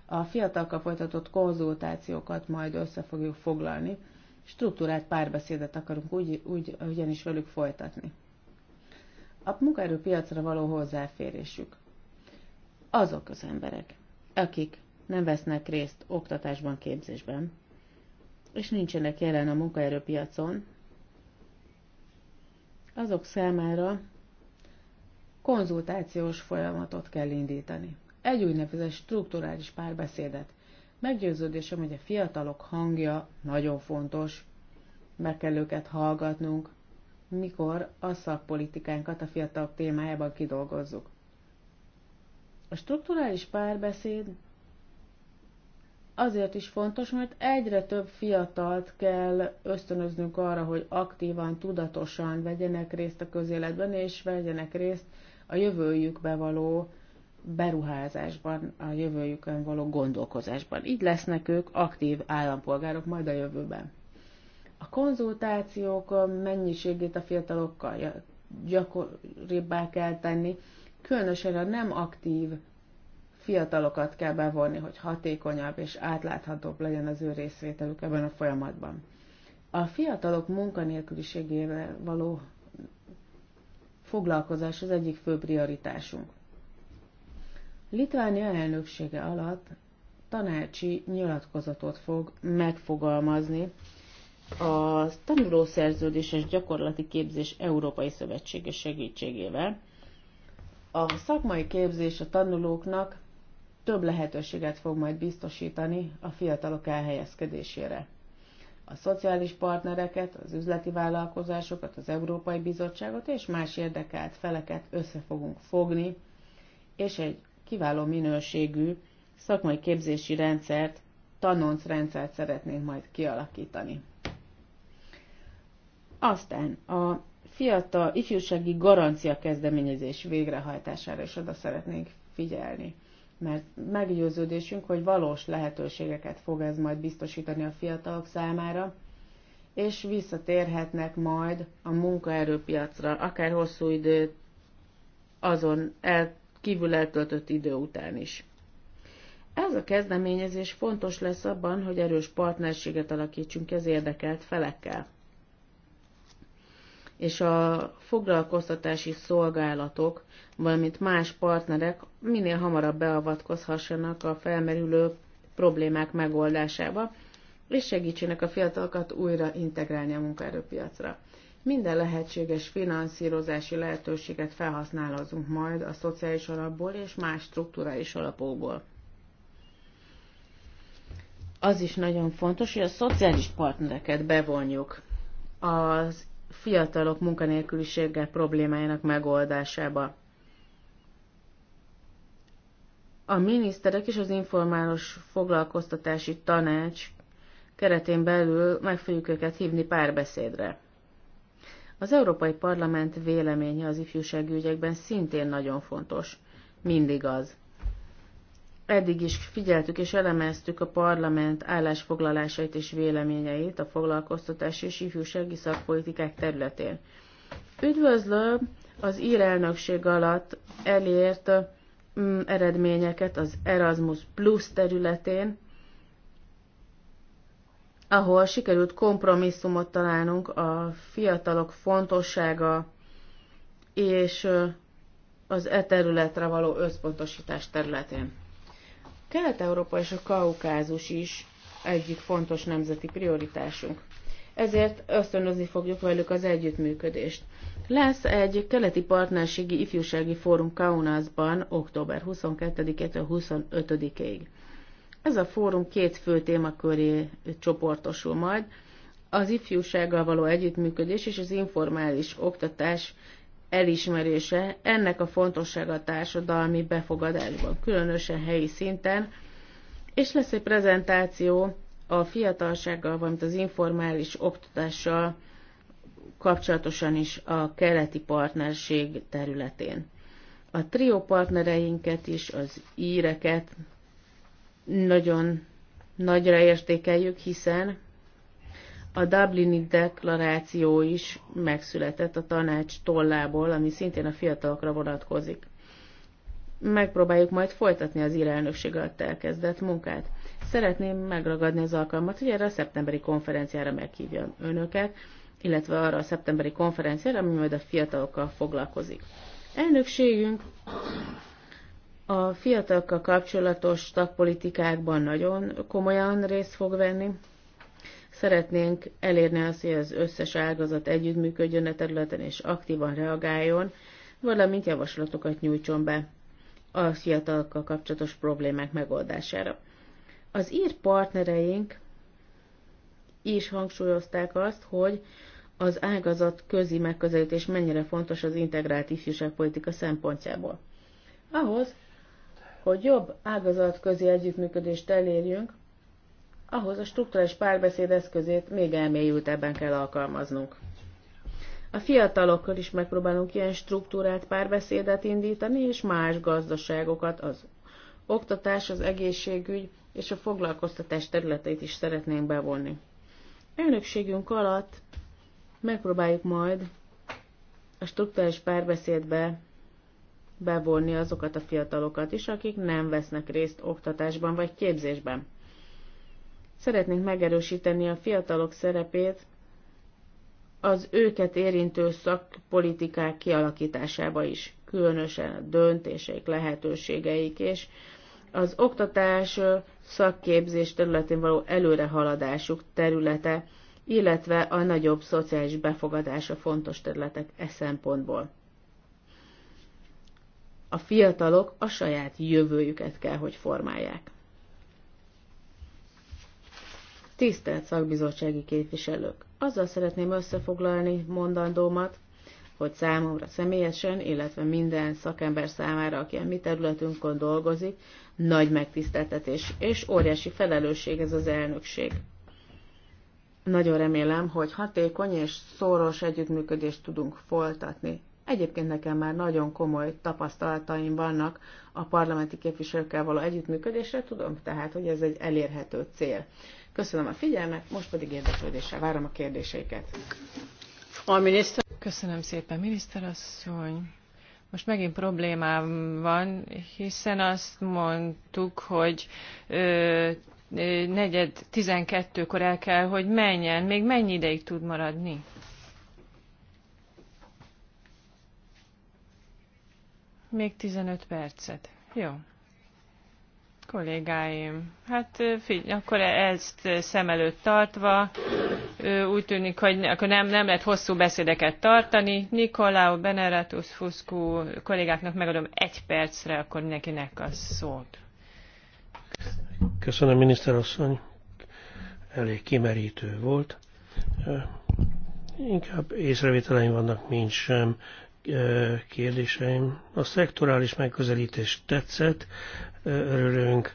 A fiatalkkal folytatott konzultációkat majd össze fogjuk foglalni, struktúrált párbeszédet akarunk úgy, úgy, ugyanis velük folytatni. A munkaerőpiacra való hozzáférésük. Azok az emberek, akik nem vesznek részt oktatásban, képzésben, és nincsenek jelen a munkaerőpiacon, azok számára konzultációs folyamatot kell indítani. Egy úgynevezett strukturális párbeszédet. Meggyőződésem, hogy a fiatalok hangja nagyon fontos, meg kell őket hallgatnunk, mikor a szakpolitikánkat a fiatalok témájában kidolgozzuk. A strukturális párbeszéd azért is fontos, mert egyre több fiatalt kell ösztönöznünk arra, hogy aktívan, tudatosan vegyenek részt a közéletben, és vegyenek részt a jövőjükbe való beruházásban, a jövőjükön való gondolkozásban. Így lesznek ők aktív állampolgárok majd a jövőben. A konzultációk mennyiségét a fiatalokkal gyakoribbá kell tenni, különösen a nem aktív fiatalokat kell bevonni, hogy hatékonyabb és átláthatóbb legyen az ő részvételük ebben a folyamatban. A fiatalok munkanélküliségével való foglalkozás az egyik fő prioritásunk. Litvánia elnöksége alatt tanácsi nyilatkozatot fog megfogalmazni a tanulószerződés és gyakorlati képzés Európai Szövetsége segítségével. A szakmai képzés a tanulóknak több lehetőséget fog majd biztosítani a fiatalok elhelyezkedésére. A szociális partnereket, az üzleti vállalkozásokat, az Európai Bizottságot és más érdekelt feleket össze fogunk fogni, és egy kiváló minőségű szakmai képzési rendszert, tanonc rendszert szeretnénk majd kialakítani. Aztán a fiatal ifjúsági garancia kezdeményezés végrehajtására is oda szeretnénk figyelni mert meggyőződésünk, hogy valós lehetőségeket fog ez majd biztosítani a fiatalok számára, és visszatérhetnek majd a munkaerőpiacra, akár hosszú idő azon el, kívül eltöltött idő után is. Ez a kezdeményezés fontos lesz abban, hogy erős partnerséget alakítsunk az érdekelt felekkel és a foglalkoztatási szolgálatok, valamint más partnerek minél hamarabb beavatkozhassanak a felmerülő problémák megoldásába, és segítsenek a fiatalokat újra integrálni a munkaerőpiacra. Minden lehetséges finanszírozási lehetőséget felhasználhatunk majd a szociális alapból és más strukturális alapokból. Az is nagyon fontos, hogy a szociális partnereket bevonjuk. Az fiatalok munkanélkülisége problémájának megoldásába. A miniszterek és az informálos foglalkoztatási tanács keretén belül meg fogjuk őket hívni párbeszédre. Az Európai Parlament véleménye az ifjúsági ügyekben szintén nagyon fontos. Mindig az eddig is figyeltük és elemeztük a parlament állásfoglalásait és véleményeit a foglalkoztatás és ifjúsági szakpolitikák területén. Üdvözlöm az ír elnökség alatt elért mm, eredményeket az Erasmus Plus területén, ahol sikerült kompromisszumot találnunk a fiatalok fontossága és az e területre való összpontosítás területén. Kelet-Európa és a Kaukázus is egyik fontos nemzeti prioritásunk. Ezért ösztönözni fogjuk velük az együttműködést. Lesz egy keleti partnerségi ifjúsági fórum Kaunasban október 22-től 25-ig. Ez a fórum két fő témaköré csoportosul majd, az ifjúsággal való együttműködés és az informális oktatás elismerése, ennek a fontossága a társadalmi befogadásban, különösen helyi szinten, és lesz egy prezentáció a fiatalsággal, valamint az informális oktatással kapcsolatosan is a keleti partnerség területén. A trió partnereinket is, az íreket nagyon nagyra értékeljük, hiszen a Dublini deklaráció is megszületett a tanács tollából, ami szintén a fiatalokra vonatkozik. Megpróbáljuk majd folytatni az irelnökség alatt elkezdett munkát. Szeretném megragadni az alkalmat, hogy erre a szeptemberi konferenciára meghívjam önöket, illetve arra a szeptemberi konferenciára, ami majd a fiatalokkal foglalkozik. Elnökségünk a fiatalokkal kapcsolatos szakpolitikákban nagyon komolyan részt fog venni, Szeretnénk elérni azt, hogy az összes ágazat együttműködjön a területen és aktívan reagáljon, valamint javaslatokat nyújtson be a fiatalokkal kapcsolatos problémák megoldására. Az ír partnereink is hangsúlyozták azt, hogy az ágazat közi megközelítés mennyire fontos az integrált ifjúságpolitika szempontjából. Ahhoz, hogy jobb ágazat közi együttműködést elérjünk, ahhoz a struktúrális párbeszéd eszközét még elmélyültebben kell alkalmaznunk. A fiatalokkal is megpróbálunk ilyen struktúrát, párbeszédet indítani, és más gazdaságokat, az oktatás, az egészségügy és a foglalkoztatás területeit is szeretnénk bevonni. Elnökségünk alatt megpróbáljuk majd a struktúrális párbeszédbe bevonni azokat a fiatalokat is, akik nem vesznek részt oktatásban vagy képzésben. Szeretnénk megerősíteni a fiatalok szerepét az őket érintő szakpolitikák kialakításába is, különösen a döntéseik, lehetőségeik és az oktatás, szakképzés területén való előrehaladásuk területe, illetve a nagyobb szociális befogadása fontos területek e szempontból. A fiatalok a saját jövőjüket kell, hogy formálják. Tisztelt szakbizottsági képviselők! Azzal szeretném összefoglalni mondandómat, hogy számomra személyesen, illetve minden szakember számára, aki a mi területünkön dolgozik, nagy megtiszteltetés és óriási felelősség ez az elnökség. Nagyon remélem, hogy hatékony és szoros együttműködést tudunk folytatni. Egyébként nekem már nagyon komoly tapasztalataim vannak a parlamenti képviselőkkel való együttműködésre, tudom tehát, hogy ez egy elérhető cél. Köszönöm a figyelmet, most pedig érdeklődéssel várom a kérdéseiket. A miniszter... Köszönöm szépen, miniszterasszony. Most megint problémám van, hiszen azt mondtuk, hogy ö, negyed 12-kor el kell, hogy menjen. Még mennyi ideig tud maradni? Még 15 percet. Jó. Kollégáim, hát figy, akkor ezt szem előtt tartva, úgy tűnik, hogy akkor nem, nem lehet hosszú beszédeket tartani. Nikolau Beneratus Fuszkú kollégáknak megadom egy percre, akkor nekinek a szót. Köszönöm, miniszterasszony. Elég kimerítő volt. Inkább észrevételeim vannak, mint sem kérdéseim. A szektorális megközelítés tetszett, örülünk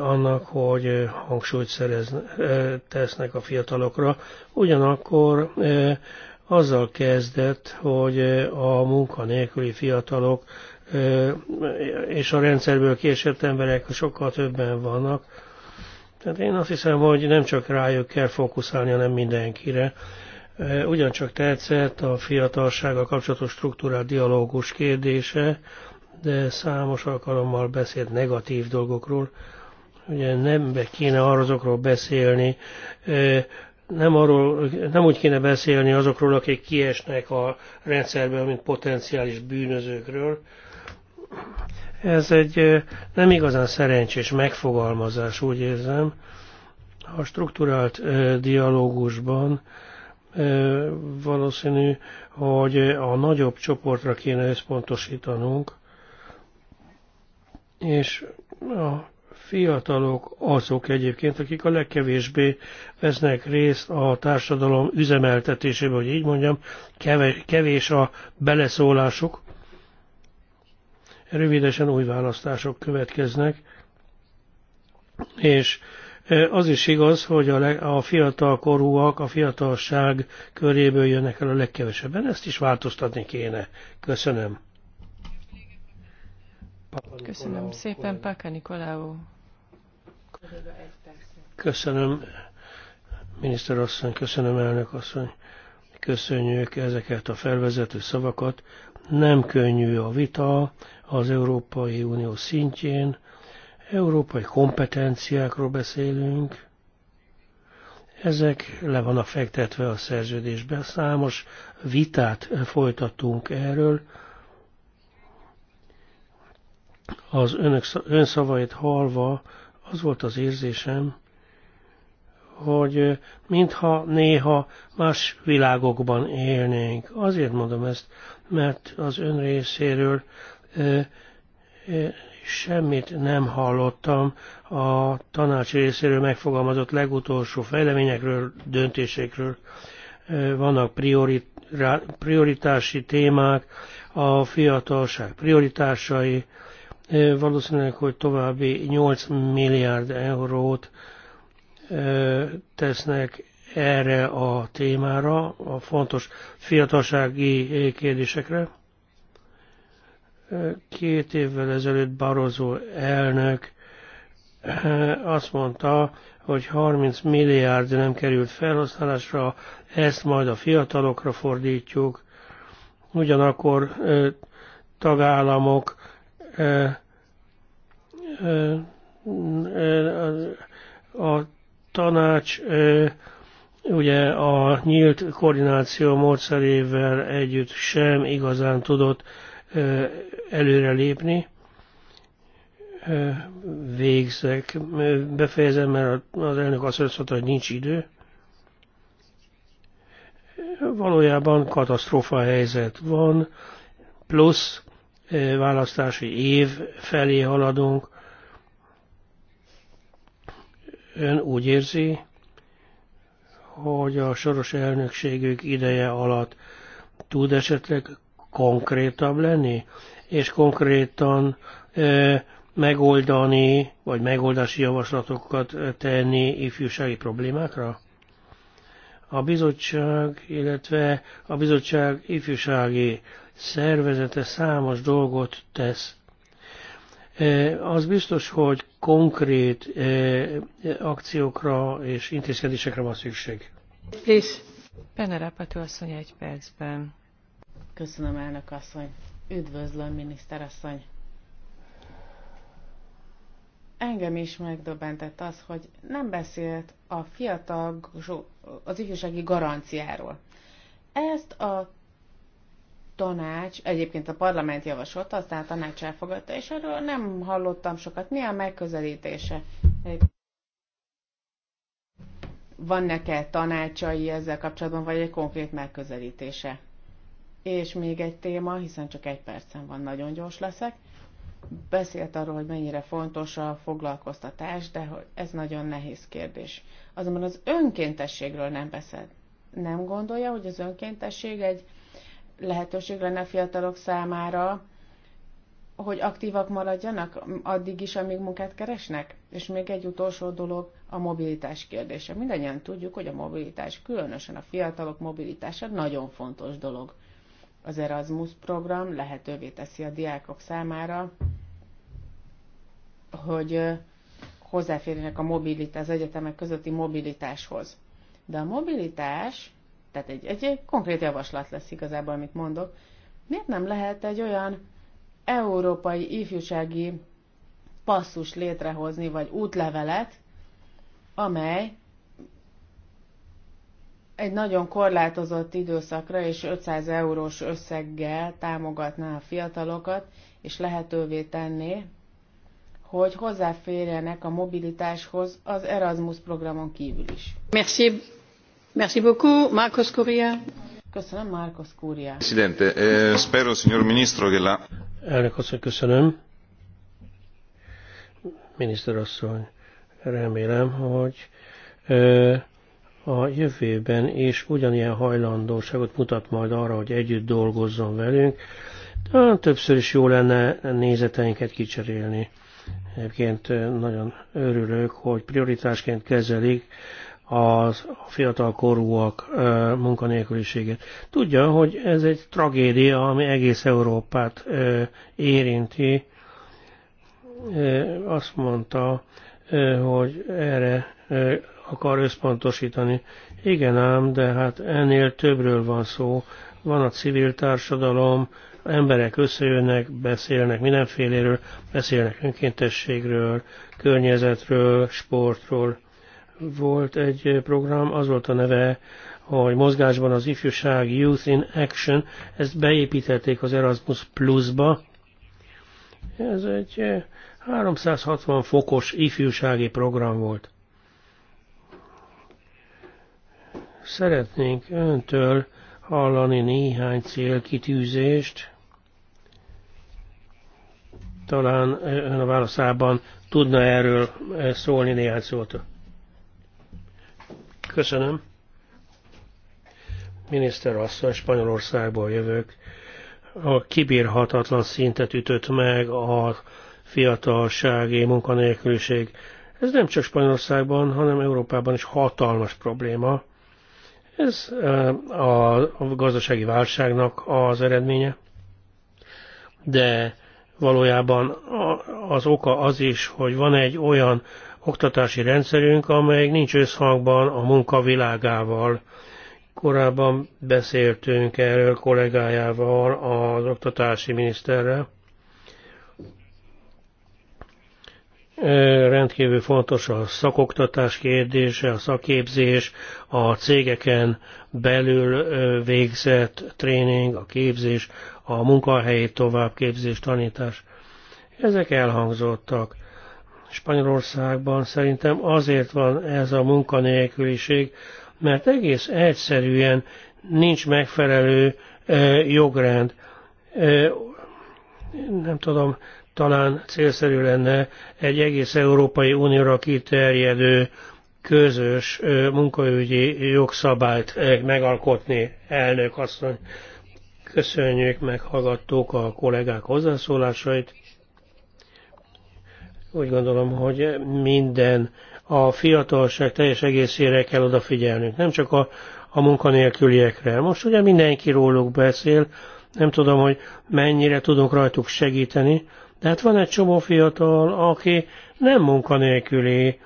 annak, hogy hangsúlyt szerez, tesznek a fiatalokra. Ugyanakkor azzal kezdett, hogy a munkanélküli fiatalok és a rendszerből késett emberek sokkal többen vannak. Tehát én azt hiszem, hogy nem csak rájuk kell fókuszálni, hanem mindenkire. Ugyancsak tetszett a fiatalsággal kapcsolatos struktúrált dialógus kérdése, de számos alkalommal beszélt negatív dolgokról. Ugye nem kéne azokról beszélni, nem, arról, nem úgy kéne beszélni azokról, akik kiesnek a rendszerben, mint potenciális bűnözőkről. Ez egy nem igazán szerencsés megfogalmazás, úgy érzem. A struktúrált dialógusban valószínű, hogy a nagyobb csoportra kéne összpontosítanunk, és a fiatalok azok egyébként, akik a legkevésbé vesznek részt a társadalom üzemeltetésében, hogy így mondjam, kevés a beleszólásuk. Rövidesen új választások következnek, és az is igaz, hogy a, a fiatal korúak a fiatalság köréből jönnek el a legkevesebben, ezt is változtatni kéne. Köszönöm. Köszönöm Nikolau, szépen, Páka Nikoláó. Köszönöm, miniszter asszony, köszönöm, elnök asszony. Köszönjük ezeket a felvezető szavakat. Nem könnyű a vita az Európai Unió szintjén, Európai kompetenciákról beszélünk, ezek le a fektetve a szerződésben. Számos vitát folytattunk erről. Az önök, ön szavait hallva az volt az érzésem, hogy mintha néha más világokban élnénk. Azért mondom ezt, mert az ön részéről semmit nem hallottam a tanács részéről megfogalmazott legutolsó fejleményekről, döntésekről. Vannak prioritási témák, a fiatalság prioritásai, valószínűleg, hogy további 8 milliárd eurót tesznek erre a témára, a fontos fiatalsági kérdésekre Két évvel ezelőtt Barozó elnök eh, azt mondta, hogy 30 milliárd nem került felhasználásra, ezt majd a fiatalokra fordítjuk. Ugyanakkor eh, tagállamok eh, a tanács ugye a nyílt koordináció módszerével együtt sem igazán tudott előrelépni. Végzek, befejezem, mert az elnök azt mondta, hogy nincs idő. Valójában katasztrófa helyzet van, plusz választási év felé haladunk. Ön úgy érzi, hogy a soros elnökségük ideje alatt tud esetleg konkrétabb lenni, és konkrétan megoldani, vagy megoldási javaslatokat tenni ifjúsági problémákra? A bizottság, illetve a bizottság ifjúsági szervezete számos dolgot tesz. Az biztos, hogy konkrét akciókra és intézkedésekre van szükség. Please. Penerapató asszony egy percben. Köszönöm, elnök asszony. Üdvözlöm, miniszterasszony. Engem is megdöbbentett az, hogy nem beszélt a fiatal, az ifjúsági garanciáról. Ezt a tanács, egyébként a parlament javasolta, aztán a tanács elfogadta, és erről nem hallottam sokat. Mi a megközelítése? Van-e tanácsai ezzel kapcsolatban, vagy egy konkrét megközelítése? És még egy téma, hiszen csak egy percen van, nagyon gyors leszek. Beszélt arról, hogy mennyire fontos a foglalkoztatás, de ez nagyon nehéz kérdés. Azonban az önkéntességről nem beszél. Nem gondolja, hogy az önkéntesség egy lehetőség lenne a fiatalok számára, hogy aktívak maradjanak addig is, amíg munkát keresnek? És még egy utolsó dolog, a mobilitás kérdése. Mindannyian tudjuk, hogy a mobilitás, különösen a fiatalok mobilitása nagyon fontos dolog. Az Erasmus program lehetővé teszi a diákok számára, hogy hozzáférjenek a mobilitás, az egyetemek közötti mobilitáshoz. De a mobilitás, tehát egy, egy, egy konkrét javaslat lesz igazából, amit mondok, miért nem lehet egy olyan európai ifjúsági passzus létrehozni, vagy útlevelet, amely egy nagyon korlátozott időszakra és 500 eurós összeggel támogatná a fiatalokat, és lehetővé tenné, hogy hozzáférjenek a mobilitáshoz az Erasmus programon kívül is. Merci. Merci beaucoup, Marcos Curia. Köszönöm, Marcos Curia. Presidente, eh, spero, signor ministro, che la... Elnök asszony, köszönöm. Miniszter asszony, remélem, hogy eh, a jövőben is ugyanilyen hajlandóságot mutat majd arra, hogy együtt dolgozzon velünk. De többször is jó lenne nézeteinket kicserélni. Egyébként nagyon örülök, hogy prioritásként kezelik a fiatal korúak munkanélküliséget. Tudja, hogy ez egy tragédia, ami egész Európát érinti. Azt mondta, hogy erre akar összpontosítani. Igen ám, de hát ennél többről van szó. Van a civil társadalom, emberek összejönnek, beszélnek mindenféléről, beszélnek önkéntességről, környezetről, sportról. Volt egy program, az volt a neve, hogy mozgásban az ifjúság Youth in Action, ezt beépítették az Erasmus Plus-ba. Ez egy 360 eh, fokos ifjúsági program volt. Szeretnénk öntől hallani néhány célkitűzést. Talán ön a válaszában tudna erről szólni néhány szót. Köszönöm. Miniszter asszony, Spanyolországból jövök. A kibírhatatlan szintet ütött meg a fiatalsági munkanélküliség. Ez nem csak Spanyolországban, hanem Európában is hatalmas probléma. Ez eh, a gazdasági válságnak az eredménye, de valójában az oka az is, hogy van egy olyan oktatási rendszerünk, amely nincs összhangban a munkavilágával. Korábban beszéltünk erről kollégájával, az oktatási miniszterrel, rendkívül fontos a szakoktatás kérdése, a szakképzés, a cégeken belül végzett tréning, a képzés, a munkahelyi továbbképzés, tanítás. Ezek elhangzottak. Spanyolországban szerintem azért van ez a munkanélküliség, mert egész egyszerűen nincs megfelelő jogrend. Nem tudom, talán célszerű lenne egy egész Európai Unióra kiterjedő közös munkaügyi jogszabályt megalkotni, elnök asszony. Köszönjük, meghallgattuk a kollégák hozzászólásait. Úgy gondolom, hogy minden a fiatalság teljes egészére kell odafigyelnünk, nem csak a, a munkanélküliekre. Most ugye mindenki róluk beszél, nem tudom, hogy mennyire tudunk rajtuk segíteni, de hát van egy csomó fiatal, aki nem munkanélküli,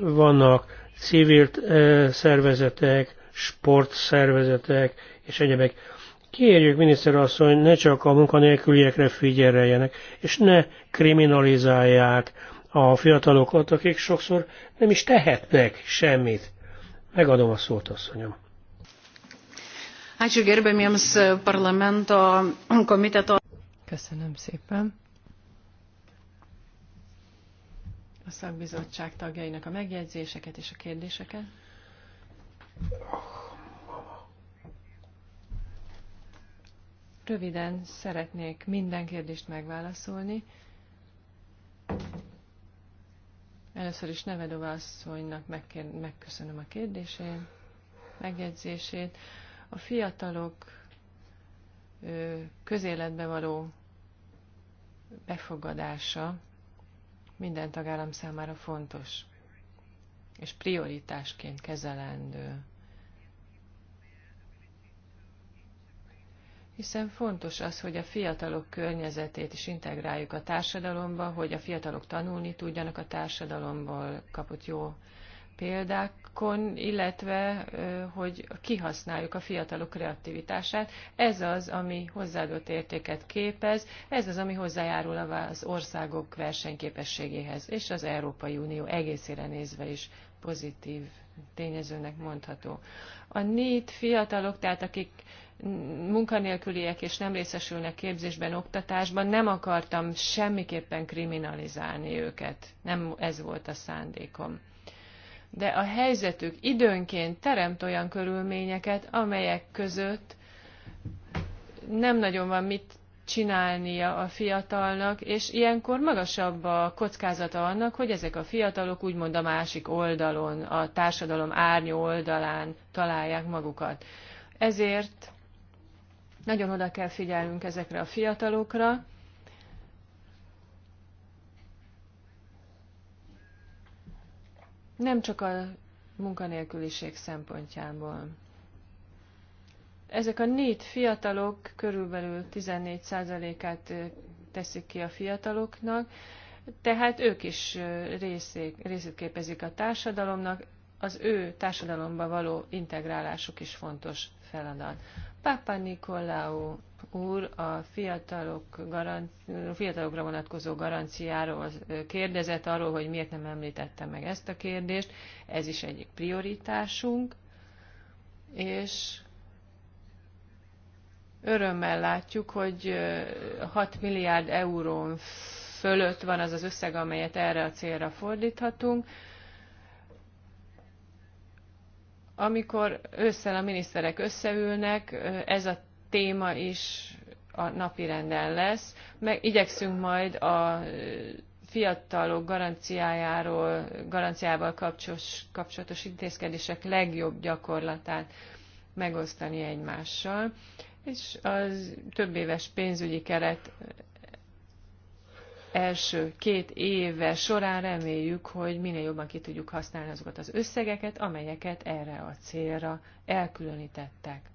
vannak civil szervezetek, sportszervezetek és egyebek. Kérjük, miniszter asszony, ne csak a munkanélküliekre figyeljenek, és ne kriminalizálják a fiatalokat, akik sokszor nem is tehetnek semmit. Megadom a szót, asszonyom. Ačiū gerbėmiems parlamento komiteto Köszönöm szépen. A szakbizottság tagjainak a megjegyzéseket és a kérdéseket. Röviden szeretnék minden kérdést megválaszolni. Először is Nevedova asszonynak megköszönöm a kérdését, megjegyzését. A fiatalok közéletbe való befogadása minden tagállam számára fontos és prioritásként kezelendő. Hiszen fontos az, hogy a fiatalok környezetét is integráljuk a társadalomba, hogy a fiatalok tanulni tudjanak a társadalomból, kapott jó példákon, illetve hogy kihasználjuk a fiatalok kreativitását. Ez az, ami hozzáadott értéket képez, ez az, ami hozzájárul az országok versenyképességéhez, és az Európai Unió egészére nézve is pozitív tényezőnek mondható. A NEET fiatalok, tehát akik munkanélküliek és nem részesülnek képzésben, oktatásban, nem akartam semmiképpen kriminalizálni őket. Nem ez volt a szándékom de a helyzetük időnként teremt olyan körülményeket, amelyek között nem nagyon van mit csinálnia a fiatalnak, és ilyenkor magasabb a kockázata annak, hogy ezek a fiatalok úgymond a másik oldalon, a társadalom árnyó oldalán találják magukat. Ezért nagyon oda kell figyelnünk ezekre a fiatalokra, Nem csak a munkanélküliség szempontjából. Ezek a négy fiatalok körülbelül 14%-át teszik ki a fiataloknak, tehát ők is részét, részét képezik a társadalomnak, az ő társadalomba való integrálásuk is fontos feladat. Pápa Nikolau úr a fiatalok garanci- fiatalokra vonatkozó garanciáról kérdezett arról, hogy miért nem említettem meg ezt a kérdést. Ez is egyik prioritásunk, és örömmel látjuk, hogy 6 milliárd eurón fölött van az az összeg, amelyet erre a célra fordíthatunk Amikor ősszel a miniszterek összeülnek, ez a téma is a renden lesz. Meg igyekszünk majd a fiatalok garanciájáról, garanciával kapcsolatos, kapcsolatos intézkedések legjobb gyakorlatát megosztani egymással, és az több éves pénzügyi keret első két éve során reméljük, hogy minél jobban ki tudjuk használni azokat az összegeket, amelyeket erre a célra elkülönítettek.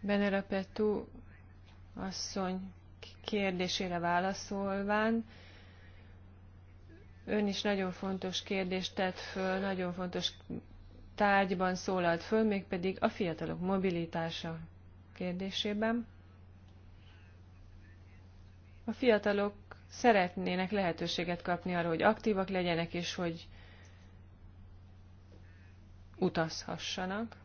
Benerapetu asszony kérdésére válaszolván, ön is nagyon fontos kérdést tett föl, nagyon fontos tárgyban szólalt föl, mégpedig a fiatalok mobilitása kérdésében. A fiatalok szeretnének lehetőséget kapni arra, hogy aktívak legyenek, és hogy utazhassanak.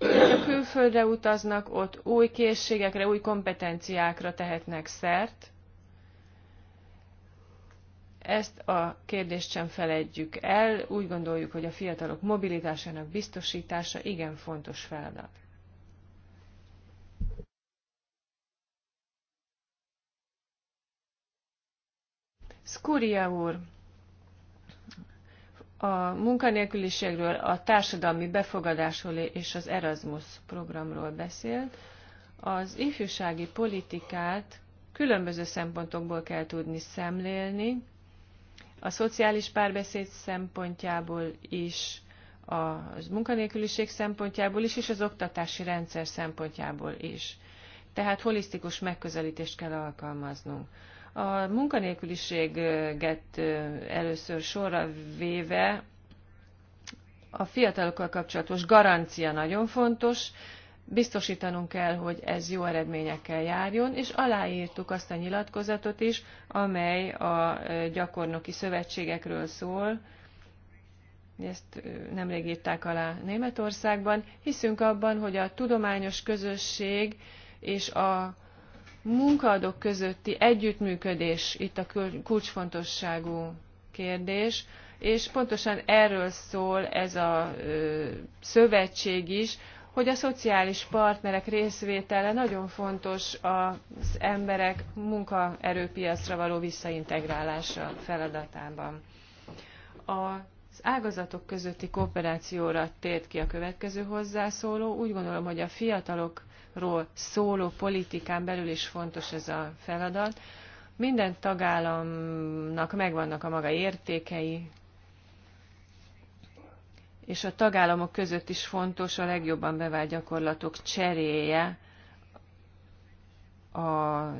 Ha külföldre utaznak, ott új készségekre, új kompetenciákra tehetnek szert, ezt a kérdést sem felejtjük el. Úgy gondoljuk, hogy a fiatalok mobilitásának biztosítása igen fontos feladat. Skuria úr, a munkanélküliségről, a társadalmi befogadásról és az Erasmus programról beszélt. Az ifjúsági politikát különböző szempontokból kell tudni szemlélni, a szociális párbeszéd szempontjából is, a munkanélküliség szempontjából is, és az oktatási rendszer szempontjából is. Tehát holisztikus megközelítést kell alkalmaznunk. A munkanélküliséget először sorra véve a fiatalokkal kapcsolatos garancia nagyon fontos, Biztosítanunk kell, hogy ez jó eredményekkel járjon, és aláírtuk azt a nyilatkozatot is, amely a gyakornoki szövetségekről szól, ezt nemrég írták alá Németországban. Hiszünk abban, hogy a tudományos közösség és a munkaadók közötti együttműködés itt a kulcsfontosságú kérdés, és pontosan erről szól ez a szövetség is, hogy a szociális partnerek részvétele nagyon fontos az emberek munkaerőpiacra való visszaintegrálása feladatában. Az ágazatok közötti kooperációra tért ki a következő hozzászóló. Úgy gondolom, hogy a fiatalokról szóló politikán belül is fontos ez a feladat. Minden tagállamnak megvannak a maga értékei, és a tagállamok között is fontos a legjobban bevált gyakorlatok cseréje a, az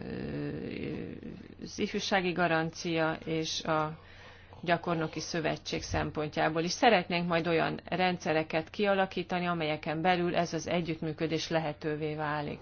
ifjúsági garancia és a gyakornoki szövetség szempontjából is. Szeretnénk majd olyan rendszereket kialakítani, amelyeken belül ez az együttműködés lehetővé válik.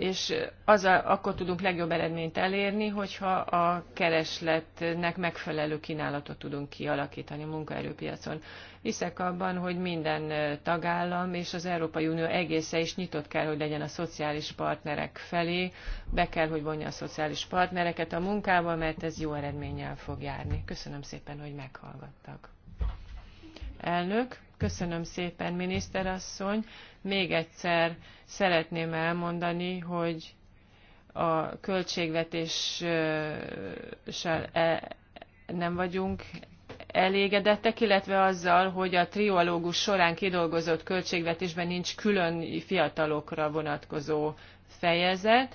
és az a, akkor tudunk legjobb eredményt elérni, hogyha a keresletnek megfelelő kínálatot tudunk kialakítani a munkaerőpiacon. Hiszek abban, hogy minden tagállam és az Európai Unió egésze is nyitott kell, hogy legyen a szociális partnerek felé, be kell, hogy vonja a szociális partnereket a munkába, mert ez jó eredménnyel fog járni. Köszönöm szépen, hogy meghallgattak. Elnök, köszönöm szépen, miniszterasszony. Még egyszer szeretném elmondani, hogy a költségvetéssel e, nem vagyunk elégedettek, illetve azzal, hogy a triológus során kidolgozott költségvetésben nincs külön fiatalokra vonatkozó fejezet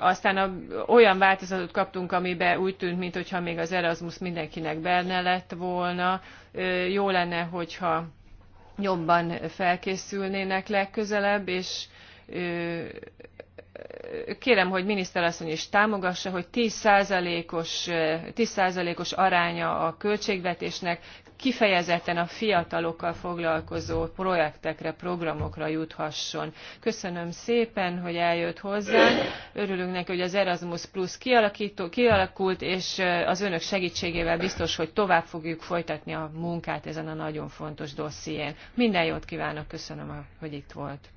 aztán a, olyan változatot kaptunk, amiben úgy tűnt, mintha még az Erasmus mindenkinek benne lett volna. Jó lenne, hogyha jobban felkészülnének legközelebb, és kérem, hogy miniszterasszony is támogassa, hogy 10%-os 10 os aránya a költségvetésnek kifejezetten a fiatalokkal foglalkozó projektekre, programokra juthasson. Köszönöm szépen, hogy eljött hozzánk. Örülünk neki, hogy az Erasmus Plus kialakult, és az önök segítségével biztos, hogy tovább fogjuk folytatni a munkát ezen a nagyon fontos dosszién. Minden jót kívánok, köszönöm, hogy itt volt.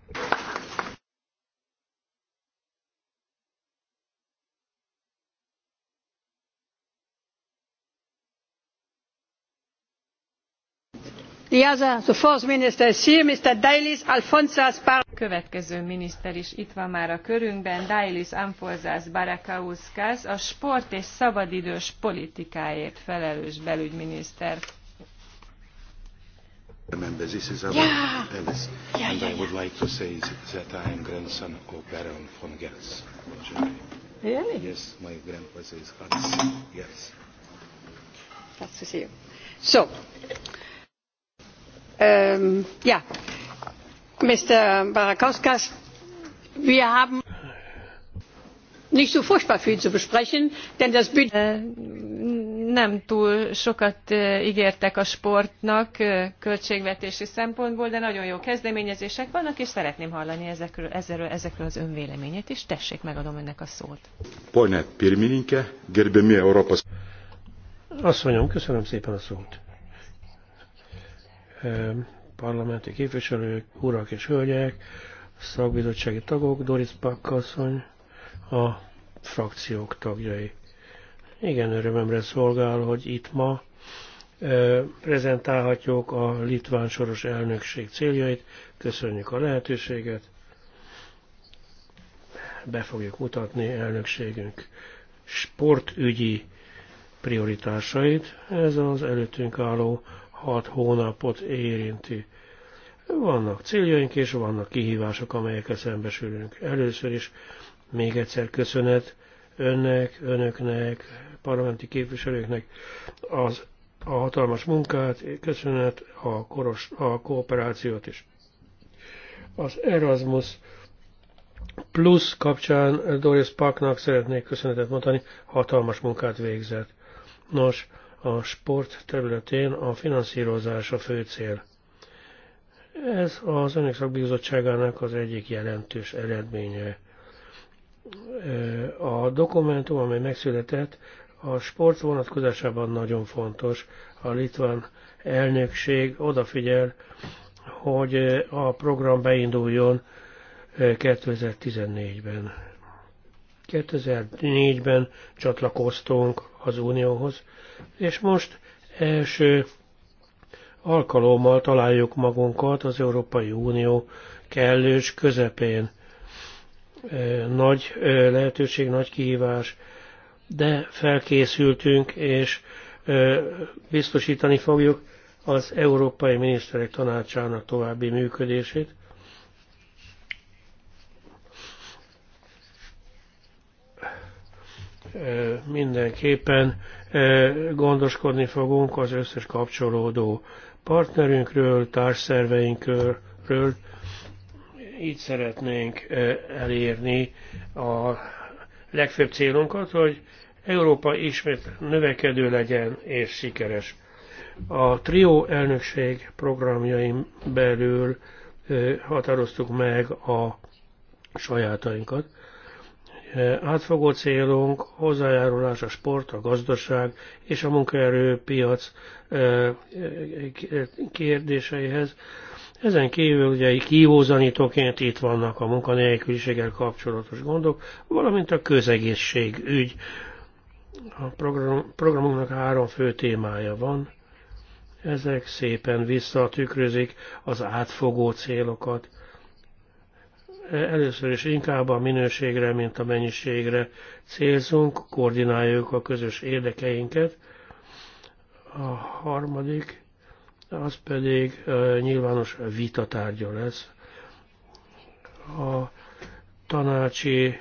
Következő miniszter is itt van már a körünkben, Dailis Alfonsas Barakauskas, a sport és szabadidős politikáért felelős belügyminiszter. this is our yeah. Ellis, yeah, and yeah, I would yeah. like to say that I am grandson of Baron von Gertz. Really? Yes, my grandpa says Hans to see you. So, Ehm, wir haben nicht so furchtbar viel zu besprechen, denn das Budget nem túl sokat gértek a sportnak költségvetési szempontból, de nagyon jó kezdeményezések vannak, és szeretném hallani ezekről, ezekről, ezekről az önvéleményét is. Tessék, megadom önnek a szót. Pone Pirmininke, gerbemi Európa. Asszonyom, köszönöm szépen a szót parlamenti képviselők, urak és hölgyek, szakbizottsági tagok, Doris Pakkasszony, a frakciók tagjai. Igen, örömömre szolgál, hogy itt ma prezentálhatjuk a litván soros elnökség céljait. Köszönjük a lehetőséget. Be fogjuk mutatni elnökségünk sportügyi prioritásait. Ez az előttünk álló hat hónapot érinti. Vannak céljaink és vannak kihívások, amelyekkel szembesülünk. Először is még egyszer köszönet önnek, önöknek, parlamenti képviselőknek az, a hatalmas munkát, köszönet a, koros, a kooperációt is. Az Erasmus plus kapcsán Doris Parknak szeretnék köszönetet mondani, hatalmas munkát végzett. Nos, a sport területén a finanszírozás a fő cél. Ez az Önök Szakbizottságának az egyik jelentős eredménye. A dokumentum, amely megszületett, a sport vonatkozásában nagyon fontos. A litván elnökség odafigyel, hogy a program beinduljon 2014-ben. 2004-ben csatlakoztunk az Unióhoz, és most első alkalommal találjuk magunkat az Európai Unió kellős közepén. Nagy lehetőség, nagy kihívás, de felkészültünk, és biztosítani fogjuk az Európai Miniszterek Tanácsának további működését. mindenképpen gondoskodni fogunk az összes kapcsolódó partnerünkről, társszerveinkről. Így szeretnénk elérni a legfőbb célunkat, hogy Európa ismét növekedő legyen és sikeres. A trió elnökség programjaim belül határoztuk meg a sajátainkat. Eh, átfogó célunk hozzájárulás a sport, a gazdaság és a munkaerőpiac eh, eh, kérdéseihez. Ezen kívül ugye kihózanítóként itt vannak a munkanélküliséggel kapcsolatos gondok, valamint a közegészség ügy. A program, programunknak három fő témája van. Ezek szépen visszatükrözik az átfogó célokat. Először is inkább a minőségre, mint a mennyiségre célzunk, koordináljuk a közös érdekeinket. A harmadik, az pedig nyilvános vitatárgya lesz. A tanácsi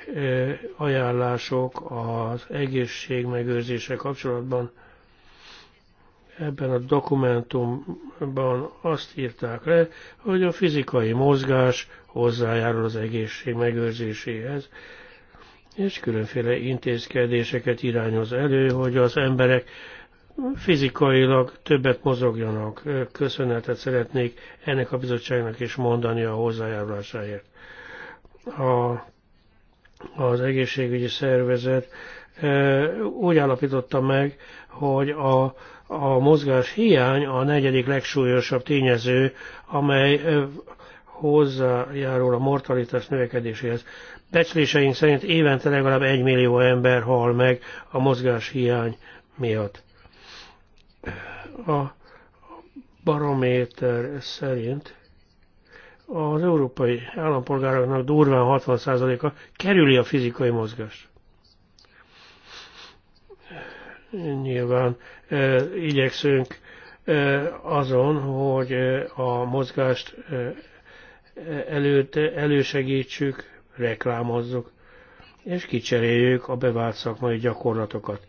ajánlások az egészségmegőrzése kapcsolatban ebben a dokumentumban azt írták le, hogy a fizikai mozgás hozzájárul az egészség megőrzéséhez, és különféle intézkedéseket irányoz elő, hogy az emberek fizikailag többet mozogjanak. Köszönetet szeretnék ennek a bizottságnak is mondani a hozzájárulásáért. A, az egészségügyi szervezet eh, úgy állapította meg, hogy a a mozgás hiány a negyedik legsúlyosabb tényező, amely hozzájárul a mortalitás növekedéséhez. Becsléseink szerint évente legalább egy millió ember hal meg a mozgás hiány miatt. A barométer szerint az európai állampolgároknak durván 60%-a kerüli a fizikai mozgást nyilván igyekszünk azon, hogy a mozgást előtt elősegítsük, reklámozzuk, és kicseréljük a bevált szakmai gyakorlatokat.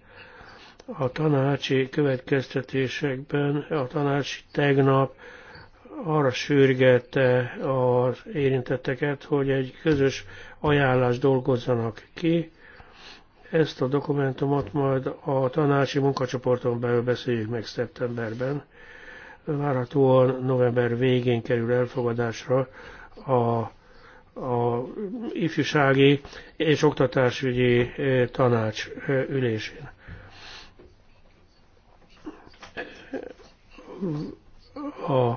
A tanácsi következtetésekben a tanács tegnap arra sürgette az érintetteket, hogy egy közös ajánlást dolgozzanak ki, ezt a dokumentumot majd a tanácsi munkacsoporton belül beszéljük meg szeptemberben. Várhatóan november végén kerül elfogadásra a a ifjúsági és oktatásügyi eh, tanács eh, ülésén. A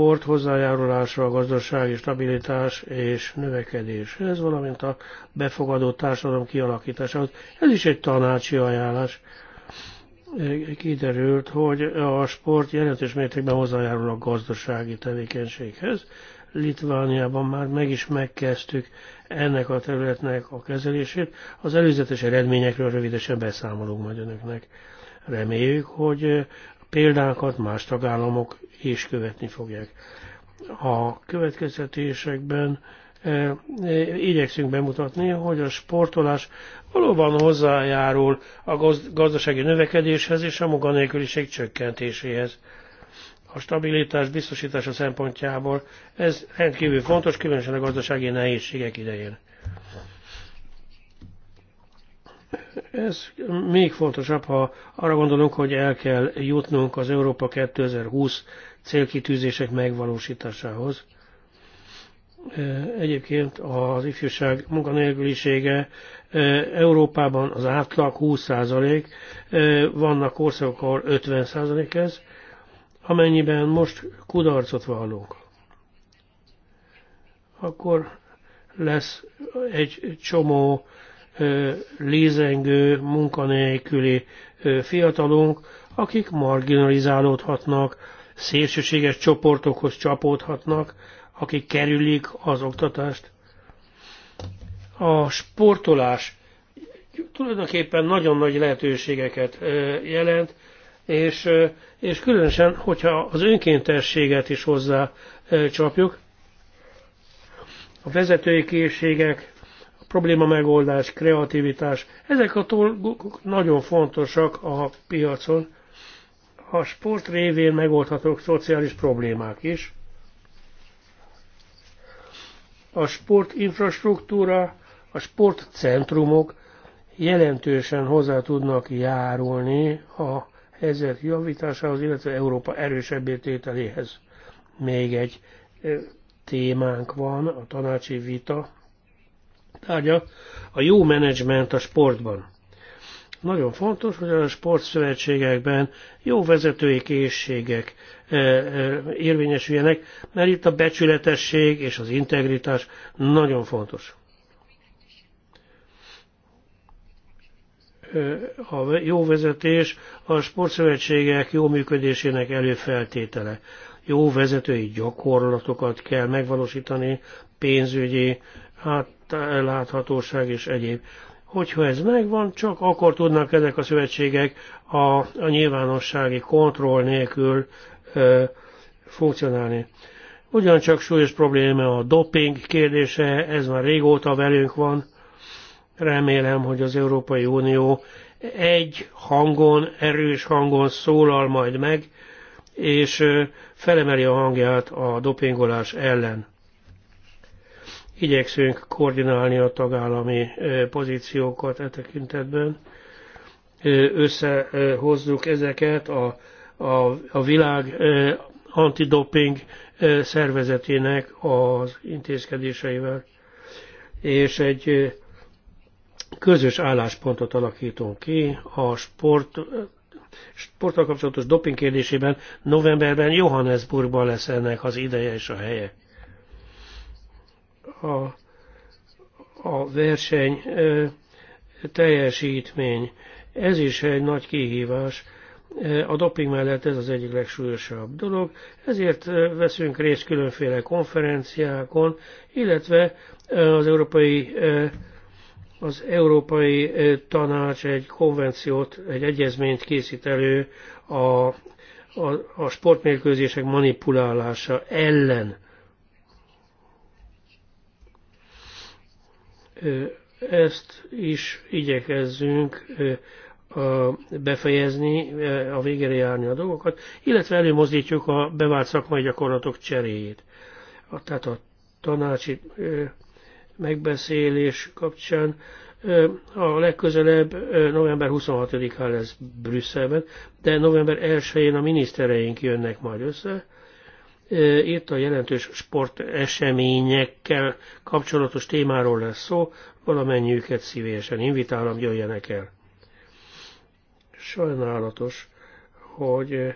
export hozzájárulása a gazdasági stabilitás és növekedéshez, valamint a befogadó társadalom kialakításához. Ez is egy tanácsi ajánlás. Kiderült, hogy a sport jelentős mértékben hozzájárul a gazdasági tevékenységhez. Litvániában már meg is megkezdtük ennek a területnek a kezelését. Az előzetes eredményekről rövidesen beszámolunk majd önöknek. Reméljük, hogy példákat más tagállamok is követni fogják. A következtetésekben e, e, igyekszünk bemutatni, hogy a sportolás valóban hozzájárul a gazdasági növekedéshez és a munkanélküliség csökkentéséhez. A stabilitás biztosítása szempontjából ez rendkívül fontos, különösen a gazdasági nehézségek idején. Ez még fontosabb, ha arra gondolunk, hogy el kell jutnunk az Európa 2020 célkitűzések megvalósításához. Egyébként az ifjúság munkanélkülisége Európában az átlag 20%, vannak országok, ahol 50% ez, amennyiben most kudarcot vallunk. Akkor lesz egy csomó lézengő, munkanélküli fiatalunk, akik marginalizálódhatnak, szélsőséges csoportokhoz csapódhatnak, akik kerülik az oktatást. A sportolás tulajdonképpen nagyon nagy lehetőségeket jelent, és, és különösen, hogyha az önkéntességet is hozzá csapjuk, a vezetői készségek probléma megoldás, kreativitás, ezek a dolgok nagyon fontosak a piacon. A sport révén megoldhatók szociális problémák is. A sportinfrastruktúra, a sportcentrumok jelentősen hozzá tudnak járulni a helyzet javításához, illetve Európa erősebbé tételéhez. Még egy témánk van, a tanácsi vita, tárgya a jó menedzsment a sportban. Nagyon fontos, hogy a sportszövetségekben jó vezetői készségek eh, eh, érvényesüljenek, mert itt a becsületesség és az integritás nagyon fontos. Eh, a jó vezetés a sportszövetségek jó működésének előfeltétele. Jó vezetői gyakorlatokat kell megvalósítani, pénzügyi, hát láthatóság és egyéb. Hogyha ez megvan, csak akkor tudnak ezek a szövetségek a, a nyilvánossági kontroll nélkül ö, funkcionálni. Ugyancsak súlyos probléma a doping kérdése, ez már régóta velünk van. Remélem, hogy az Európai Unió egy hangon, erős hangon szólal majd meg, és felemeli a hangját a dopingolás ellen. Igyekszünk koordinálni a tagállami pozíciókat e tekintetben. Összehozzuk ezeket a, a, a világ antidoping szervezetének az intézkedéseivel, és egy közös álláspontot alakítunk ki a sport, sporttal kapcsolatos doping kérdésében novemberben Johannesburgban lesz ennek az ideje és a helye a, a verseny teljesítmény. Ez is egy nagy kihívás. A doping mellett ez az egyik legsúlyosabb dolog, ezért veszünk részt különféle konferenciákon, illetve az Európai, az Európai Tanács egy konvenciót, egy egyezményt készít elő a, a, a sportmérkőzések manipulálása ellen Ezt is igyekezzünk befejezni, a végére járni a dolgokat, illetve előmozdítjuk a bevált szakmai gyakorlatok cseréjét. A, tehát a tanácsi megbeszélés kapcsán a legközelebb november 26-án lesz Brüsszelben, de november 1-én a minisztereink jönnek majd össze, itt a jelentős sporteseményekkel kapcsolatos témáról lesz szó, valamennyiüket szívesen invitálom, jöjjenek el. Sajnálatos, hogy eh,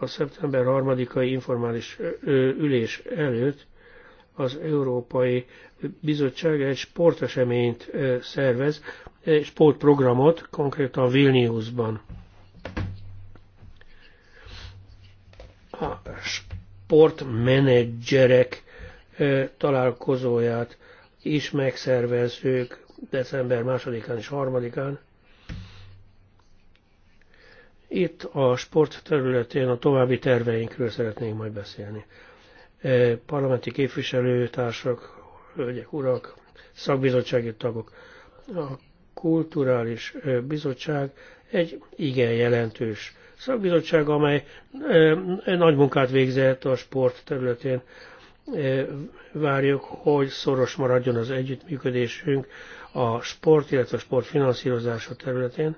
a szeptember 3-ai informális eh, ülés előtt az Európai Bizottság egy sporteseményt eh, szervez, egy sportprogramot, konkrétan Vilniusban. a sportmenedzserek eh, találkozóját is megszervezzük december 2-án és 3-án. Itt a sport területén a további terveinkről szeretnénk majd beszélni. Eh, parlamenti képviselőtársak, hölgyek, urak, szakbizottsági tagok, a kulturális eh, bizottság egy igen jelentős szakbizottság, amely nagy munkát végzett a sport területén. Várjuk, hogy szoros maradjon az együttműködésünk a sport, illetve a sport finanszírozása területén.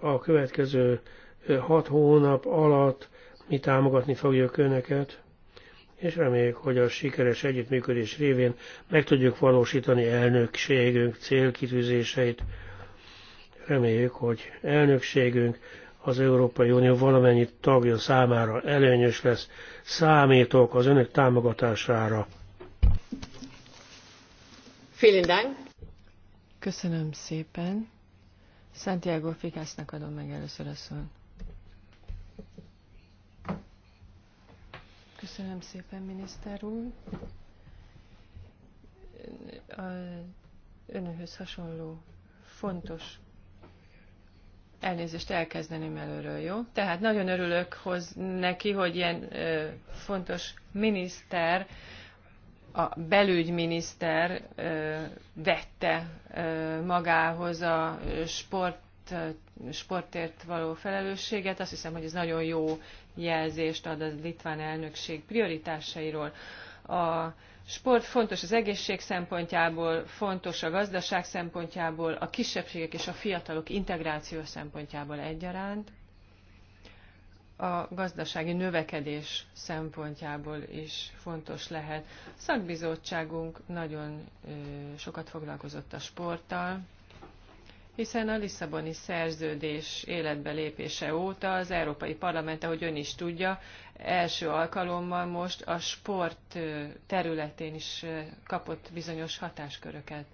A következő hat hónap alatt mi támogatni fogjuk Önöket, és reméljük, hogy a sikeres együttműködés révén meg tudjuk valósítani elnökségünk célkitűzéseit. Reméljük, hogy elnökségünk az Európai Unió valamennyi tagja számára előnyös lesz. Számítok az önök támogatására. Köszönöm szépen. Santiago Fikásznak adom meg először a szót. Köszönöm szépen, miniszter úr. Önöhöz hasonló fontos Elnézést elkezdeném előről, jó? Tehát nagyon örülök hoz neki, hogy ilyen ö, fontos miniszter, a belügyminiszter ö, vette ö, magához a sport, sportért való felelősséget. Azt hiszem, hogy ez nagyon jó jelzést ad a litván elnökség prioritásairól. A sport fontos az egészség szempontjából, fontos a gazdaság szempontjából, a kisebbségek és a fiatalok integráció szempontjából egyaránt, a gazdasági növekedés szempontjából is fontos lehet. szakbizottságunk nagyon sokat foglalkozott a sporttal, hiszen a Lisszaboni szerződés életbe lépése óta az Európai Parlament, ahogy ön is tudja, első alkalommal most a sport területén is kapott bizonyos hatásköröket.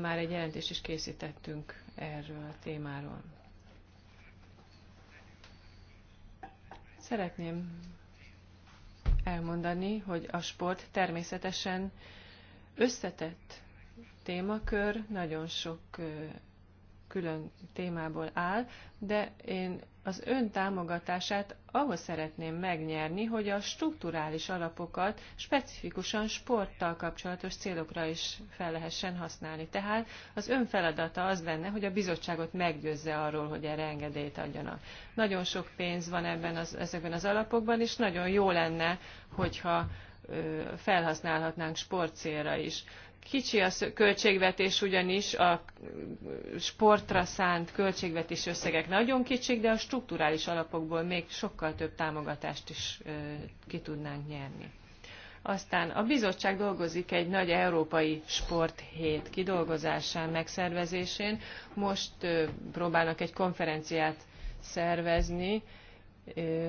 Már egy jelentést is készítettünk erről a témáról. Szeretném elmondani, hogy a sport természetesen összetett témakör, nagyon sok külön témából áll, de én az ön támogatását ahhoz szeretném megnyerni, hogy a strukturális alapokat specifikusan sporttal kapcsolatos célokra is fel lehessen használni. Tehát az ön feladata az lenne, hogy a bizottságot meggyőzze arról, hogy erre engedélyt adjanak. Nagyon sok pénz van ebben az, ezekben az alapokban, és nagyon jó lenne, hogyha felhasználhatnánk célra is. Kicsi a költségvetés ugyanis, a sportra szánt költségvetés összegek nagyon kicsik, de a strukturális alapokból még sokkal több támogatást is ki tudnánk nyerni. Aztán a bizottság dolgozik egy nagy európai sporthét kidolgozásán, megszervezésén. Most próbálnak egy konferenciát szervezni,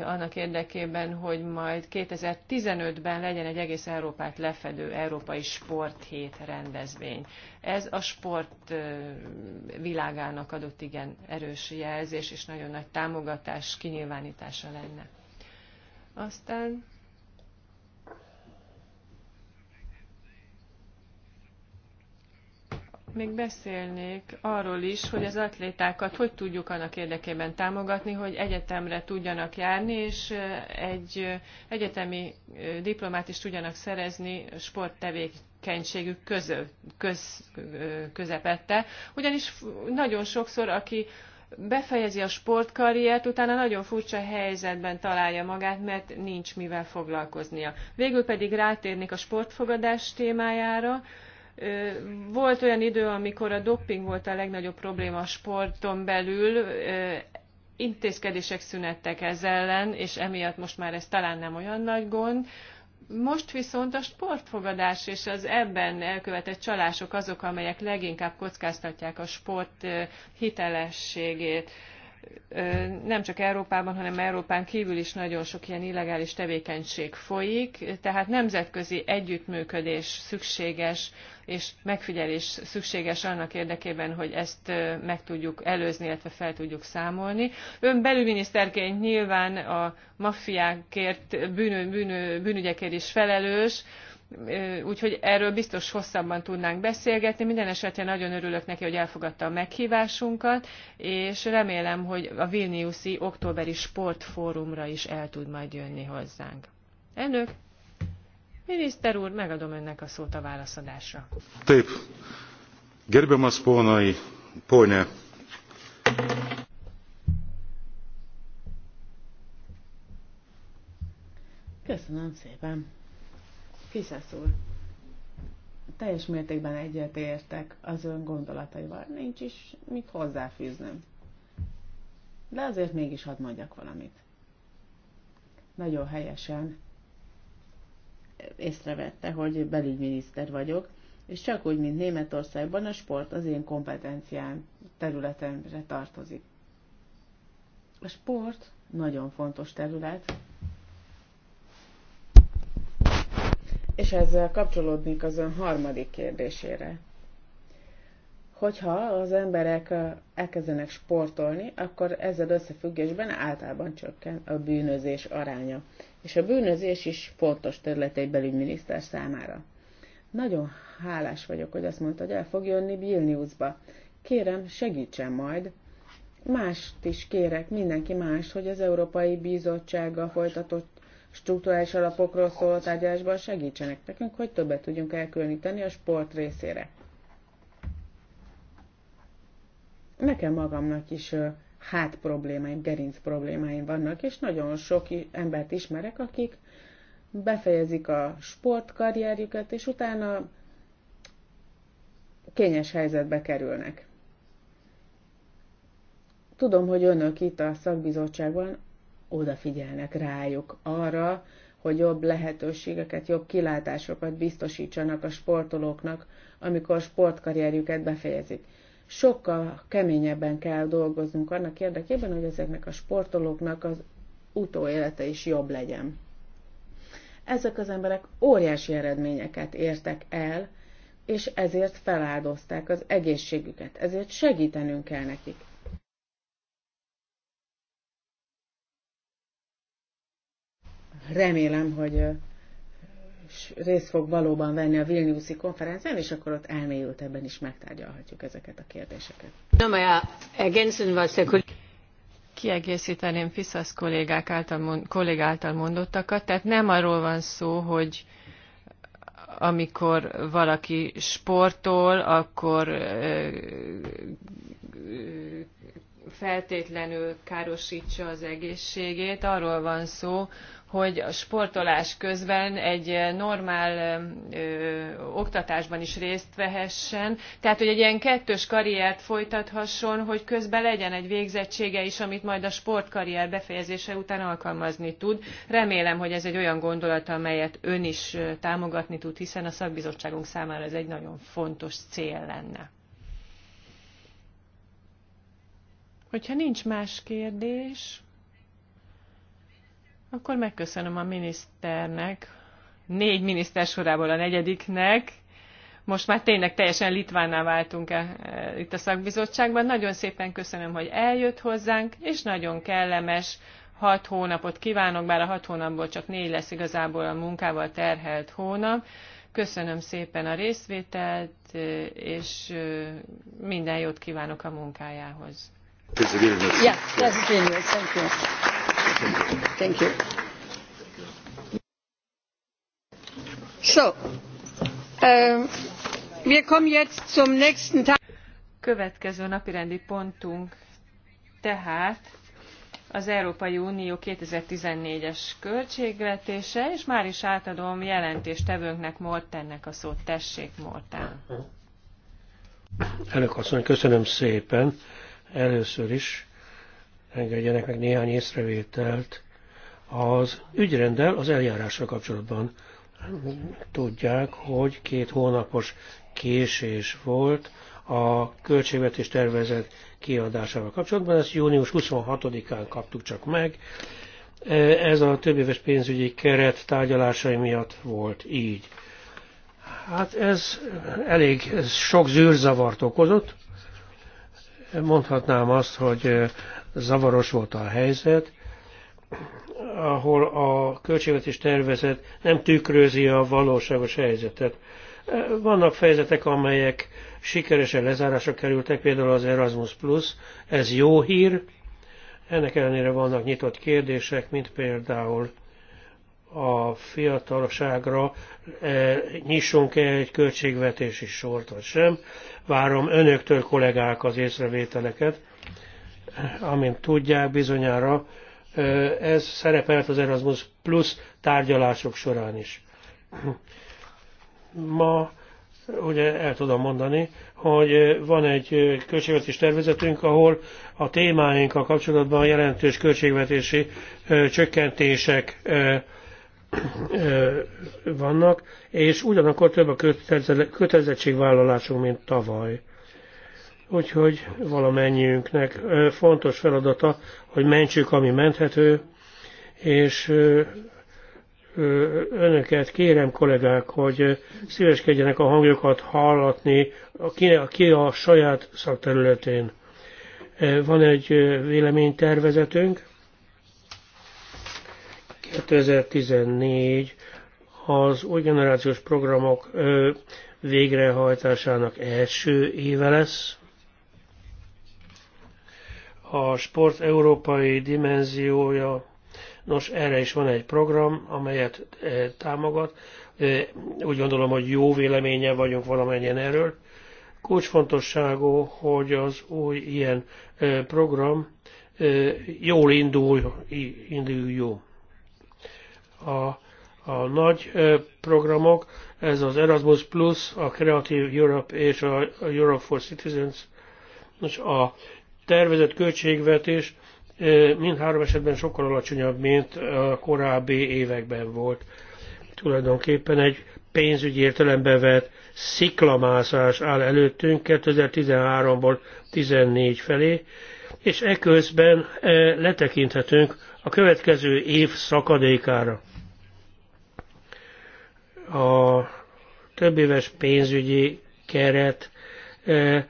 annak érdekében, hogy majd 2015-ben legyen egy egész Európát lefedő Európai Sporthét rendezvény. Ez a sport világának adott igen erős jelzés és nagyon nagy támogatás kinyilvánítása lenne. Aztán Még beszélnék arról is, hogy az atlétákat hogy tudjuk annak érdekében támogatni, hogy egyetemre tudjanak járni, és egy egyetemi diplomát is tudjanak szerezni sporttevékenységük köz, köz, közepette. Ugyanis nagyon sokszor, aki befejezi a sportkarriert, utána nagyon furcsa helyzetben találja magát, mert nincs mivel foglalkoznia. Végül pedig rátérnék a sportfogadás témájára volt olyan idő, amikor a dopping volt a legnagyobb probléma a sporton belül, intézkedések szünettek ez ellen, és emiatt most már ez talán nem olyan nagy gond. Most viszont a sportfogadás és az ebben elkövetett csalások azok, amelyek leginkább kockáztatják a sport hitelességét nem csak Európában, hanem Európán kívül is nagyon sok ilyen illegális tevékenység folyik, tehát nemzetközi együttműködés szükséges, és megfigyelés szükséges annak érdekében, hogy ezt meg tudjuk előzni, illetve fel tudjuk számolni. Ön belügyminiszterként nyilván a maffiákért, bűnő, bűnő, bűnügyekért is felelős, úgyhogy erről biztos hosszabban tudnánk beszélgetni. Minden esetre nagyon örülök neki, hogy elfogadta a meghívásunkat, és remélem, hogy a Vilniuszi októberi sportfórumra is el tud majd jönni hozzánk. Elnök, miniszter úr, megadom önnek a szót a válaszadásra. Tép. Gerbiamas pónai, póne. Köszönöm szépen. Fiszesz úr, teljes mértékben egyetértek az ön gondolataival, nincs is mit hozzáfűznöm. De azért mégis hadd mondjak valamit. Nagyon helyesen észrevette, hogy belügyminiszter vagyok, és csak úgy, mint Németországban, a sport az én kompetencián területemre tartozik. A sport nagyon fontos terület, és ezzel kapcsolódnék az ön harmadik kérdésére. Hogyha az emberek elkezdenek sportolni, akkor ezzel összefüggésben általában csökken a bűnözés aránya. És a bűnözés is fontos terület egy belügyminiszter számára. Nagyon hálás vagyok, hogy azt mondta, hogy el fog jönni Vilniusba. Kérem, segítsen majd. Mást is kérek, mindenki más, hogy az Európai Bizottsággal folytatott struktúrális alapokról szóló tárgyalásban segítsenek nekünk, hogy többet tudjunk elkülöníteni a sport részére. Nekem magamnak is hát problémáim, gerinc problémáim vannak, és nagyon sok embert ismerek, akik befejezik a sportkarrierjüket, és utána kényes helyzetbe kerülnek. Tudom, hogy önök itt a szakbizottságban odafigyelnek rájuk arra, hogy jobb lehetőségeket, jobb kilátásokat biztosítsanak a sportolóknak, amikor sportkarrierjüket befejezik. Sokkal keményebben kell dolgoznunk annak érdekében, hogy ezeknek a sportolóknak az utóélete is jobb legyen. Ezek az emberek óriási eredményeket értek el, és ezért feláldozták az egészségüket, ezért segítenünk kell nekik. remélem, hogy részt fog valóban venni a Vilniuszi konferencián, és akkor ott elmélyült ebben is megtárgyalhatjuk ezeket a kérdéseket. Kiegészíteném Fiszasz kollégák által, kollég által mondottakat, tehát nem arról van szó, hogy amikor valaki sportol, akkor feltétlenül károsítsa az egészségét. Arról van szó, hogy a sportolás közben egy normál ö, oktatásban is részt vehessen, tehát hogy egy ilyen kettős karriert folytathasson, hogy közben legyen egy végzettsége is, amit majd a sportkarrier befejezése után alkalmazni tud. Remélem, hogy ez egy olyan gondolat, amelyet ön is támogatni tud, hiszen a szakbizottságunk számára ez egy nagyon fontos cél lenne. Hogyha nincs más kérdés, akkor megköszönöm a miniszternek, négy miniszter sorából a negyediknek. Most már tényleg teljesen litvánná váltunk e, -e itt a szakbizottságban. Nagyon szépen köszönöm, hogy eljött hozzánk, és nagyon kellemes hat hónapot kívánok, bár a hat hónapból csak négy lesz igazából a munkával terhelt hónap. Köszönöm szépen a részvételt, és minden jót kívánok a munkájához. Következő napirendi pontunk tehát az Európai Unió 2014-es költségvetése, és már is átadom jelentéstevőnknek, Mortennek a szót. Tessék, Morten. Elnök asszony, köszönöm szépen. Először is engedjenek meg néhány észrevételt az ügyrendel az eljárással kapcsolatban. Tudják, hogy két hónapos késés volt a költségvetés tervezet kiadásával kapcsolatban. Ezt június 26-án kaptuk csak meg. Ez a többéves pénzügyi keret tárgyalásai miatt volt így. Hát ez elég ez sok zűrzavart okozott mondhatnám azt, hogy zavaros volt a helyzet, ahol a költségvetés tervezet nem tükrözi a valóságos helyzetet. Vannak fejezetek, amelyek sikeresen lezárásra kerültek, például az Erasmus Plus, ez jó hír, ennek ellenére vannak nyitott kérdések, mint például a fiatalságra e, nyissunk-e egy költségvetési sort, vagy sem. Várom önöktől, kollégák, az észrevételeket. Amint tudják bizonyára, e, ez szerepelt az Erasmus Plus tárgyalások során is. Ma ugye el tudom mondani, hogy van egy költségvetés tervezetünk, ahol a témáinkkal kapcsolatban jelentős költségvetési e, csökkentések vannak, és ugyanakkor több a kötelezettségvállalásunk, mint tavaly. Úgyhogy valamennyiünknek fontos feladata, hogy mentsük, ami menthető, és önöket kérem, kollégák, hogy szíveskedjenek a hangjukat hallatni, ki a, ki a saját szakterületén. Van egy véleménytervezetünk, 2014 az új generációs programok végrehajtásának első éve lesz. A sport európai dimenziója, nos erre is van egy program, amelyet támogat. Úgy gondolom, hogy jó véleménye vagyunk valamennyien erről. Kulcsfontosságú, hogy az új ilyen program jól indul, indul jó a, a nagy programok, ez az Erasmus Plus, a Creative Europe és a Europe for Citizens. Most a tervezett költségvetés mindhárom esetben sokkal alacsonyabb, mint a korábbi években volt. Tulajdonképpen egy pénzügyi értelembe vett sziklamászás áll előttünk 2013-ból 14 felé, és eközben letekinthetünk a következő év szakadékára a többéves pénzügyi keret e,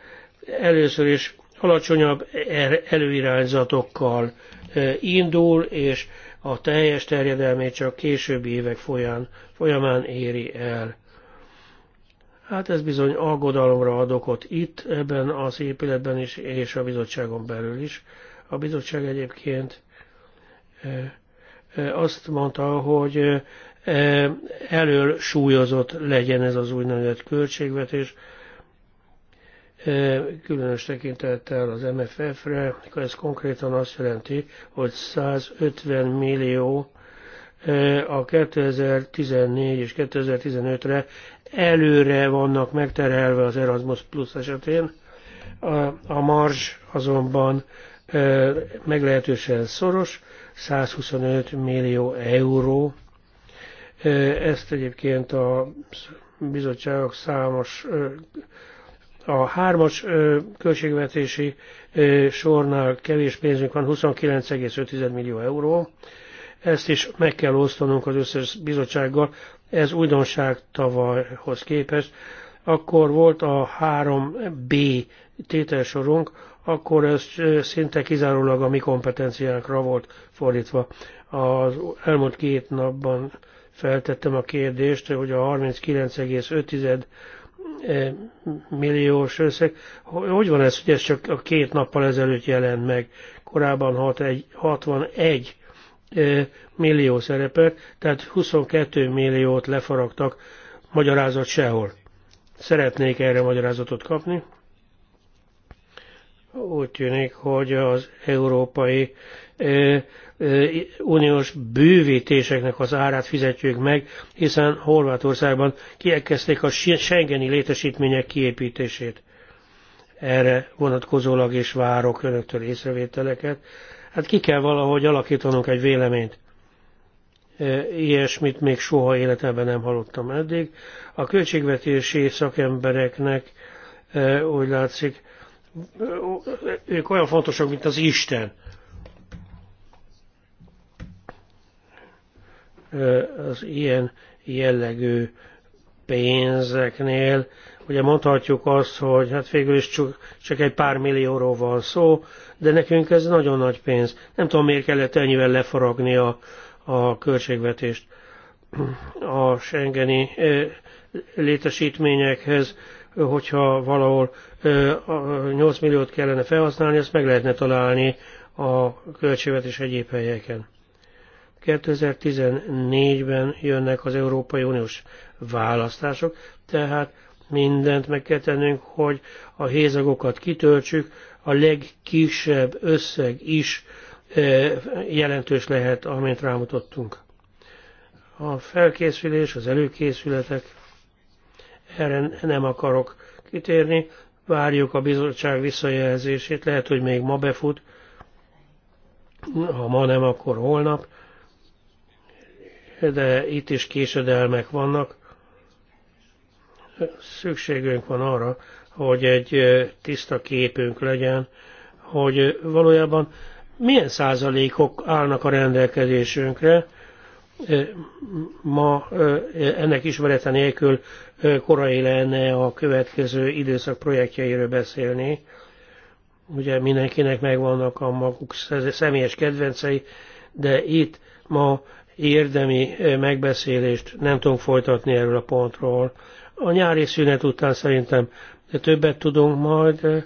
először is alacsonyabb er-, előirányzatokkal e, indul, és a teljes terjedelmét csak későbbi évek folyán, folyamán éri el. Hát ez bizony aggodalomra ad okot itt, ebben az épületben is, és a bizottságon belül is. A bizottság egyébként e, azt mondta, hogy elől súlyozott legyen ez az úgynevezett költségvetés, e, különös tekintettel az MFF-re, ez konkrétan azt jelenti, hogy 150 millió e, a 2014 és 2015-re előre vannak megterhelve az Erasmus Plus esetén, a, a marzs azonban e, meglehetősen szoros, 125 millió euró, ezt egyébként a bizottságok számos a hármas költségvetési sornál kevés pénzünk van, 29,5 millió euró. Ezt is meg kell osztanunk az összes bizottsággal, ez újdonság tavalyhoz képest. Akkor volt a 3B tételsorunk, akkor ez szinte kizárólag a mi kompetenciánkra volt fordítva. Az elmúlt két napban feltettem a kérdést, hogy a 39,5 eh, milliós összeg, hogy van ez, hogy ez csak a két nappal ezelőtt jelent meg, korábban 61 eh, millió szerepet, tehát 22 milliót lefaragtak, magyarázat sehol. Szeretnék erre magyarázatot kapni. Úgy tűnik, hogy az európai eh, uniós bővítéseknek az árát fizetjük meg, hiszen Horvátországban kielkezdték a Schengeni létesítmények kiépítését. Erre vonatkozólag is várok önöktől észrevételeket. Hát ki kell valahogy alakítanunk egy véleményt. Ilyesmit még soha életemben nem hallottam eddig. A költségvetési szakembereknek úgy látszik, ők olyan fontosak, mint az Isten az ilyen jellegű pénzeknél. Ugye mondhatjuk azt, hogy hát végül is csak, csak egy pár millióról van szó, de nekünk ez nagyon nagy pénz. Nem tudom, miért kellett ennyivel lefaragni a, a költségvetést a Schengeni létesítményekhez, hogyha valahol 8 milliót kellene felhasználni, ezt meg lehetne találni a költségvetés egyéb helyeken. 2014-ben jönnek az Európai Uniós választások, tehát mindent meg kell tennünk, hogy a hézagokat kitöltsük, a legkisebb összeg is jelentős lehet, amint rámutattunk. A felkészülés, az előkészületek, erre nem akarok kitérni, várjuk a bizottság visszajelzését, lehet, hogy még ma befut, ha ma nem, akkor holnap de itt is késedelmek vannak. Szükségünk van arra, hogy egy tiszta képünk legyen, hogy valójában milyen százalékok állnak a rendelkezésünkre. Ma ennek ismerete nélkül korai lenne a következő időszak projektjeiről beszélni. Ugye mindenkinek megvannak a maguk személyes kedvencei, de itt ma érdemi megbeszélést nem tudunk folytatni erről a pontról. A nyári szünet után szerintem többet tudunk majd.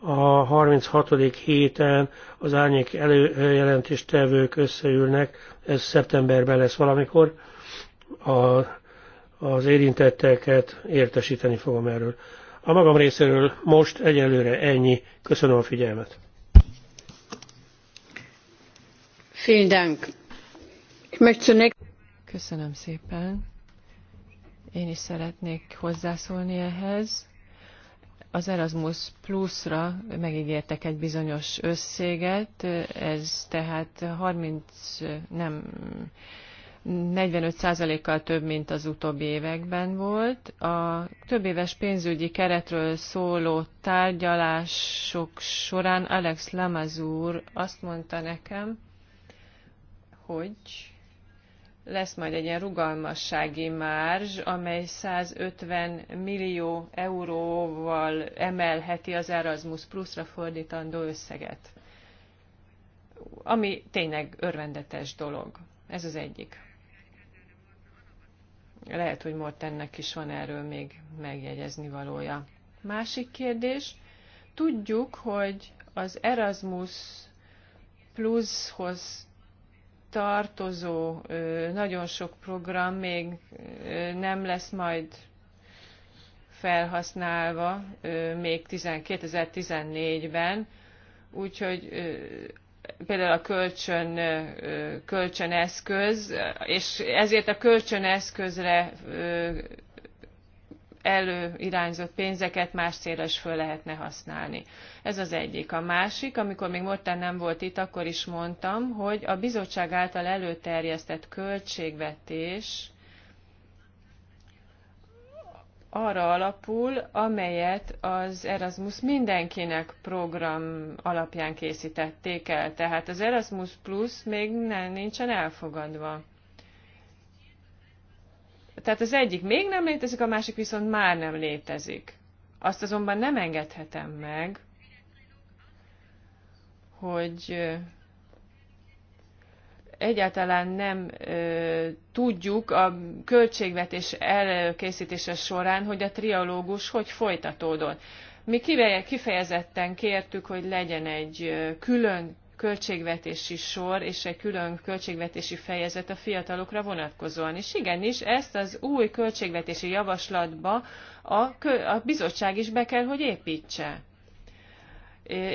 A 36. héten az árnyék előjelentéstevők összeülnek, ez szeptemberben lesz valamikor. A, az érintetteket értesíteni fogom erről. A magam részéről most egyelőre ennyi. Köszönöm a figyelmet. Vielen Dank. Köszönöm szépen. Én is szeretnék hozzászólni ehhez. Az Erasmus Plus-ra megígértek egy bizonyos összéget, ez tehát 30, nem 45%-kal több, mint az utóbbi években volt. A több éves pénzügyi keretről szóló tárgyalások során Alex Lamazur azt mondta nekem, hogy lesz majd egy ilyen rugalmassági márzs, amely 150 millió euróval emelheti az Erasmus Plus-ra fordítandó összeget. Ami tényleg örvendetes dolog. Ez az egyik. Lehet, hogy Mortennek is van erről még megjegyezni valója. Másik kérdés. Tudjuk, hogy az Erasmus Plushoz tartozó nagyon sok program még nem lesz majd felhasználva még 2014-ben, úgyhogy például a kölcsön, kölcsöneszköz, és ezért a kölcsöneszközre előirányzott pénzeket más célra is föl lehetne használni. Ez az egyik. A másik, amikor még Mortán nem volt itt, akkor is mondtam, hogy a bizottság által előterjesztett költségvetés arra alapul, amelyet az Erasmus mindenkinek program alapján készítették el. Tehát az Erasmus Plus még nem, nincsen elfogadva. Tehát az egyik még nem létezik, a másik viszont már nem létezik. Azt azonban nem engedhetem meg, hogy egyáltalán nem ö, tudjuk a költségvetés elkészítése során, hogy a trialógus hogy folytatódott. Mi kifejezetten kértük, hogy legyen egy külön költségvetési sor és egy külön költségvetési fejezet a fiatalokra vonatkozóan. És igenis, ezt az új költségvetési javaslatba a, a bizottság is be kell, hogy építse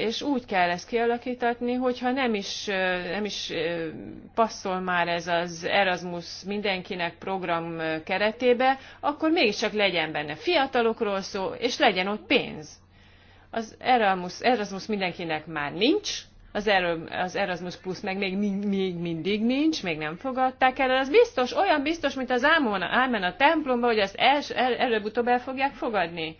és úgy kell ezt kialakítatni, hogyha nem is, nem is passzol már ez az Erasmus mindenkinek program keretébe, akkor mégiscsak legyen benne fiatalokról szó, és legyen ott pénz. Az Erasmus, Erasmus mindenkinek már nincs, az, az Erasmus Plus meg még, még mindig nincs, még nem fogadták el, az biztos, olyan biztos, mint az álmen a templomba, hogy ezt els, el, előbb-utóbb el fogják fogadni.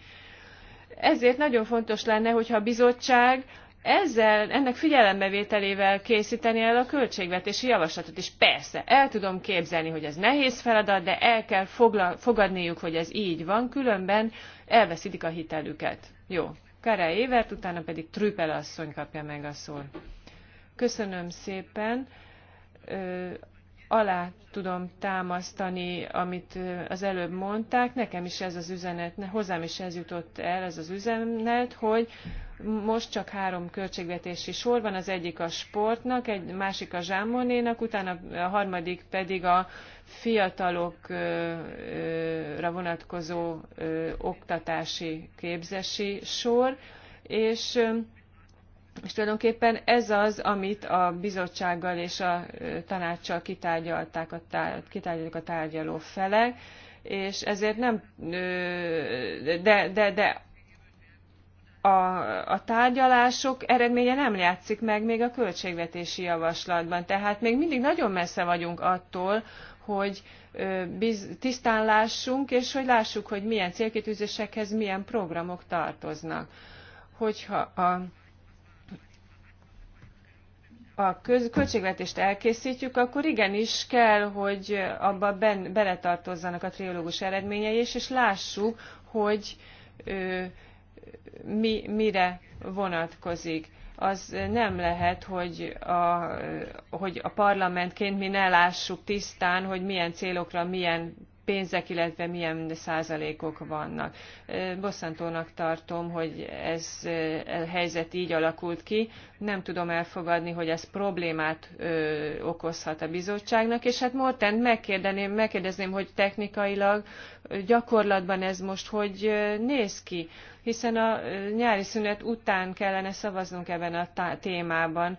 Ezért nagyon fontos lenne, hogyha a bizottság ezzel, ennek figyelembevételével készíteni el a költségvetési javaslatot. És persze, el tudom képzelni, hogy ez nehéz feladat, de el kell fogla, fogadniuk, hogy ez így van, különben elveszítik a hitelüket. Jó, Kara Évert, utána pedig Trüppel asszony kapja meg a szót. Köszönöm szépen. Ö, alá tudom támasztani, amit az előbb mondták. Nekem is ez az üzenet, hozzám is ez jutott el, ez az üzenet, hogy most csak három költségvetési sor van, az egyik a sportnak, egy másik a zsámonénak, utána a harmadik pedig a fiatalokra vonatkozó oktatási képzési sor, és és tulajdonképpen ez az, amit a bizottsággal és a tanácssal kitárgyalták a, tár, a tárgyaló felek, és ezért nem, de, de, de a, a tárgyalások eredménye nem látszik meg még a költségvetési javaslatban. Tehát még mindig nagyon messze vagyunk attól, hogy ö, biz, tisztán lássunk, és hogy lássuk, hogy milyen célkitűzésekhez milyen programok tartoznak. Hogyha a, a köz, költségvetést elkészítjük, akkor igenis kell, hogy abba ben, beletartozzanak a triológus eredményei, és, és lássuk, hogy ö, mi, mire vonatkozik. Az nem lehet, hogy a, hogy a parlamentként mi ne lássuk tisztán, hogy milyen célokra milyen pénzek, illetve milyen százalékok vannak. Bosszantónak tartom, hogy ez a e, helyzet így alakult ki. Nem tudom elfogadni, hogy ez problémát okozhat a bizottságnak, és hát Morten, megkérdezném, megkérdezném, hogy technikailag gyakorlatban ez most hogy néz ki, hiszen a nyári szünet után kellene szavaznunk ebben a témában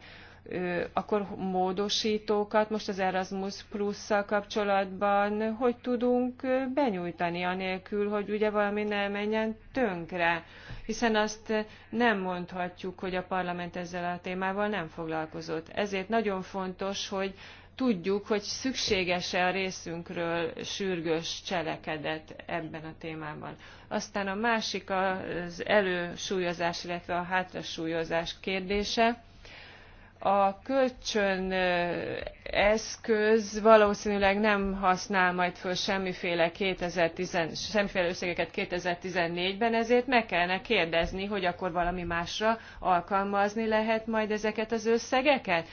akkor módosítókat most az Erasmus Plus-szal kapcsolatban hogy tudunk benyújtani, anélkül, hogy ugye valami ne menjen tönkre? Hiszen azt nem mondhatjuk, hogy a parlament ezzel a témával nem foglalkozott. Ezért nagyon fontos, hogy tudjuk, hogy szükséges-e a részünkről sürgős cselekedet ebben a témában. Aztán a másik az elősúlyozás, illetve a hátrasúlyozás kérdése a kölcsön eszköz valószínűleg nem használ majd föl semmiféle, 2010, semmiféle összegeket 2014-ben, ezért meg kellene kérdezni, hogy akkor valami másra alkalmazni lehet majd ezeket az összegeket?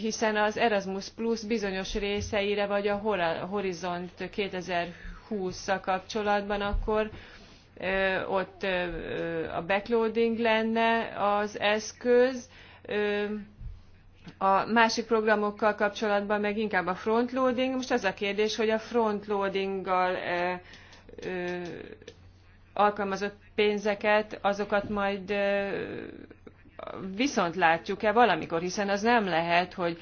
hiszen az Erasmus Plus bizonyos részeire, vagy a Horizont 2020-szal kapcsolatban akkor ott a backloading lenne az eszköz, a másik programokkal kapcsolatban meg inkább a frontloading. Most az a kérdés, hogy a frontloadinggal alkalmazott pénzeket, azokat majd viszont látjuk-e valamikor, hiszen az nem lehet, hogy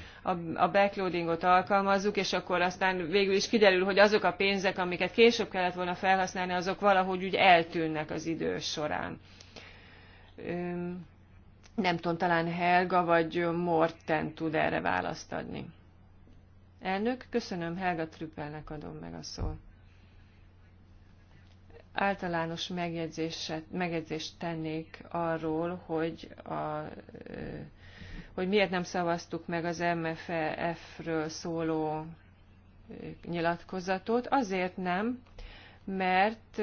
a backloadingot alkalmazzuk, és akkor aztán végül is kiderül, hogy azok a pénzek, amiket később kellett volna felhasználni, azok valahogy úgy eltűnnek az idő során. Nem tudom, talán Helga vagy Morten tud erre választ adni. Elnök, köszönöm, Helga Trüppelnek adom meg a szót általános megjegyzést tennék arról, hogy, a, hogy miért nem szavaztuk meg az MFF-ről szóló nyilatkozatot. Azért nem, mert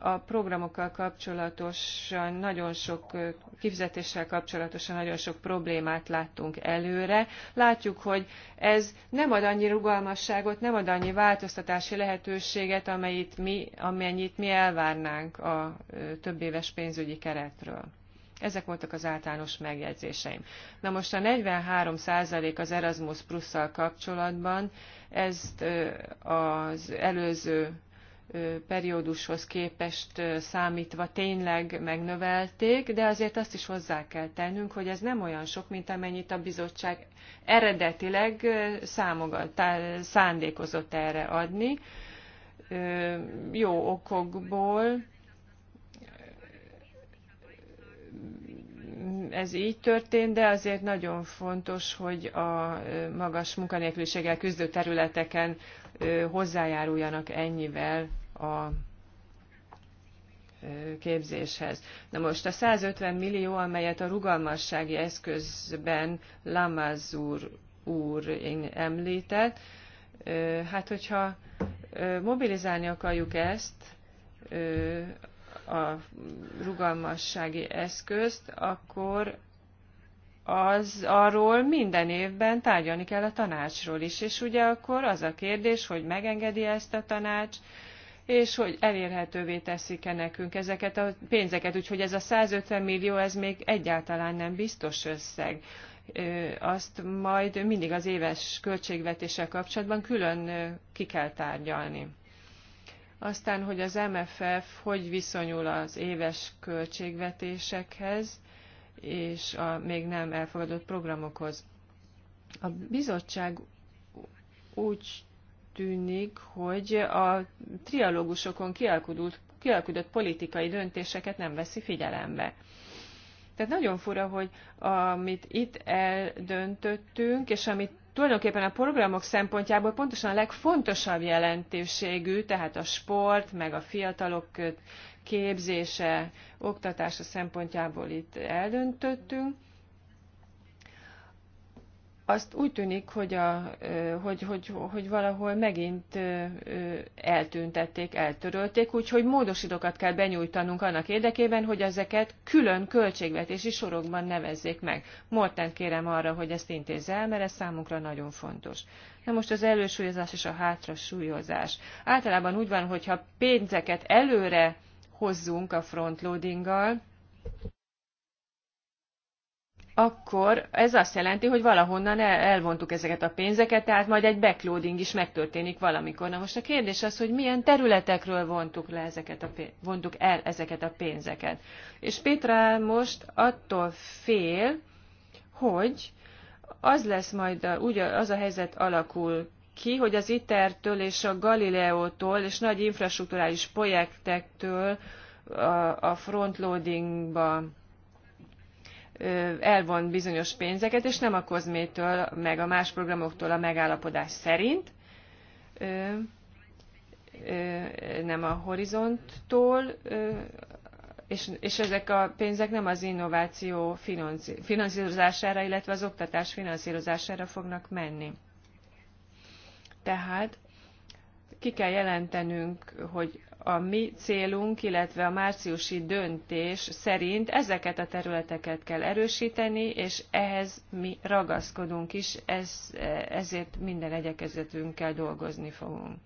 a programokkal kapcsolatosan nagyon sok, kifizetéssel kapcsolatosan nagyon sok problémát láttunk előre. Látjuk, hogy ez nem ad annyi rugalmasságot, nem ad annyi változtatási lehetőséget, amelyit mi, amennyit mi elvárnánk a több éves pénzügyi keretről. Ezek voltak az általános megjegyzéseim. Na most a 43 százalék az Erasmus plus kapcsolatban, ezt az előző periódushoz képest számítva tényleg megnövelték, de azért azt is hozzá kell tennünk, hogy ez nem olyan sok, mint amennyit a bizottság eredetileg számogat, szándékozott erre adni. Jó okokból ez így történt, de azért nagyon fontos, hogy a magas munkanélküliséggel küzdő területeken hozzájáruljanak ennyivel a képzéshez. Na most a 150 millió, amelyet a rugalmassági eszközben Lamaz úr, úr én említett, hát hogyha mobilizálni akarjuk ezt, a rugalmassági eszközt, akkor az arról minden évben tárgyalni kell a tanácsról is, és ugye akkor az a kérdés, hogy megengedi -e ezt a tanács, és hogy elérhetővé teszik-e nekünk ezeket a pénzeket. Úgyhogy ez a 150 millió, ez még egyáltalán nem biztos összeg. Azt majd mindig az éves költségvetéssel kapcsolatban külön ki kell tárgyalni. Aztán, hogy az MFF hogy viszonyul az éves költségvetésekhez, és a még nem elfogadott programokhoz. A bizottság úgy tűnik, hogy a trialógusokon kialkudult, kialkudott politikai döntéseket nem veszi figyelembe. Tehát nagyon fura, hogy amit itt eldöntöttünk, és amit tulajdonképpen a programok szempontjából pontosan a legfontosabb jelentőségű, tehát a sport, meg a fiatalok képzése, oktatása szempontjából itt eldöntöttünk. Azt úgy tűnik, hogy, a, hogy, hogy, hogy valahol megint eltüntették, eltörölték, úgyhogy módosítókat kell benyújtanunk annak érdekében, hogy ezeket külön költségvetési sorokban nevezzék meg. Morten kérem arra, hogy ezt intézze el, mert ez számunkra nagyon fontos. Na most az elősúlyozás és a hátrasúlyozás. Általában úgy van, hogyha pénzeket előre hozzunk a frontloadinggal, akkor ez azt jelenti, hogy valahonnan elvontuk ezeket a pénzeket, tehát majd egy backloading is megtörténik valamikor. Na most a kérdés az, hogy milyen területekről vontuk, le ezeket a pénz, vontuk el ezeket a pénzeket. És Pétra most attól fél, hogy az lesz majd, a, az a helyzet alakul ki, hogy az ITER-től és a Galileótól és nagy infrastruktúrális projektektől a frontloadingba elvon bizonyos pénzeket, és nem a kozmétől, meg a más programoktól a megállapodás szerint, nem a horizonttól, és, és ezek a pénzek nem az innováció finanszírozására, illetve az oktatás finanszírozására fognak menni. Tehát ki kell jelentenünk, hogy a mi célunk, illetve a márciusi döntés szerint ezeket a területeket kell erősíteni, és ehhez mi ragaszkodunk is, ez, ezért minden egyekezetünkkel dolgozni fogunk.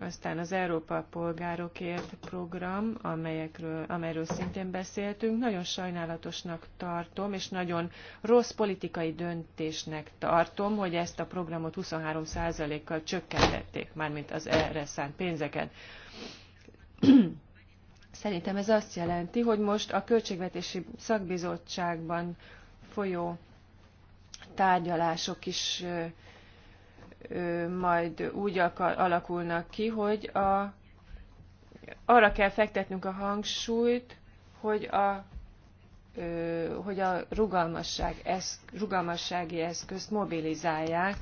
Aztán az Európa Polgárokért program, amelyekről, amelyről szintén beszéltünk, nagyon sajnálatosnak tartom, és nagyon rossz politikai döntésnek tartom, hogy ezt a programot 23%-kal csökkentették, mármint az erre szánt pénzeket. (clears throat) Szerintem ez azt jelenti, hogy most a Költségvetési Szakbizottságban folyó tárgyalások is majd úgy alakulnak ki, hogy a, arra kell fektetnünk a hangsúlyt, hogy a, hogy a rugalmasság eszk, rugalmassági eszközt mobilizálják,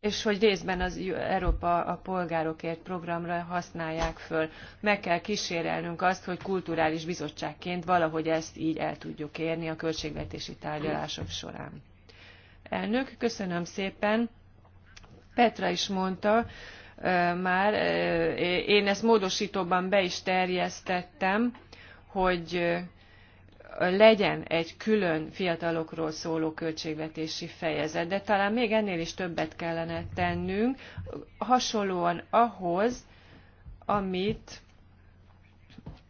és hogy részben az Európa a polgárokért programra használják föl. Meg kell kísérelnünk azt, hogy kulturális bizottságként valahogy ezt így el tudjuk érni a költségvetési tárgyalások során. Elnök, köszönöm szépen. Petra is mondta már, én ezt módosítóban be is terjesztettem, hogy legyen egy külön fiatalokról szóló költségvetési fejezet, de talán még ennél is többet kellene tennünk, hasonlóan ahhoz, amit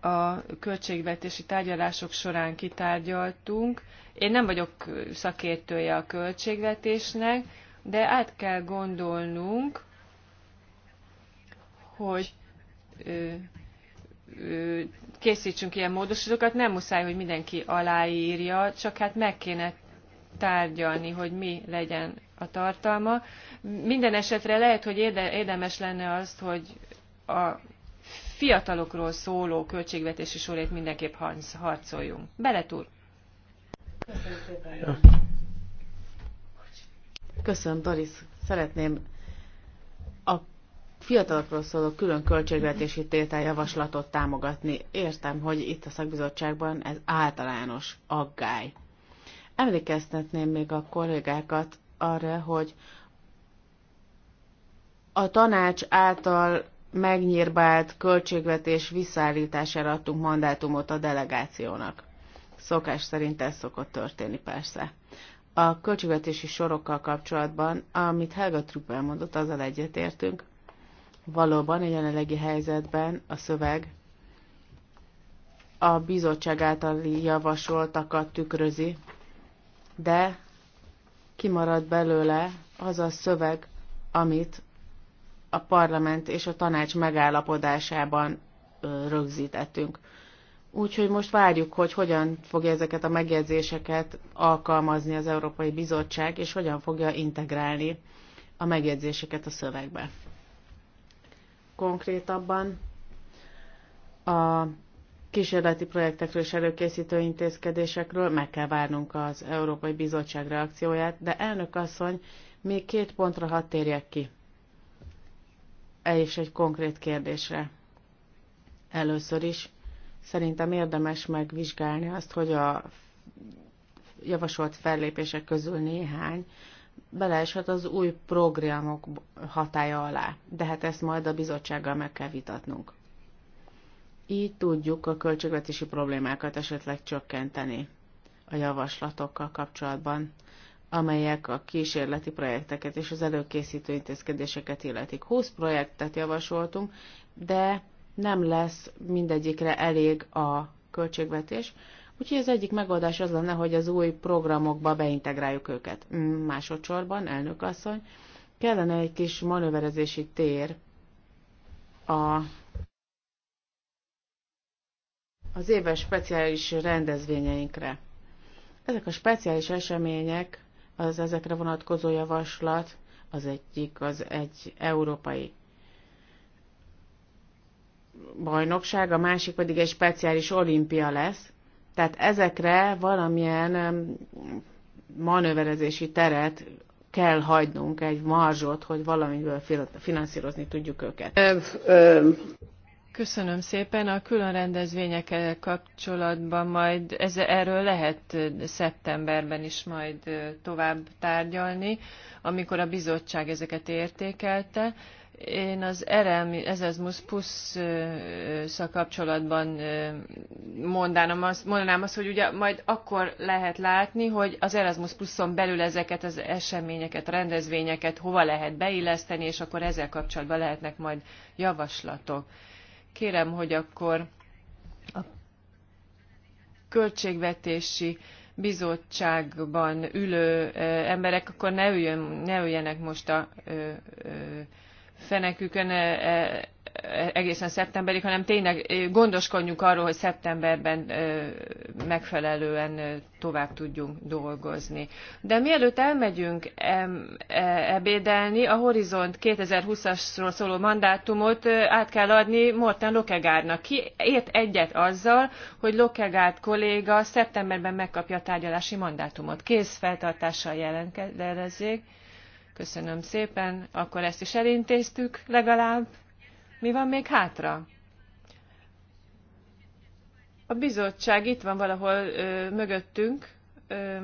a költségvetési tárgyalások során kitárgyaltunk. Én nem vagyok szakértője a költségvetésnek, de át kell gondolnunk, hogy ö, ö, készítsünk ilyen módosítókat, nem muszáj, hogy mindenki aláírja, csak hát meg kéne tárgyalni, hogy mi legyen a tartalma. Minden esetre lehet, hogy érdemes lenne azt, hogy a fiatalokról szóló költségvetési sorét mindenképp harcoljunk. Beletúr! Köszönöm szépen! Köszönöm, Doris. Szeretném a fiatalokról szóló külön költségvetési tételjavaslatot támogatni. Értem, hogy itt a szakbizottságban ez általános aggály. Emlékeztetném még a kollégákat arra, hogy a tanács által megnyírbált költségvetés visszaállítására adtunk mandátumot a delegációnak. Szokás szerint ez szokott történni persze a költségvetési sorokkal kapcsolatban, amit Helga Truppel mondott, azzal egyetértünk. Valóban a jelenlegi helyzetben a szöveg a bizottság által javasoltakat tükrözi, de kimarad belőle az a szöveg, amit a parlament és a tanács megállapodásában rögzítettünk. Úgyhogy most várjuk, hogy hogyan fogja ezeket a megjegyzéseket alkalmazni az Európai Bizottság, és hogyan fogja integrálni a megjegyzéseket a szövegbe. Konkrétabban a kísérleti projektekről és előkészítő intézkedésekről meg kell várnunk az Európai Bizottság reakcióját, de elnök asszony, még két pontra hadd térjek ki, is egy konkrét kérdésre. Először is Szerintem érdemes megvizsgálni azt, hogy a javasolt fellépések közül néhány beleeshet az új programok hatája alá, de hát ezt majd a bizottsággal meg kell vitatnunk. Így tudjuk a költségvetési problémákat esetleg csökkenteni a javaslatokkal kapcsolatban, amelyek a kísérleti projekteket és az előkészítő intézkedéseket illetik. 20 projektet javasoltunk, de nem lesz mindegyikre elég a költségvetés, úgyhogy az egyik megoldás az lenne, hogy az új programokba beintegráljuk őket. Mm, másodszorban, elnök asszony, kellene egy kis manőverezési tér a az éves speciális rendezvényeinkre. Ezek a speciális események, az ezekre vonatkozó javaslat, az egyik az egy európai bajnokság, a másik pedig egy speciális olimpia lesz. Tehát ezekre valamilyen manőverezési teret kell hagynunk, egy marzsot, hogy valamiből finanszírozni tudjuk őket. Köszönöm szépen. A külön rendezvényekkel kapcsolatban majd ez, erről lehet szeptemberben is majd tovább tárgyalni, amikor a bizottság ezeket értékelte én az ez az plus kapcsolatban mondanám azt, mondanám azt, hogy ugye majd akkor lehet látni, hogy az Erasmus pluszon belül ezeket az eseményeket, rendezvényeket hova lehet beilleszteni, és akkor ezzel kapcsolatban lehetnek majd javaslatok. Kérem, hogy akkor a költségvetési bizottságban ülő emberek, akkor ne, üljön, ne üljenek most a ö, ö, fenekükön e, e, egészen szeptemberig, hanem tényleg e, gondoskodjunk arról, hogy szeptemberben megfelelően tovább tudjunk dolgozni. De mielőtt elmegyünk ebédelni, a Horizont 2020-asról szóló mandátumot át kell adni Morten Lokegárnak. Ki ért egyet azzal, hogy Lokegárt kolléga szeptemberben megkapja a tárgyalási mandátumot. Kész feltartással jelentkezzék. Köszönöm szépen, akkor ezt is elintéztük legalább. Mi van még hátra? A bizottság itt van valahol ö, mögöttünk. Ö,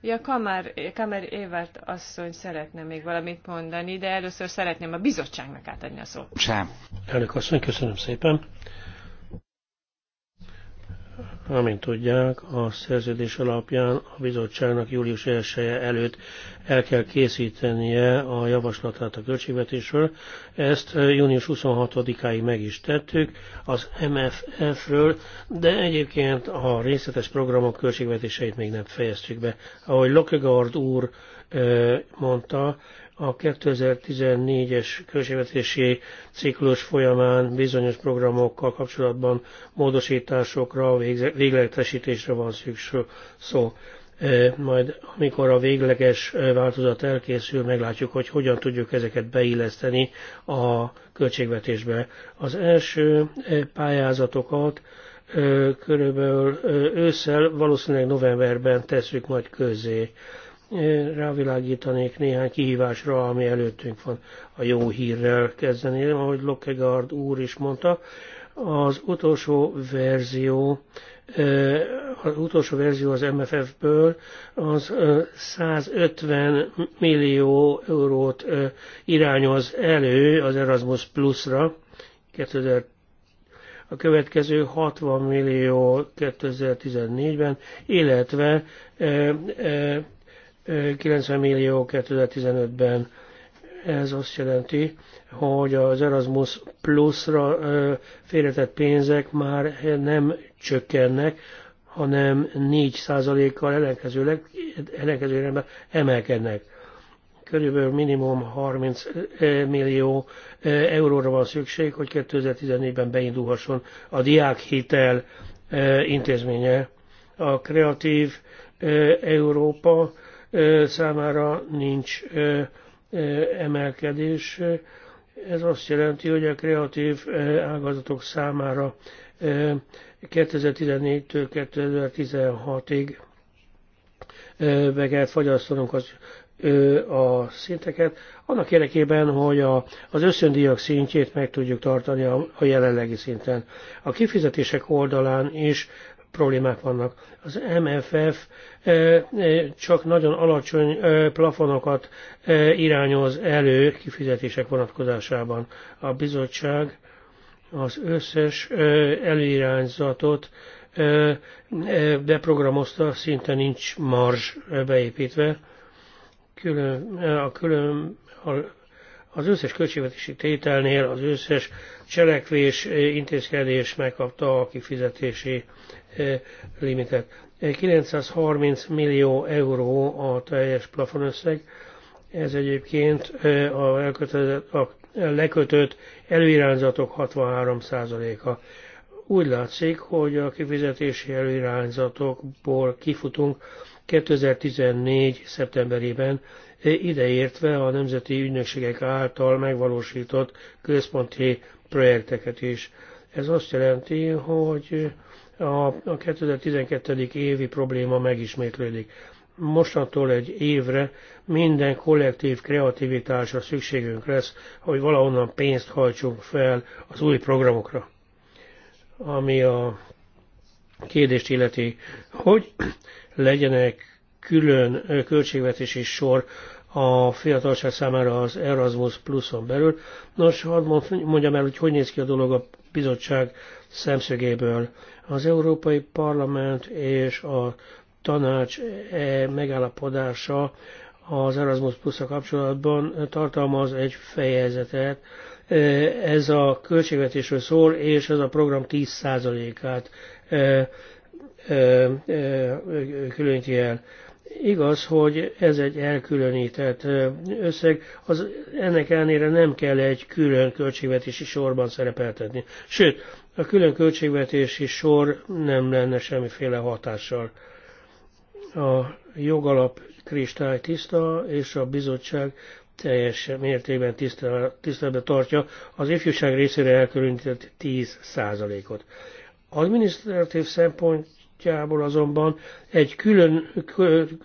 ja, Kamár, Kamár Évert asszony szeretne még valamit mondani, de először szeretném a bizottságnak átadni a szót. Sem. Elnök asszony, köszönöm szépen. Amint tudják, a szerződés alapján a bizottságnak július 1 -e előtt el kell készítenie a javaslatát a költségvetésről. Ezt eh, június 26-áig meg is tettük az MFF-ről, de egyébként a részletes programok költségvetéseit még nem fejeztük be. Ahogy Lokegard úr eh, mondta, a 2014-es költségvetési ciklus folyamán bizonyos programokkal kapcsolatban módosításokra, véglegesítésre van szükség szó. E, majd amikor a végleges e, változat elkészül, meglátjuk, hogy hogyan tudjuk ezeket beilleszteni a költségvetésbe. Az első e, pályázatokat körülbelül ősszel, valószínűleg novemberben tesszük majd közé rávilágítanék néhány kihívásra, ami előttünk van. A jó hírrel kezdeni, ahogy Lokegard úr is mondta, az utolsó verzió az utolsó verzió az MFF-ből az 150 millió eurót irányoz elő az Erasmus Plus-ra 2000 a következő 60 millió 2014-ben, illetve 90 millió 2015-ben. Ez azt jelenti, hogy az Erasmus Plus-ra félretett pénzek már nem csökkennek, hanem 4%-kal ellenkezőleg, ellenkezőleg emelkednek. Körülbelül minimum 30 millió euróra van szükség, hogy 2014-ben beindulhasson a diákhitel intézménye. A kreatív Európa számára nincs emelkedés. Ez azt jelenti, hogy a kreatív ágazatok számára 2014-től 2016-ig be kell fagyasztanunk az, a szinteket, annak érdekében, hogy a, az összöndíjak szintjét meg tudjuk tartani a, a jelenlegi szinten. A kifizetések oldalán is problémák vannak. Az MFF eh, eh, csak nagyon alacsony eh, plafonokat irányoz elő kifizetések vonatkozásában. A bizottság az összes előirányzatot beprogramozta, szinte nincs marzs beépítve. Külön, a külön a az összes költségvetési tételnél az összes cselekvés eh, intézkedés megkapta a kifizetési eh, limitet. 930 eh, millió euró a teljes plafonösszeg. Ez egyébként a, a lekötött előirányzatok 63%-a. Úgy látszik, hogy a kifizetési előirányzatokból kifutunk 2014. szeptemberében E, ideértve a nemzeti ügynökségek által megvalósított központi projekteket is. Ez azt jelenti, hogy a 2012. évi probléma megismétlődik. Mostantól egy évre minden kollektív kreativitásra szükségünk lesz, hogy valahonnan pénzt hajtsunk fel az új programokra. Ami a kérdést illeti, hogy legyenek külön költségvetési sor a fiatalság számára az Erasmus pluszon belül. Nos, hadd mondjam el, hogy hogy néz ki a dolog a bizottság szemszögéből. Az Európai Parlament és a tanács e, megállapodása az Erasmus plus kapcsolatban tartalmaz egy fejezetet. E, ez a költségvetésről szól, és ez a program 10%-át e, különíti el Igaz, hogy ez egy elkülönített összeg, az, ennek ellenére nem kell egy külön költségvetési sorban szerepeltetni. Sőt, a külön költségvetési sor nem lenne semmiféle hatással. A jogalap kristály tiszta, és a bizottság teljes mértékben tiszteletbe tartja az ifjúság részére elkülönített 10 százalékot. Adminisztratív szempont szempontjából azonban egy külön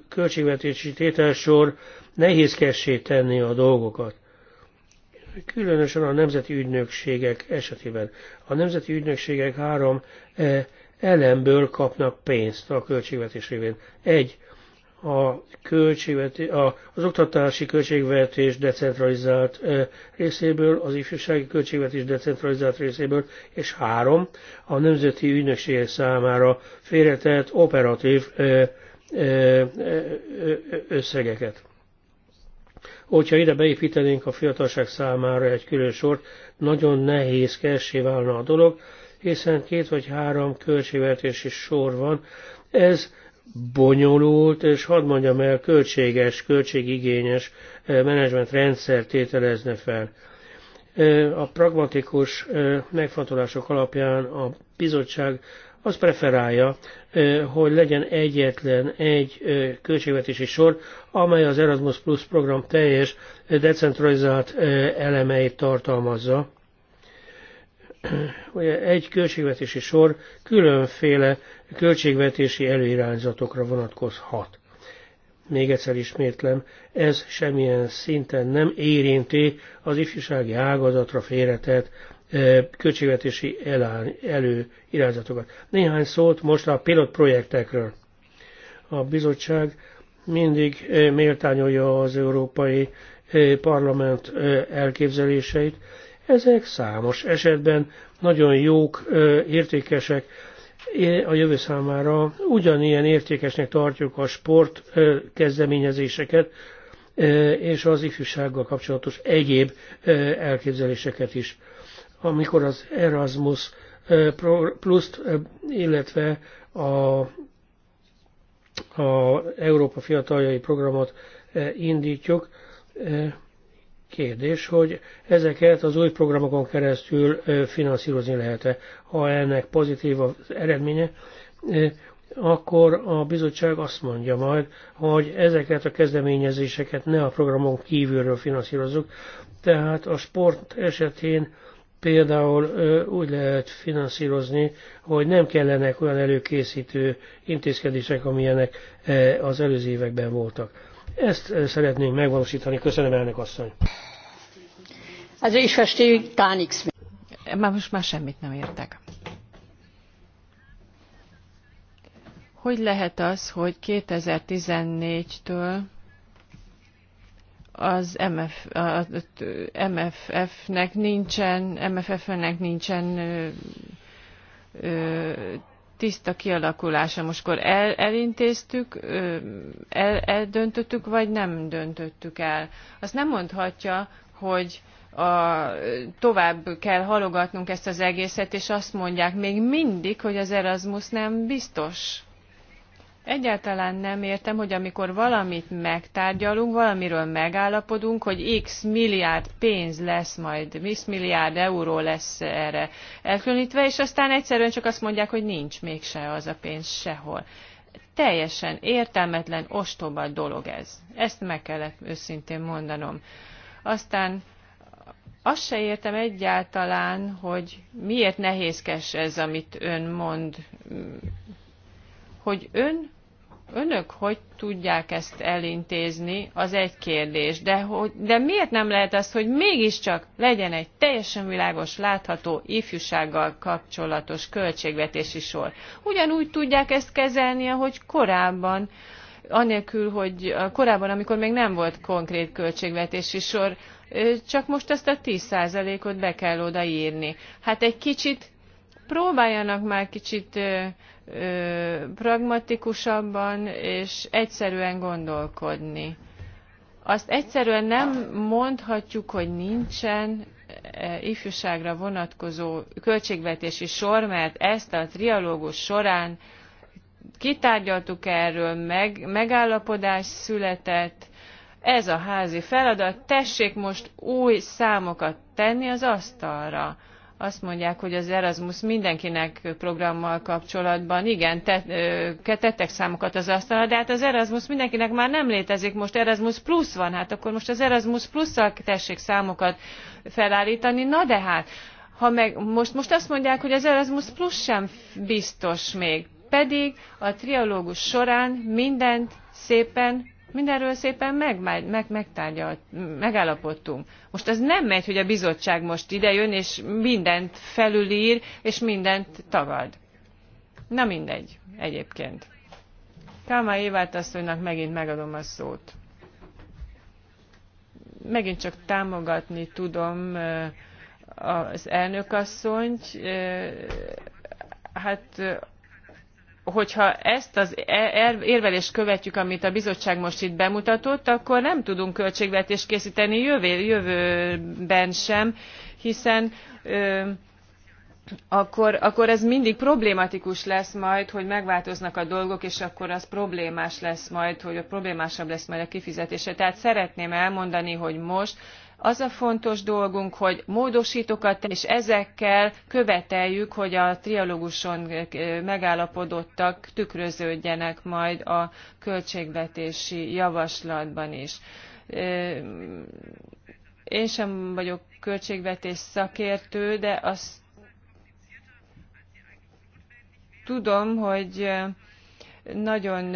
költségvetési tételsor nehézkessé tenni a dolgokat. Különösen a nemzeti ügynökségek esetében. A nemzeti ügynökségek három eh, elemből kapnak pénzt a költségvetés révén. Egy, a a az oktatási költségvetés decentralizált részéből, az ifjúsági költségvetés decentralizált részéből, és három a nemzeti ügynökség számára félretett operatív összegeket. Hogyha ide beépítenénk a fiatalság számára egy külön sort, nagyon kessé válna a dolog, hiszen két vagy három költségvetési sor van. Ez bonyolult, és hadd mondjam el, költséges, költségigényes eh, menedzsment rendszer tételezne fel. Eh, a pragmatikus eh, megfontolások alapján a bizottság azt preferálja, hogy legyen egyetlen egy költségvetési sor, amely az Erasmus Plus program teljes decentralizált elemeit tartalmazza hogy egy költségvetési sor különféle költségvetési előirányzatokra vonatkozhat. Még egyszer ismétlem, ez semmilyen szinten nem érinti az ifjúsági ágazatra félretett költségvetési előirányzatokat. Néhány szót most a pilotprojektekről. A bizottság mindig méltányolja az Európai Parlament elképzeléseit, ezek számos esetben nagyon jók, értékesek a jövő számára. Ugyanilyen értékesnek tartjuk a sport kezdeményezéseket, és az ifjúsággal kapcsolatos egyéb elképzeléseket is. Amikor az Erasmus Plus illetve a, a Európa Fiataljai Programot indítjuk, Kérdés, hogy ezeket az új programokon keresztül finanszírozni lehet-e. Ha ennek pozitív az eredménye, akkor a bizottság azt mondja majd, hogy ezeket a kezdeményezéseket ne a programon kívülről finanszírozzuk. Tehát a sport esetén például úgy lehet finanszírozni, hogy nem kellenek olyan előkészítő intézkedések, amilyenek az előző években voltak. Ezt eh, szeretnénk megvalósítani. Köszönöm, elnök asszony. Ez is festi Tánix. Már most már semmit nem értek. Hogy lehet az, hogy 2014-től az MF, MFF-nek nincsen, MFF-nek nincsen ö, ö, tiszta kialakulása. Mostkor el, elintéztük, el, eldöntöttük, vagy nem döntöttük el. Azt nem mondhatja, hogy a, tovább kell halogatnunk ezt az egészet, és azt mondják még mindig, hogy az Erasmus nem biztos. Egyáltalán nem értem, hogy amikor valamit megtárgyalunk, valamiről megállapodunk, hogy x milliárd pénz lesz majd, x milliárd euró lesz erre elkülönítve, és aztán egyszerűen csak azt mondják, hogy nincs mégse az a pénz sehol. Teljesen értelmetlen, ostoba dolog ez. Ezt meg kellett őszintén mondanom. Aztán azt se értem egyáltalán, hogy miért nehézkes ez, amit ön mond hogy ön, önök hogy tudják ezt elintézni, az egy kérdés. De, hogy, de miért nem lehet az, hogy mégiscsak legyen egy teljesen világos, látható ifjúsággal kapcsolatos költségvetési sor? Ugyanúgy tudják ezt kezelni, ahogy korábban anélkül, hogy korábban, amikor még nem volt konkrét költségvetési sor, csak most ezt a 10%-ot be kell odaírni. Hát egy kicsit próbáljanak már kicsit pragmatikusabban és egyszerűen gondolkodni. Azt egyszerűen nem mondhatjuk, hogy nincsen ifjúságra vonatkozó költségvetési sor, mert ezt a trialógus során kitárgyaltuk erről, meg, megállapodás született, ez a házi feladat, tessék most új számokat tenni az asztalra azt mondják, hogy az Erasmus mindenkinek programmal kapcsolatban, igen, te, tettek számokat az asztalra, de hát az Erasmus mindenkinek már nem létezik, most Erasmus Plus van, hát akkor most az Erasmus plus tessék számokat felállítani, na de hát, ha meg, most, most azt mondják, hogy az Erasmus Plus sem biztos még, pedig a triológus során mindent szépen Mindenről szépen meg, meg, megtárgyalt, megállapodtunk. Most ez nem megy, hogy a bizottság most idejön, és mindent felülír, és mindent tagad. Na mindegy, egyébként. Kálmár Évált asszonynak megint megadom a szót. Megint csak támogatni tudom az elnökasszonyt. Hát hogyha ezt az e- er- érvelést követjük, amit a bizottság most itt bemutatott, akkor nem tudunk költségvetést készíteni jövő, jövőben sem, hiszen ö, akkor, akkor ez mindig problématikus lesz majd, hogy megváltoznak a dolgok, és akkor az problémás lesz majd, hogy a problémásabb lesz majd a kifizetése. Tehát szeretném elmondani, hogy most az a fontos dolgunk, hogy módosítókat, és ezekkel követeljük, hogy a trialóguson megállapodottak tükröződjenek majd a költségvetési javaslatban is én sem vagyok költségvetés szakértő, de azt tudom, hogy nagyon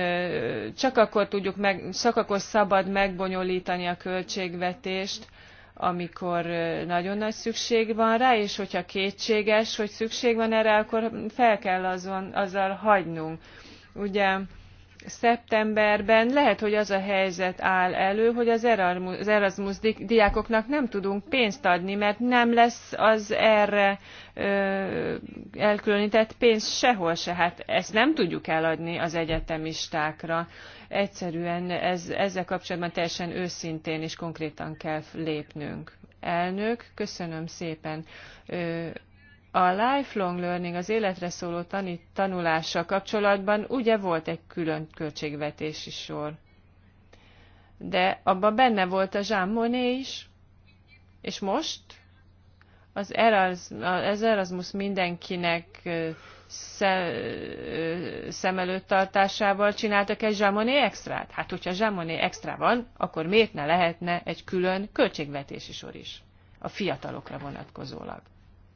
csak akkor tudjuk meg, csak akkor szabad megbonyolítani a költségvetést, amikor nagyon nagy szükség van rá, és hogyha kétséges, hogy szükség van erre, akkor fel kell azon, azzal hagynunk. Ugye szeptemberben lehet, hogy az a helyzet áll elő, hogy az Erasmus, az Erasmus diákoknak nem tudunk pénzt adni, mert nem lesz az erre ö, elkülönített pénz sehol se. Hát ezt nem tudjuk eladni az egyetemistákra. Egyszerűen ez, ezzel kapcsolatban teljesen őszintén és konkrétan kell lépnünk elnök, köszönöm szépen a lifelong learning, az életre szóló tanít, tanulással kapcsolatban ugye volt egy külön költségvetési sor. De abban benne volt a Jean Monnet is, és most az Erasmus mindenkinek szem előtt tartásával csináltak egy zsámoné extrát? Hát, hogyha zsámoné extra van, akkor miért ne lehetne egy külön költségvetési sor is? A fiatalokra vonatkozólag.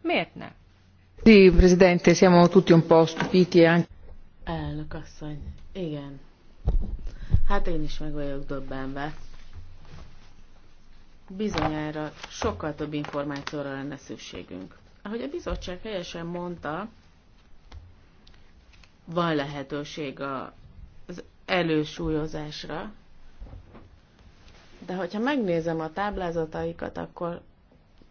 Miért ne? E Elnök asszony, igen. Hát én is meg vagyok döbbenve. Bizonyára sokkal több információra lenne szükségünk. Ahogy a bizottság helyesen mondta, van lehetőség az elősúlyozásra, de hogyha megnézem a táblázataikat, akkor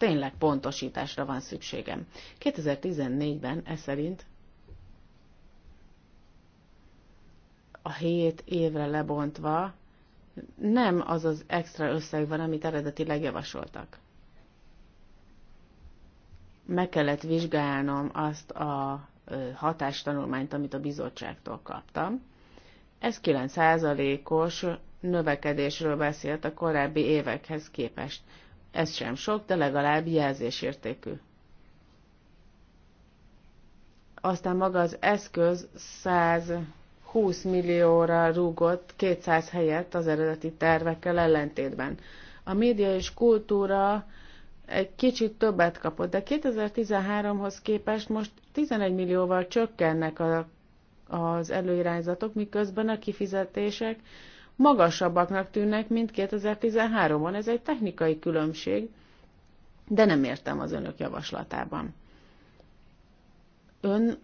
tényleg pontosításra van szükségem. 2014-ben ez szerint a 7 évre lebontva nem az az extra összeg van, amit eredetileg javasoltak. Meg kellett vizsgálnom azt a hatástanulmányt, amit a bizottságtól kaptam. Ez 9%-os növekedésről beszélt a korábbi évekhez képest. Ez sem sok, de legalább jelzésértékű. Aztán maga az eszköz 120 millióra rúgott 200 helyett az eredeti tervekkel ellentétben. A média és kultúra egy kicsit többet kapott, de 2013-hoz képest most 11 millióval csökkennek a, az előirányzatok, miközben a kifizetések magasabbaknak tűnnek, mint 2013-ban. Ez egy technikai különbség, de nem értem az önök javaslatában. Ön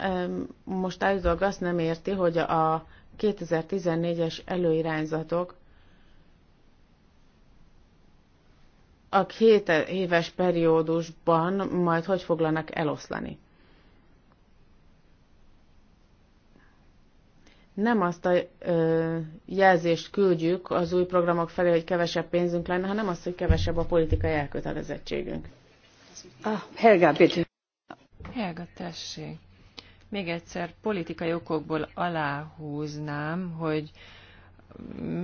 most állítólag azt nem érti, hogy a 2014-es előirányzatok a 7 éves periódusban majd hogy foglanak eloszlani. nem azt a ö, jelzést küldjük az új programok felé, hogy kevesebb pénzünk lenne, hanem azt, hogy kevesebb a politikai elkötelezettségünk. Ah, Helga, bitte. Helga, tessék. Még egyszer politikai okokból aláhúznám, hogy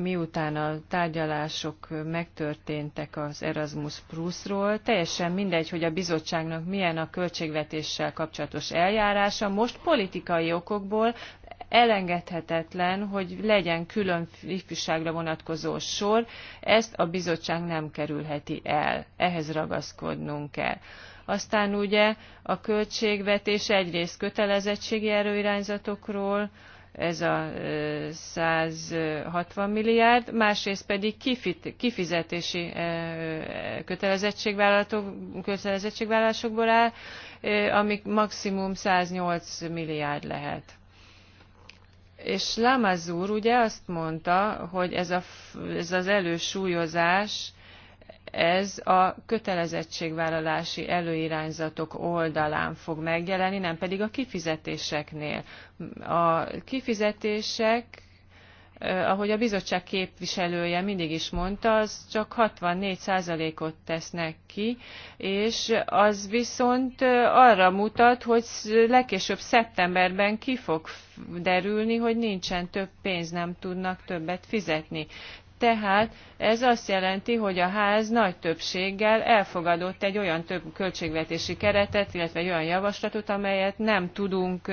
miután a tárgyalások megtörténtek az Erasmus Plus-ról, teljesen mindegy, hogy a bizottságnak milyen a költségvetéssel kapcsolatos eljárása, most politikai okokból elengedhetetlen, hogy legyen külön ifjúságra vonatkozó sor, ezt a bizottság nem kerülheti el, ehhez ragaszkodnunk kell. Aztán ugye a költségvetés egyrészt kötelezettségi erőirányzatokról, ez a 160 milliárd, másrészt pedig kifizetési kötelezettségvállalásokból áll, amik maximum 108 milliárd lehet. És Lamazur ugye azt mondta, hogy ez, a, ez az elősúlyozás, ez a kötelezettségvállalási előirányzatok oldalán fog megjelenni, nem pedig a kifizetéseknél. A kifizetések Eh, ahogy a bizottság képviselője mindig is mondta, az csak 64%-ot tesznek ki, és az viszont eh, arra mutat, hogy legkésőbb szeptemberben ki fog derülni, hogy nincsen több pénz, nem tudnak többet fizetni. Tehát ez azt jelenti, hogy a ház nagy többséggel elfogadott egy olyan több költségvetési keretet, illetve egy olyan javaslatot, amelyet nem tudunk,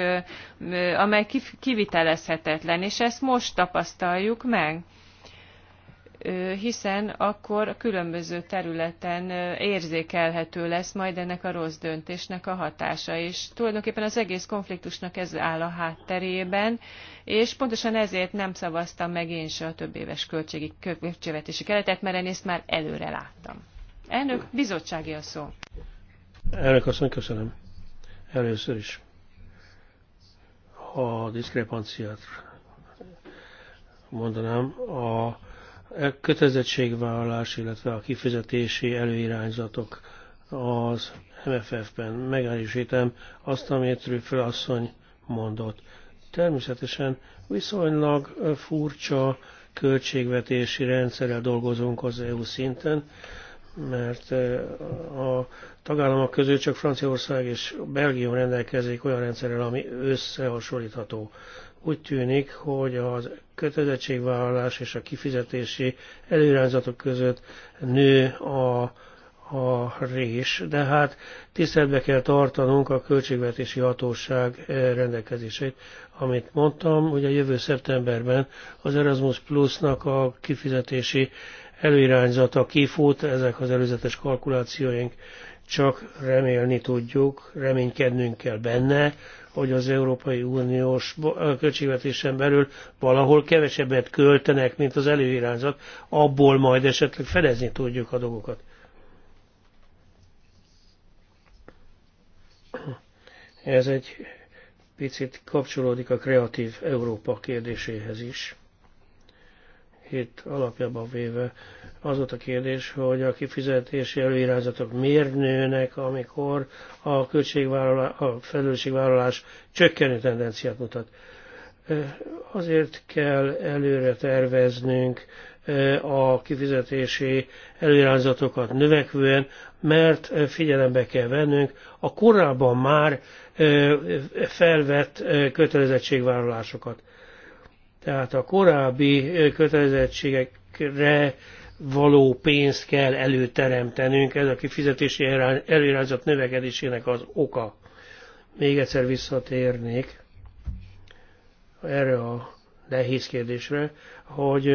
amely kivitelezhetetlen, és ezt most tapasztaljuk meg hiszen akkor a különböző területen érzékelhető lesz majd ennek a rossz döntésnek a hatása. És tulajdonképpen az egész konfliktusnak ez áll a hátterében, és pontosan ezért nem szavaztam meg én se a több éves költségi, költségvetési keretet, mert én ezt már előre láttam. Elnök, bizottsági a szó. Elnök asszony, köszönöm. Először is, ha a diszkrepanciát mondanám, a kötelezettségvállalás, illetve a kifizetési előirányzatok az MFF-ben. Megerősítem azt, amit Rüffel asszony mondott. Természetesen viszonylag furcsa költségvetési rendszerrel dolgozunk az EU szinten, mert a tagállamok közül csak Franciaország és Belgium rendelkezik olyan rendszerrel, ami összehasonlítható. Úgy tűnik, hogy az kötelezettségvállalás és a kifizetési előirányzatok között nő a, a rés, de hát tiszteletbe kell tartanunk a költségvetési hatóság eh, rendelkezéseit. Amit mondtam, hogy a jövő szeptemberben az Erasmus Plusnak a kifizetési előirányzata kifut, ezek az előzetes kalkulációink, csak remélni tudjuk, reménykednünk kell benne, hogy az Európai Uniós költségvetésen belül valahol kevesebbet költenek, mint az előirányzat, abból majd esetleg fedezni tudjuk a dolgokat. Ez egy picit kapcsolódik a kreatív Európa kérdéséhez is hét alapjában véve az volt a kérdés, hogy a kifizetési előirányzatok miért nőnek, amikor a, a felelősségvállalás csökkenő tendenciát mutat. Azért kell előre terveznünk a kifizetési előirányzatokat növekvően, mert figyelembe kell vennünk a korábban már felvett kötelezettségvállalásokat tehát a korábbi kötelezettségekre való pénzt kell előteremtenünk, ez a kifizetési előirányzat növekedésének az oka. Még egyszer visszatérnék erre a nehéz kérdésre, hogy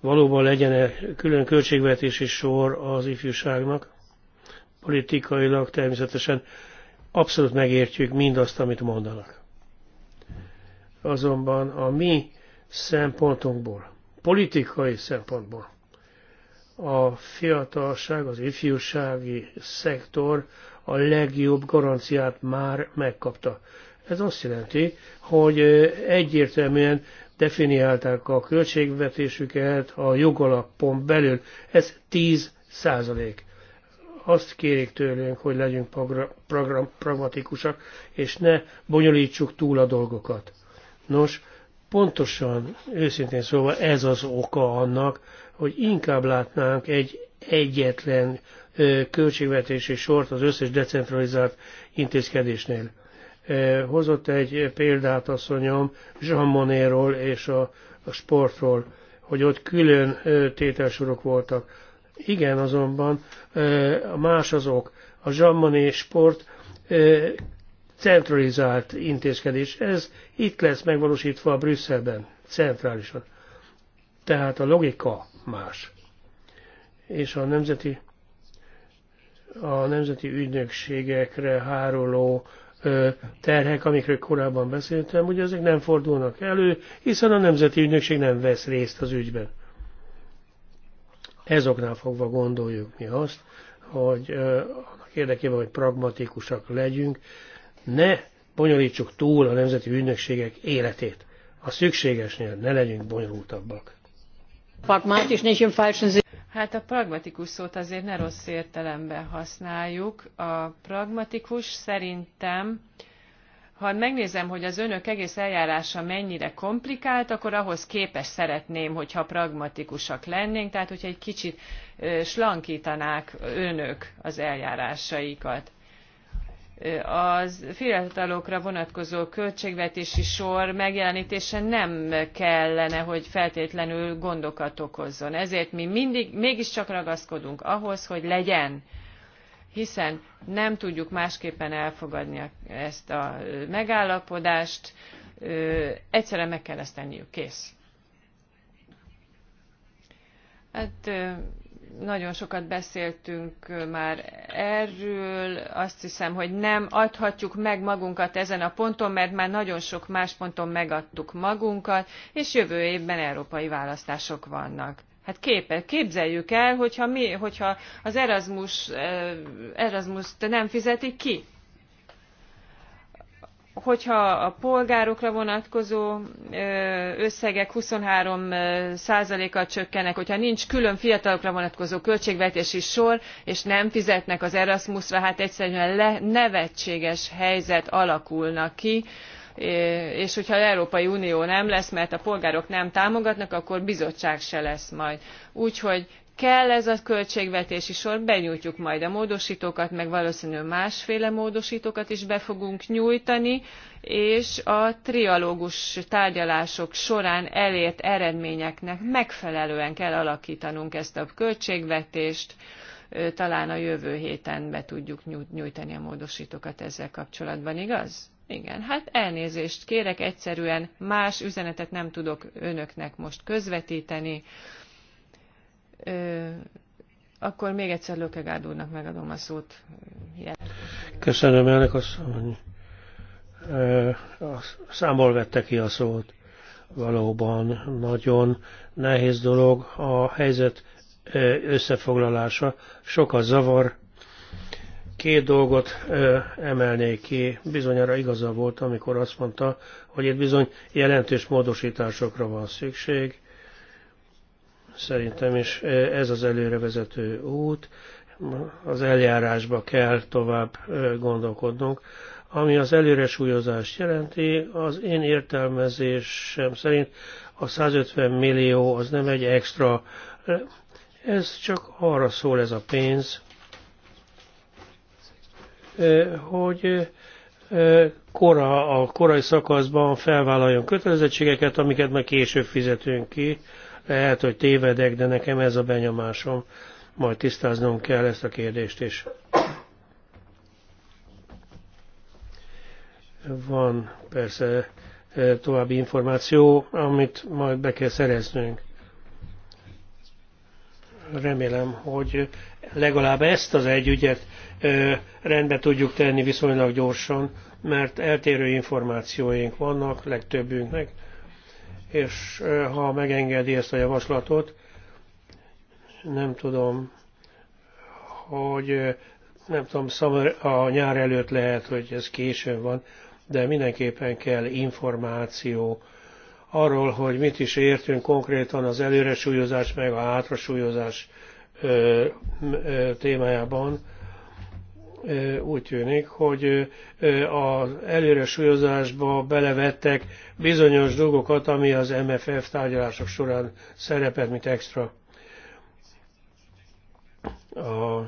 valóban legyen -e külön költségvetési sor az ifjúságnak. Politikailag természetesen abszolút megértjük mindazt, amit mondanak. Azonban a mi szempontokból, politikai szempontból. A fiatalság, az ifjúsági szektor a legjobb garanciát már megkapta. Ez azt jelenti, hogy egyértelműen definiálták a költségvetésüket a jogalapon belül. Ez 10 százalék. Azt kérik tőlünk, hogy legyünk pragmatikusak, és ne bonyolítsuk túl a dolgokat. Nos, Pontosan, őszintén szóval ez az oka annak, hogy inkább látnánk egy egyetlen költségvetési sort az összes decentralizált intézkedésnél. Hozott egy példát asszonyom Jean Monnéról és a, a sportról, hogy ott külön tételsorok voltak. Igen, azonban más azok. A Jean Monnet sport centralizált intézkedés. Ez itt lesz megvalósítva a Brüsszelben, centrálisan. Tehát a logika más. És a nemzeti, a nemzeti ügynökségekre hároló terhek, amikről korábban beszéltem, ugye ezek nem fordulnak elő, hiszen a Nemzeti Ügynökség nem vesz részt az ügyben. Ezoknál fogva gondoljuk mi azt, hogy annak érdekében, hogy pragmatikusak legyünk, ne bonyolítsuk túl a nemzeti ügynökségek életét. A szükségesnél ne legyünk bonyolultabbak. Hát a pragmatikus szót azért ne rossz értelemben használjuk. A pragmatikus szerintem, ha megnézem, hogy az önök egész eljárása mennyire komplikált, akkor ahhoz képes szeretném, hogyha pragmatikusak lennénk, tehát hogyha egy kicsit slankítanák önök az eljárásaikat az fiatalokra vonatkozó költségvetési sor megjelenítése nem kellene, hogy feltétlenül gondokat okozzon. Ezért mi mindig mégiscsak ragaszkodunk ahhoz, hogy legyen hiszen nem tudjuk másképpen elfogadni ezt a megállapodást, egyszerűen meg kell ezt tenniük, kész. Hát nagyon sokat beszéltünk már erről, azt hiszem, hogy nem adhatjuk meg magunkat ezen a ponton, mert már nagyon sok más ponton megadtuk magunkat, és jövő évben európai választások vannak. Hát képe, képzeljük el, hogyha, mi, hogyha az Erasmus, Erasmus-t nem fizeti ki, hogyha a polgárokra vonatkozó összegek 23%-kal csökkenek, hogyha nincs külön fiatalokra vonatkozó költségvetési sor, és nem fizetnek az Erasmusra, hát egyszerűen le, nevetséges helyzet alakulna ki és hogyha az európai unió nem lesz mert a polgárok nem támogatnak akkor bizottság se lesz majd. úgyhogy kell ez a költségvetési sor, benyújtjuk majd a módosítókat, meg valószínűleg másféle módosítókat is be fogunk nyújtani, és a trialógus tárgyalások során elért eredményeknek megfelelően kell alakítanunk ezt a költségvetést, talán a jövő héten be tudjuk nyújtani a módosítókat ezzel kapcsolatban, igaz? Igen, hát elnézést kérek, egyszerűen más üzenetet nem tudok önöknek most közvetíteni akkor még egyszer Lökegárd úrnak megadom a szót. Köszönöm, elnök asszony. Számból vette ki a szót. Valóban nagyon nehéz dolog a helyzet összefoglalása. Sok a zavar. Két dolgot emelnék ki. Bizonyára igaza volt, amikor azt mondta, hogy itt bizony jelentős módosításokra van szükség szerintem, és e, ez az előrevezető út. Az eljárásba kell tovább e, gondolkodnunk. Ami az előre súlyozást jelenti, az én értelmezésem szerint a 150 millió az nem egy extra, e, ez csak arra szól ez a pénz, hogy kora, a korai szakaszban felvállaljon kötelezettségeket, amiket meg később fizetünk ki. Lehet, hogy tévedek, de nekem ez a benyomásom. Majd tisztáznom kell ezt a kérdést is. Van persze e, további információ, amit majd be kell szereznünk. Remélem, hogy legalább ezt az egy ügyet e, rendbe tudjuk tenni viszonylag gyorsan, mert eltérő információink vannak legtöbbünknek és ha megengedi ezt a javaslatot, nem tudom, hogy nem tudom, summer, a nyár előtt lehet, hogy ez későn van, de mindenképpen kell információ arról, hogy mit is értünk konkrétan az előresúlyozás meg a hátrasúlyozás témájában úgy tűnik, hogy az előre súlyozásba belevettek bizonyos dolgokat, ami az MFF tárgyalások során szerepelt, mint extra. A,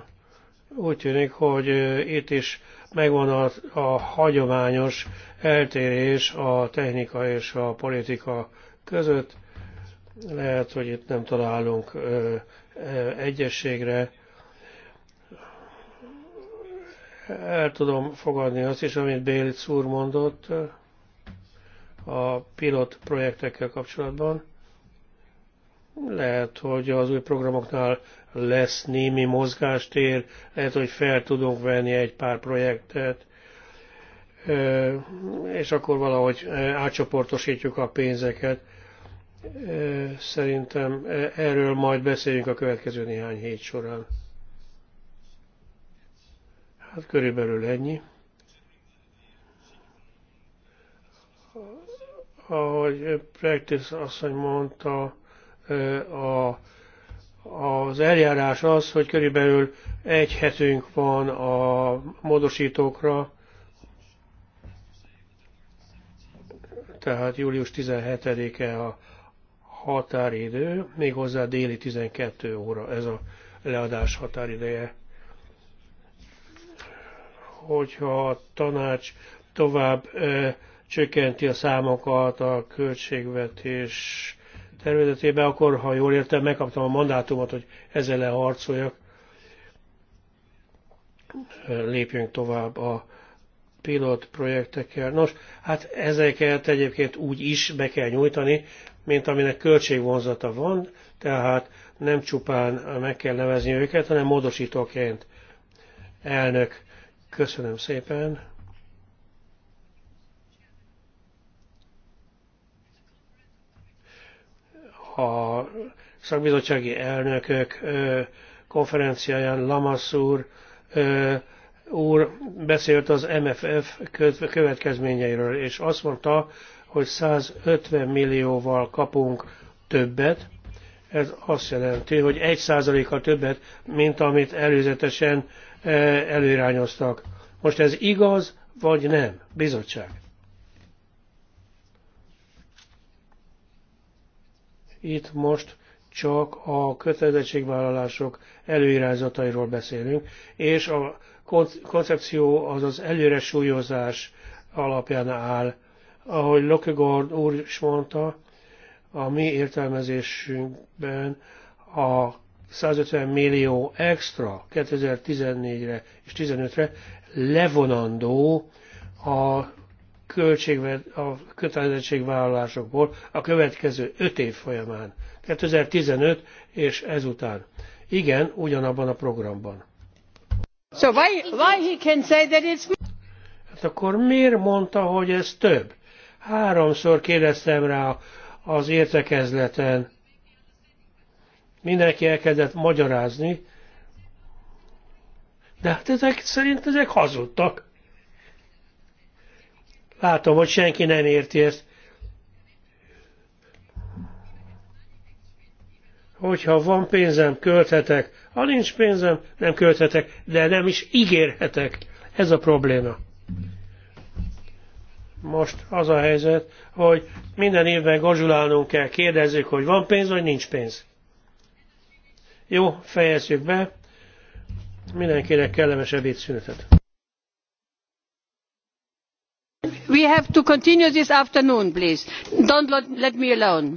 úgy tűnik, hogy itt is megvan a, a hagyományos eltérés a technika és a politika között. Lehet, hogy itt nem találunk ö, ö, egyességre, El tudom fogadni azt is, amit Bélic úr mondott a pilot projektekkel kapcsolatban. Lehet, hogy az új programoknál lesz némi mozgástér, lehet, hogy fel tudunk venni egy pár projektet, és akkor valahogy átcsoportosítjuk a pénzeket. Szerintem erről majd beszéljünk a következő néhány hét során. Hát körülbelül ennyi. Ahogy Practice asszony mondta, a, az eljárás az, hogy körülbelül egy hetünk van a módosítókra, tehát július 17-e a határidő, méghozzá déli 12 óra ez a leadás határideje hogyha a tanács tovább csökkenti a számokat a költségvetés tervezetében, akkor, ha jól értem, megkaptam a mandátumot, hogy ezzel harcoljak. Lépjünk tovább a pilot projektekkel. Nos, hát ezeket egyébként úgy is be kell nyújtani, mint aminek költségvonzata van, tehát nem csupán meg kell nevezni őket, hanem módosítóként. Elnök, Köszönöm szépen. A szakbizottsági elnökök konferenciáján Lamassur úr beszélt az MFF következményeiről, és azt mondta, hogy 150 millióval kapunk többet. Ez azt jelenti, hogy 1%-kal többet, mint amit előzetesen előirányoztak. Most ez igaz, vagy nem? Bizottság. Itt most csak a kötelezettségvállalások előirányzatairól beszélünk, és a koncepció, azaz előre súlyozás alapján áll. Ahogy Lokegord úr is mondta, a mi értelmezésünkben a 150 millió extra 2014-re és 2015-re levonandó a, a kötelezettségvállalásokból a következő 5 év folyamán, 2015 és ezután. Igen, ugyanabban a programban. So why, why he can say that it's... Hát akkor miért mondta, hogy ez több? Háromszor kérdeztem rá az értekezleten, mindenki elkezdett magyarázni, de hát ezek szerint ezek hazudtak. Látom, hogy senki nem érti ezt. Hogyha van pénzem, költhetek. Ha nincs pénzem, nem költhetek, de nem is ígérhetek. Ez a probléma. Most az a helyzet, hogy minden évben gazsulálnunk kell, kérdezzük, hogy van pénz, vagy nincs pénz. Jó, fejezzük be. Mindenkinek kellemes ebédszünetet. We have to continue this afternoon, please. Don't let me alone.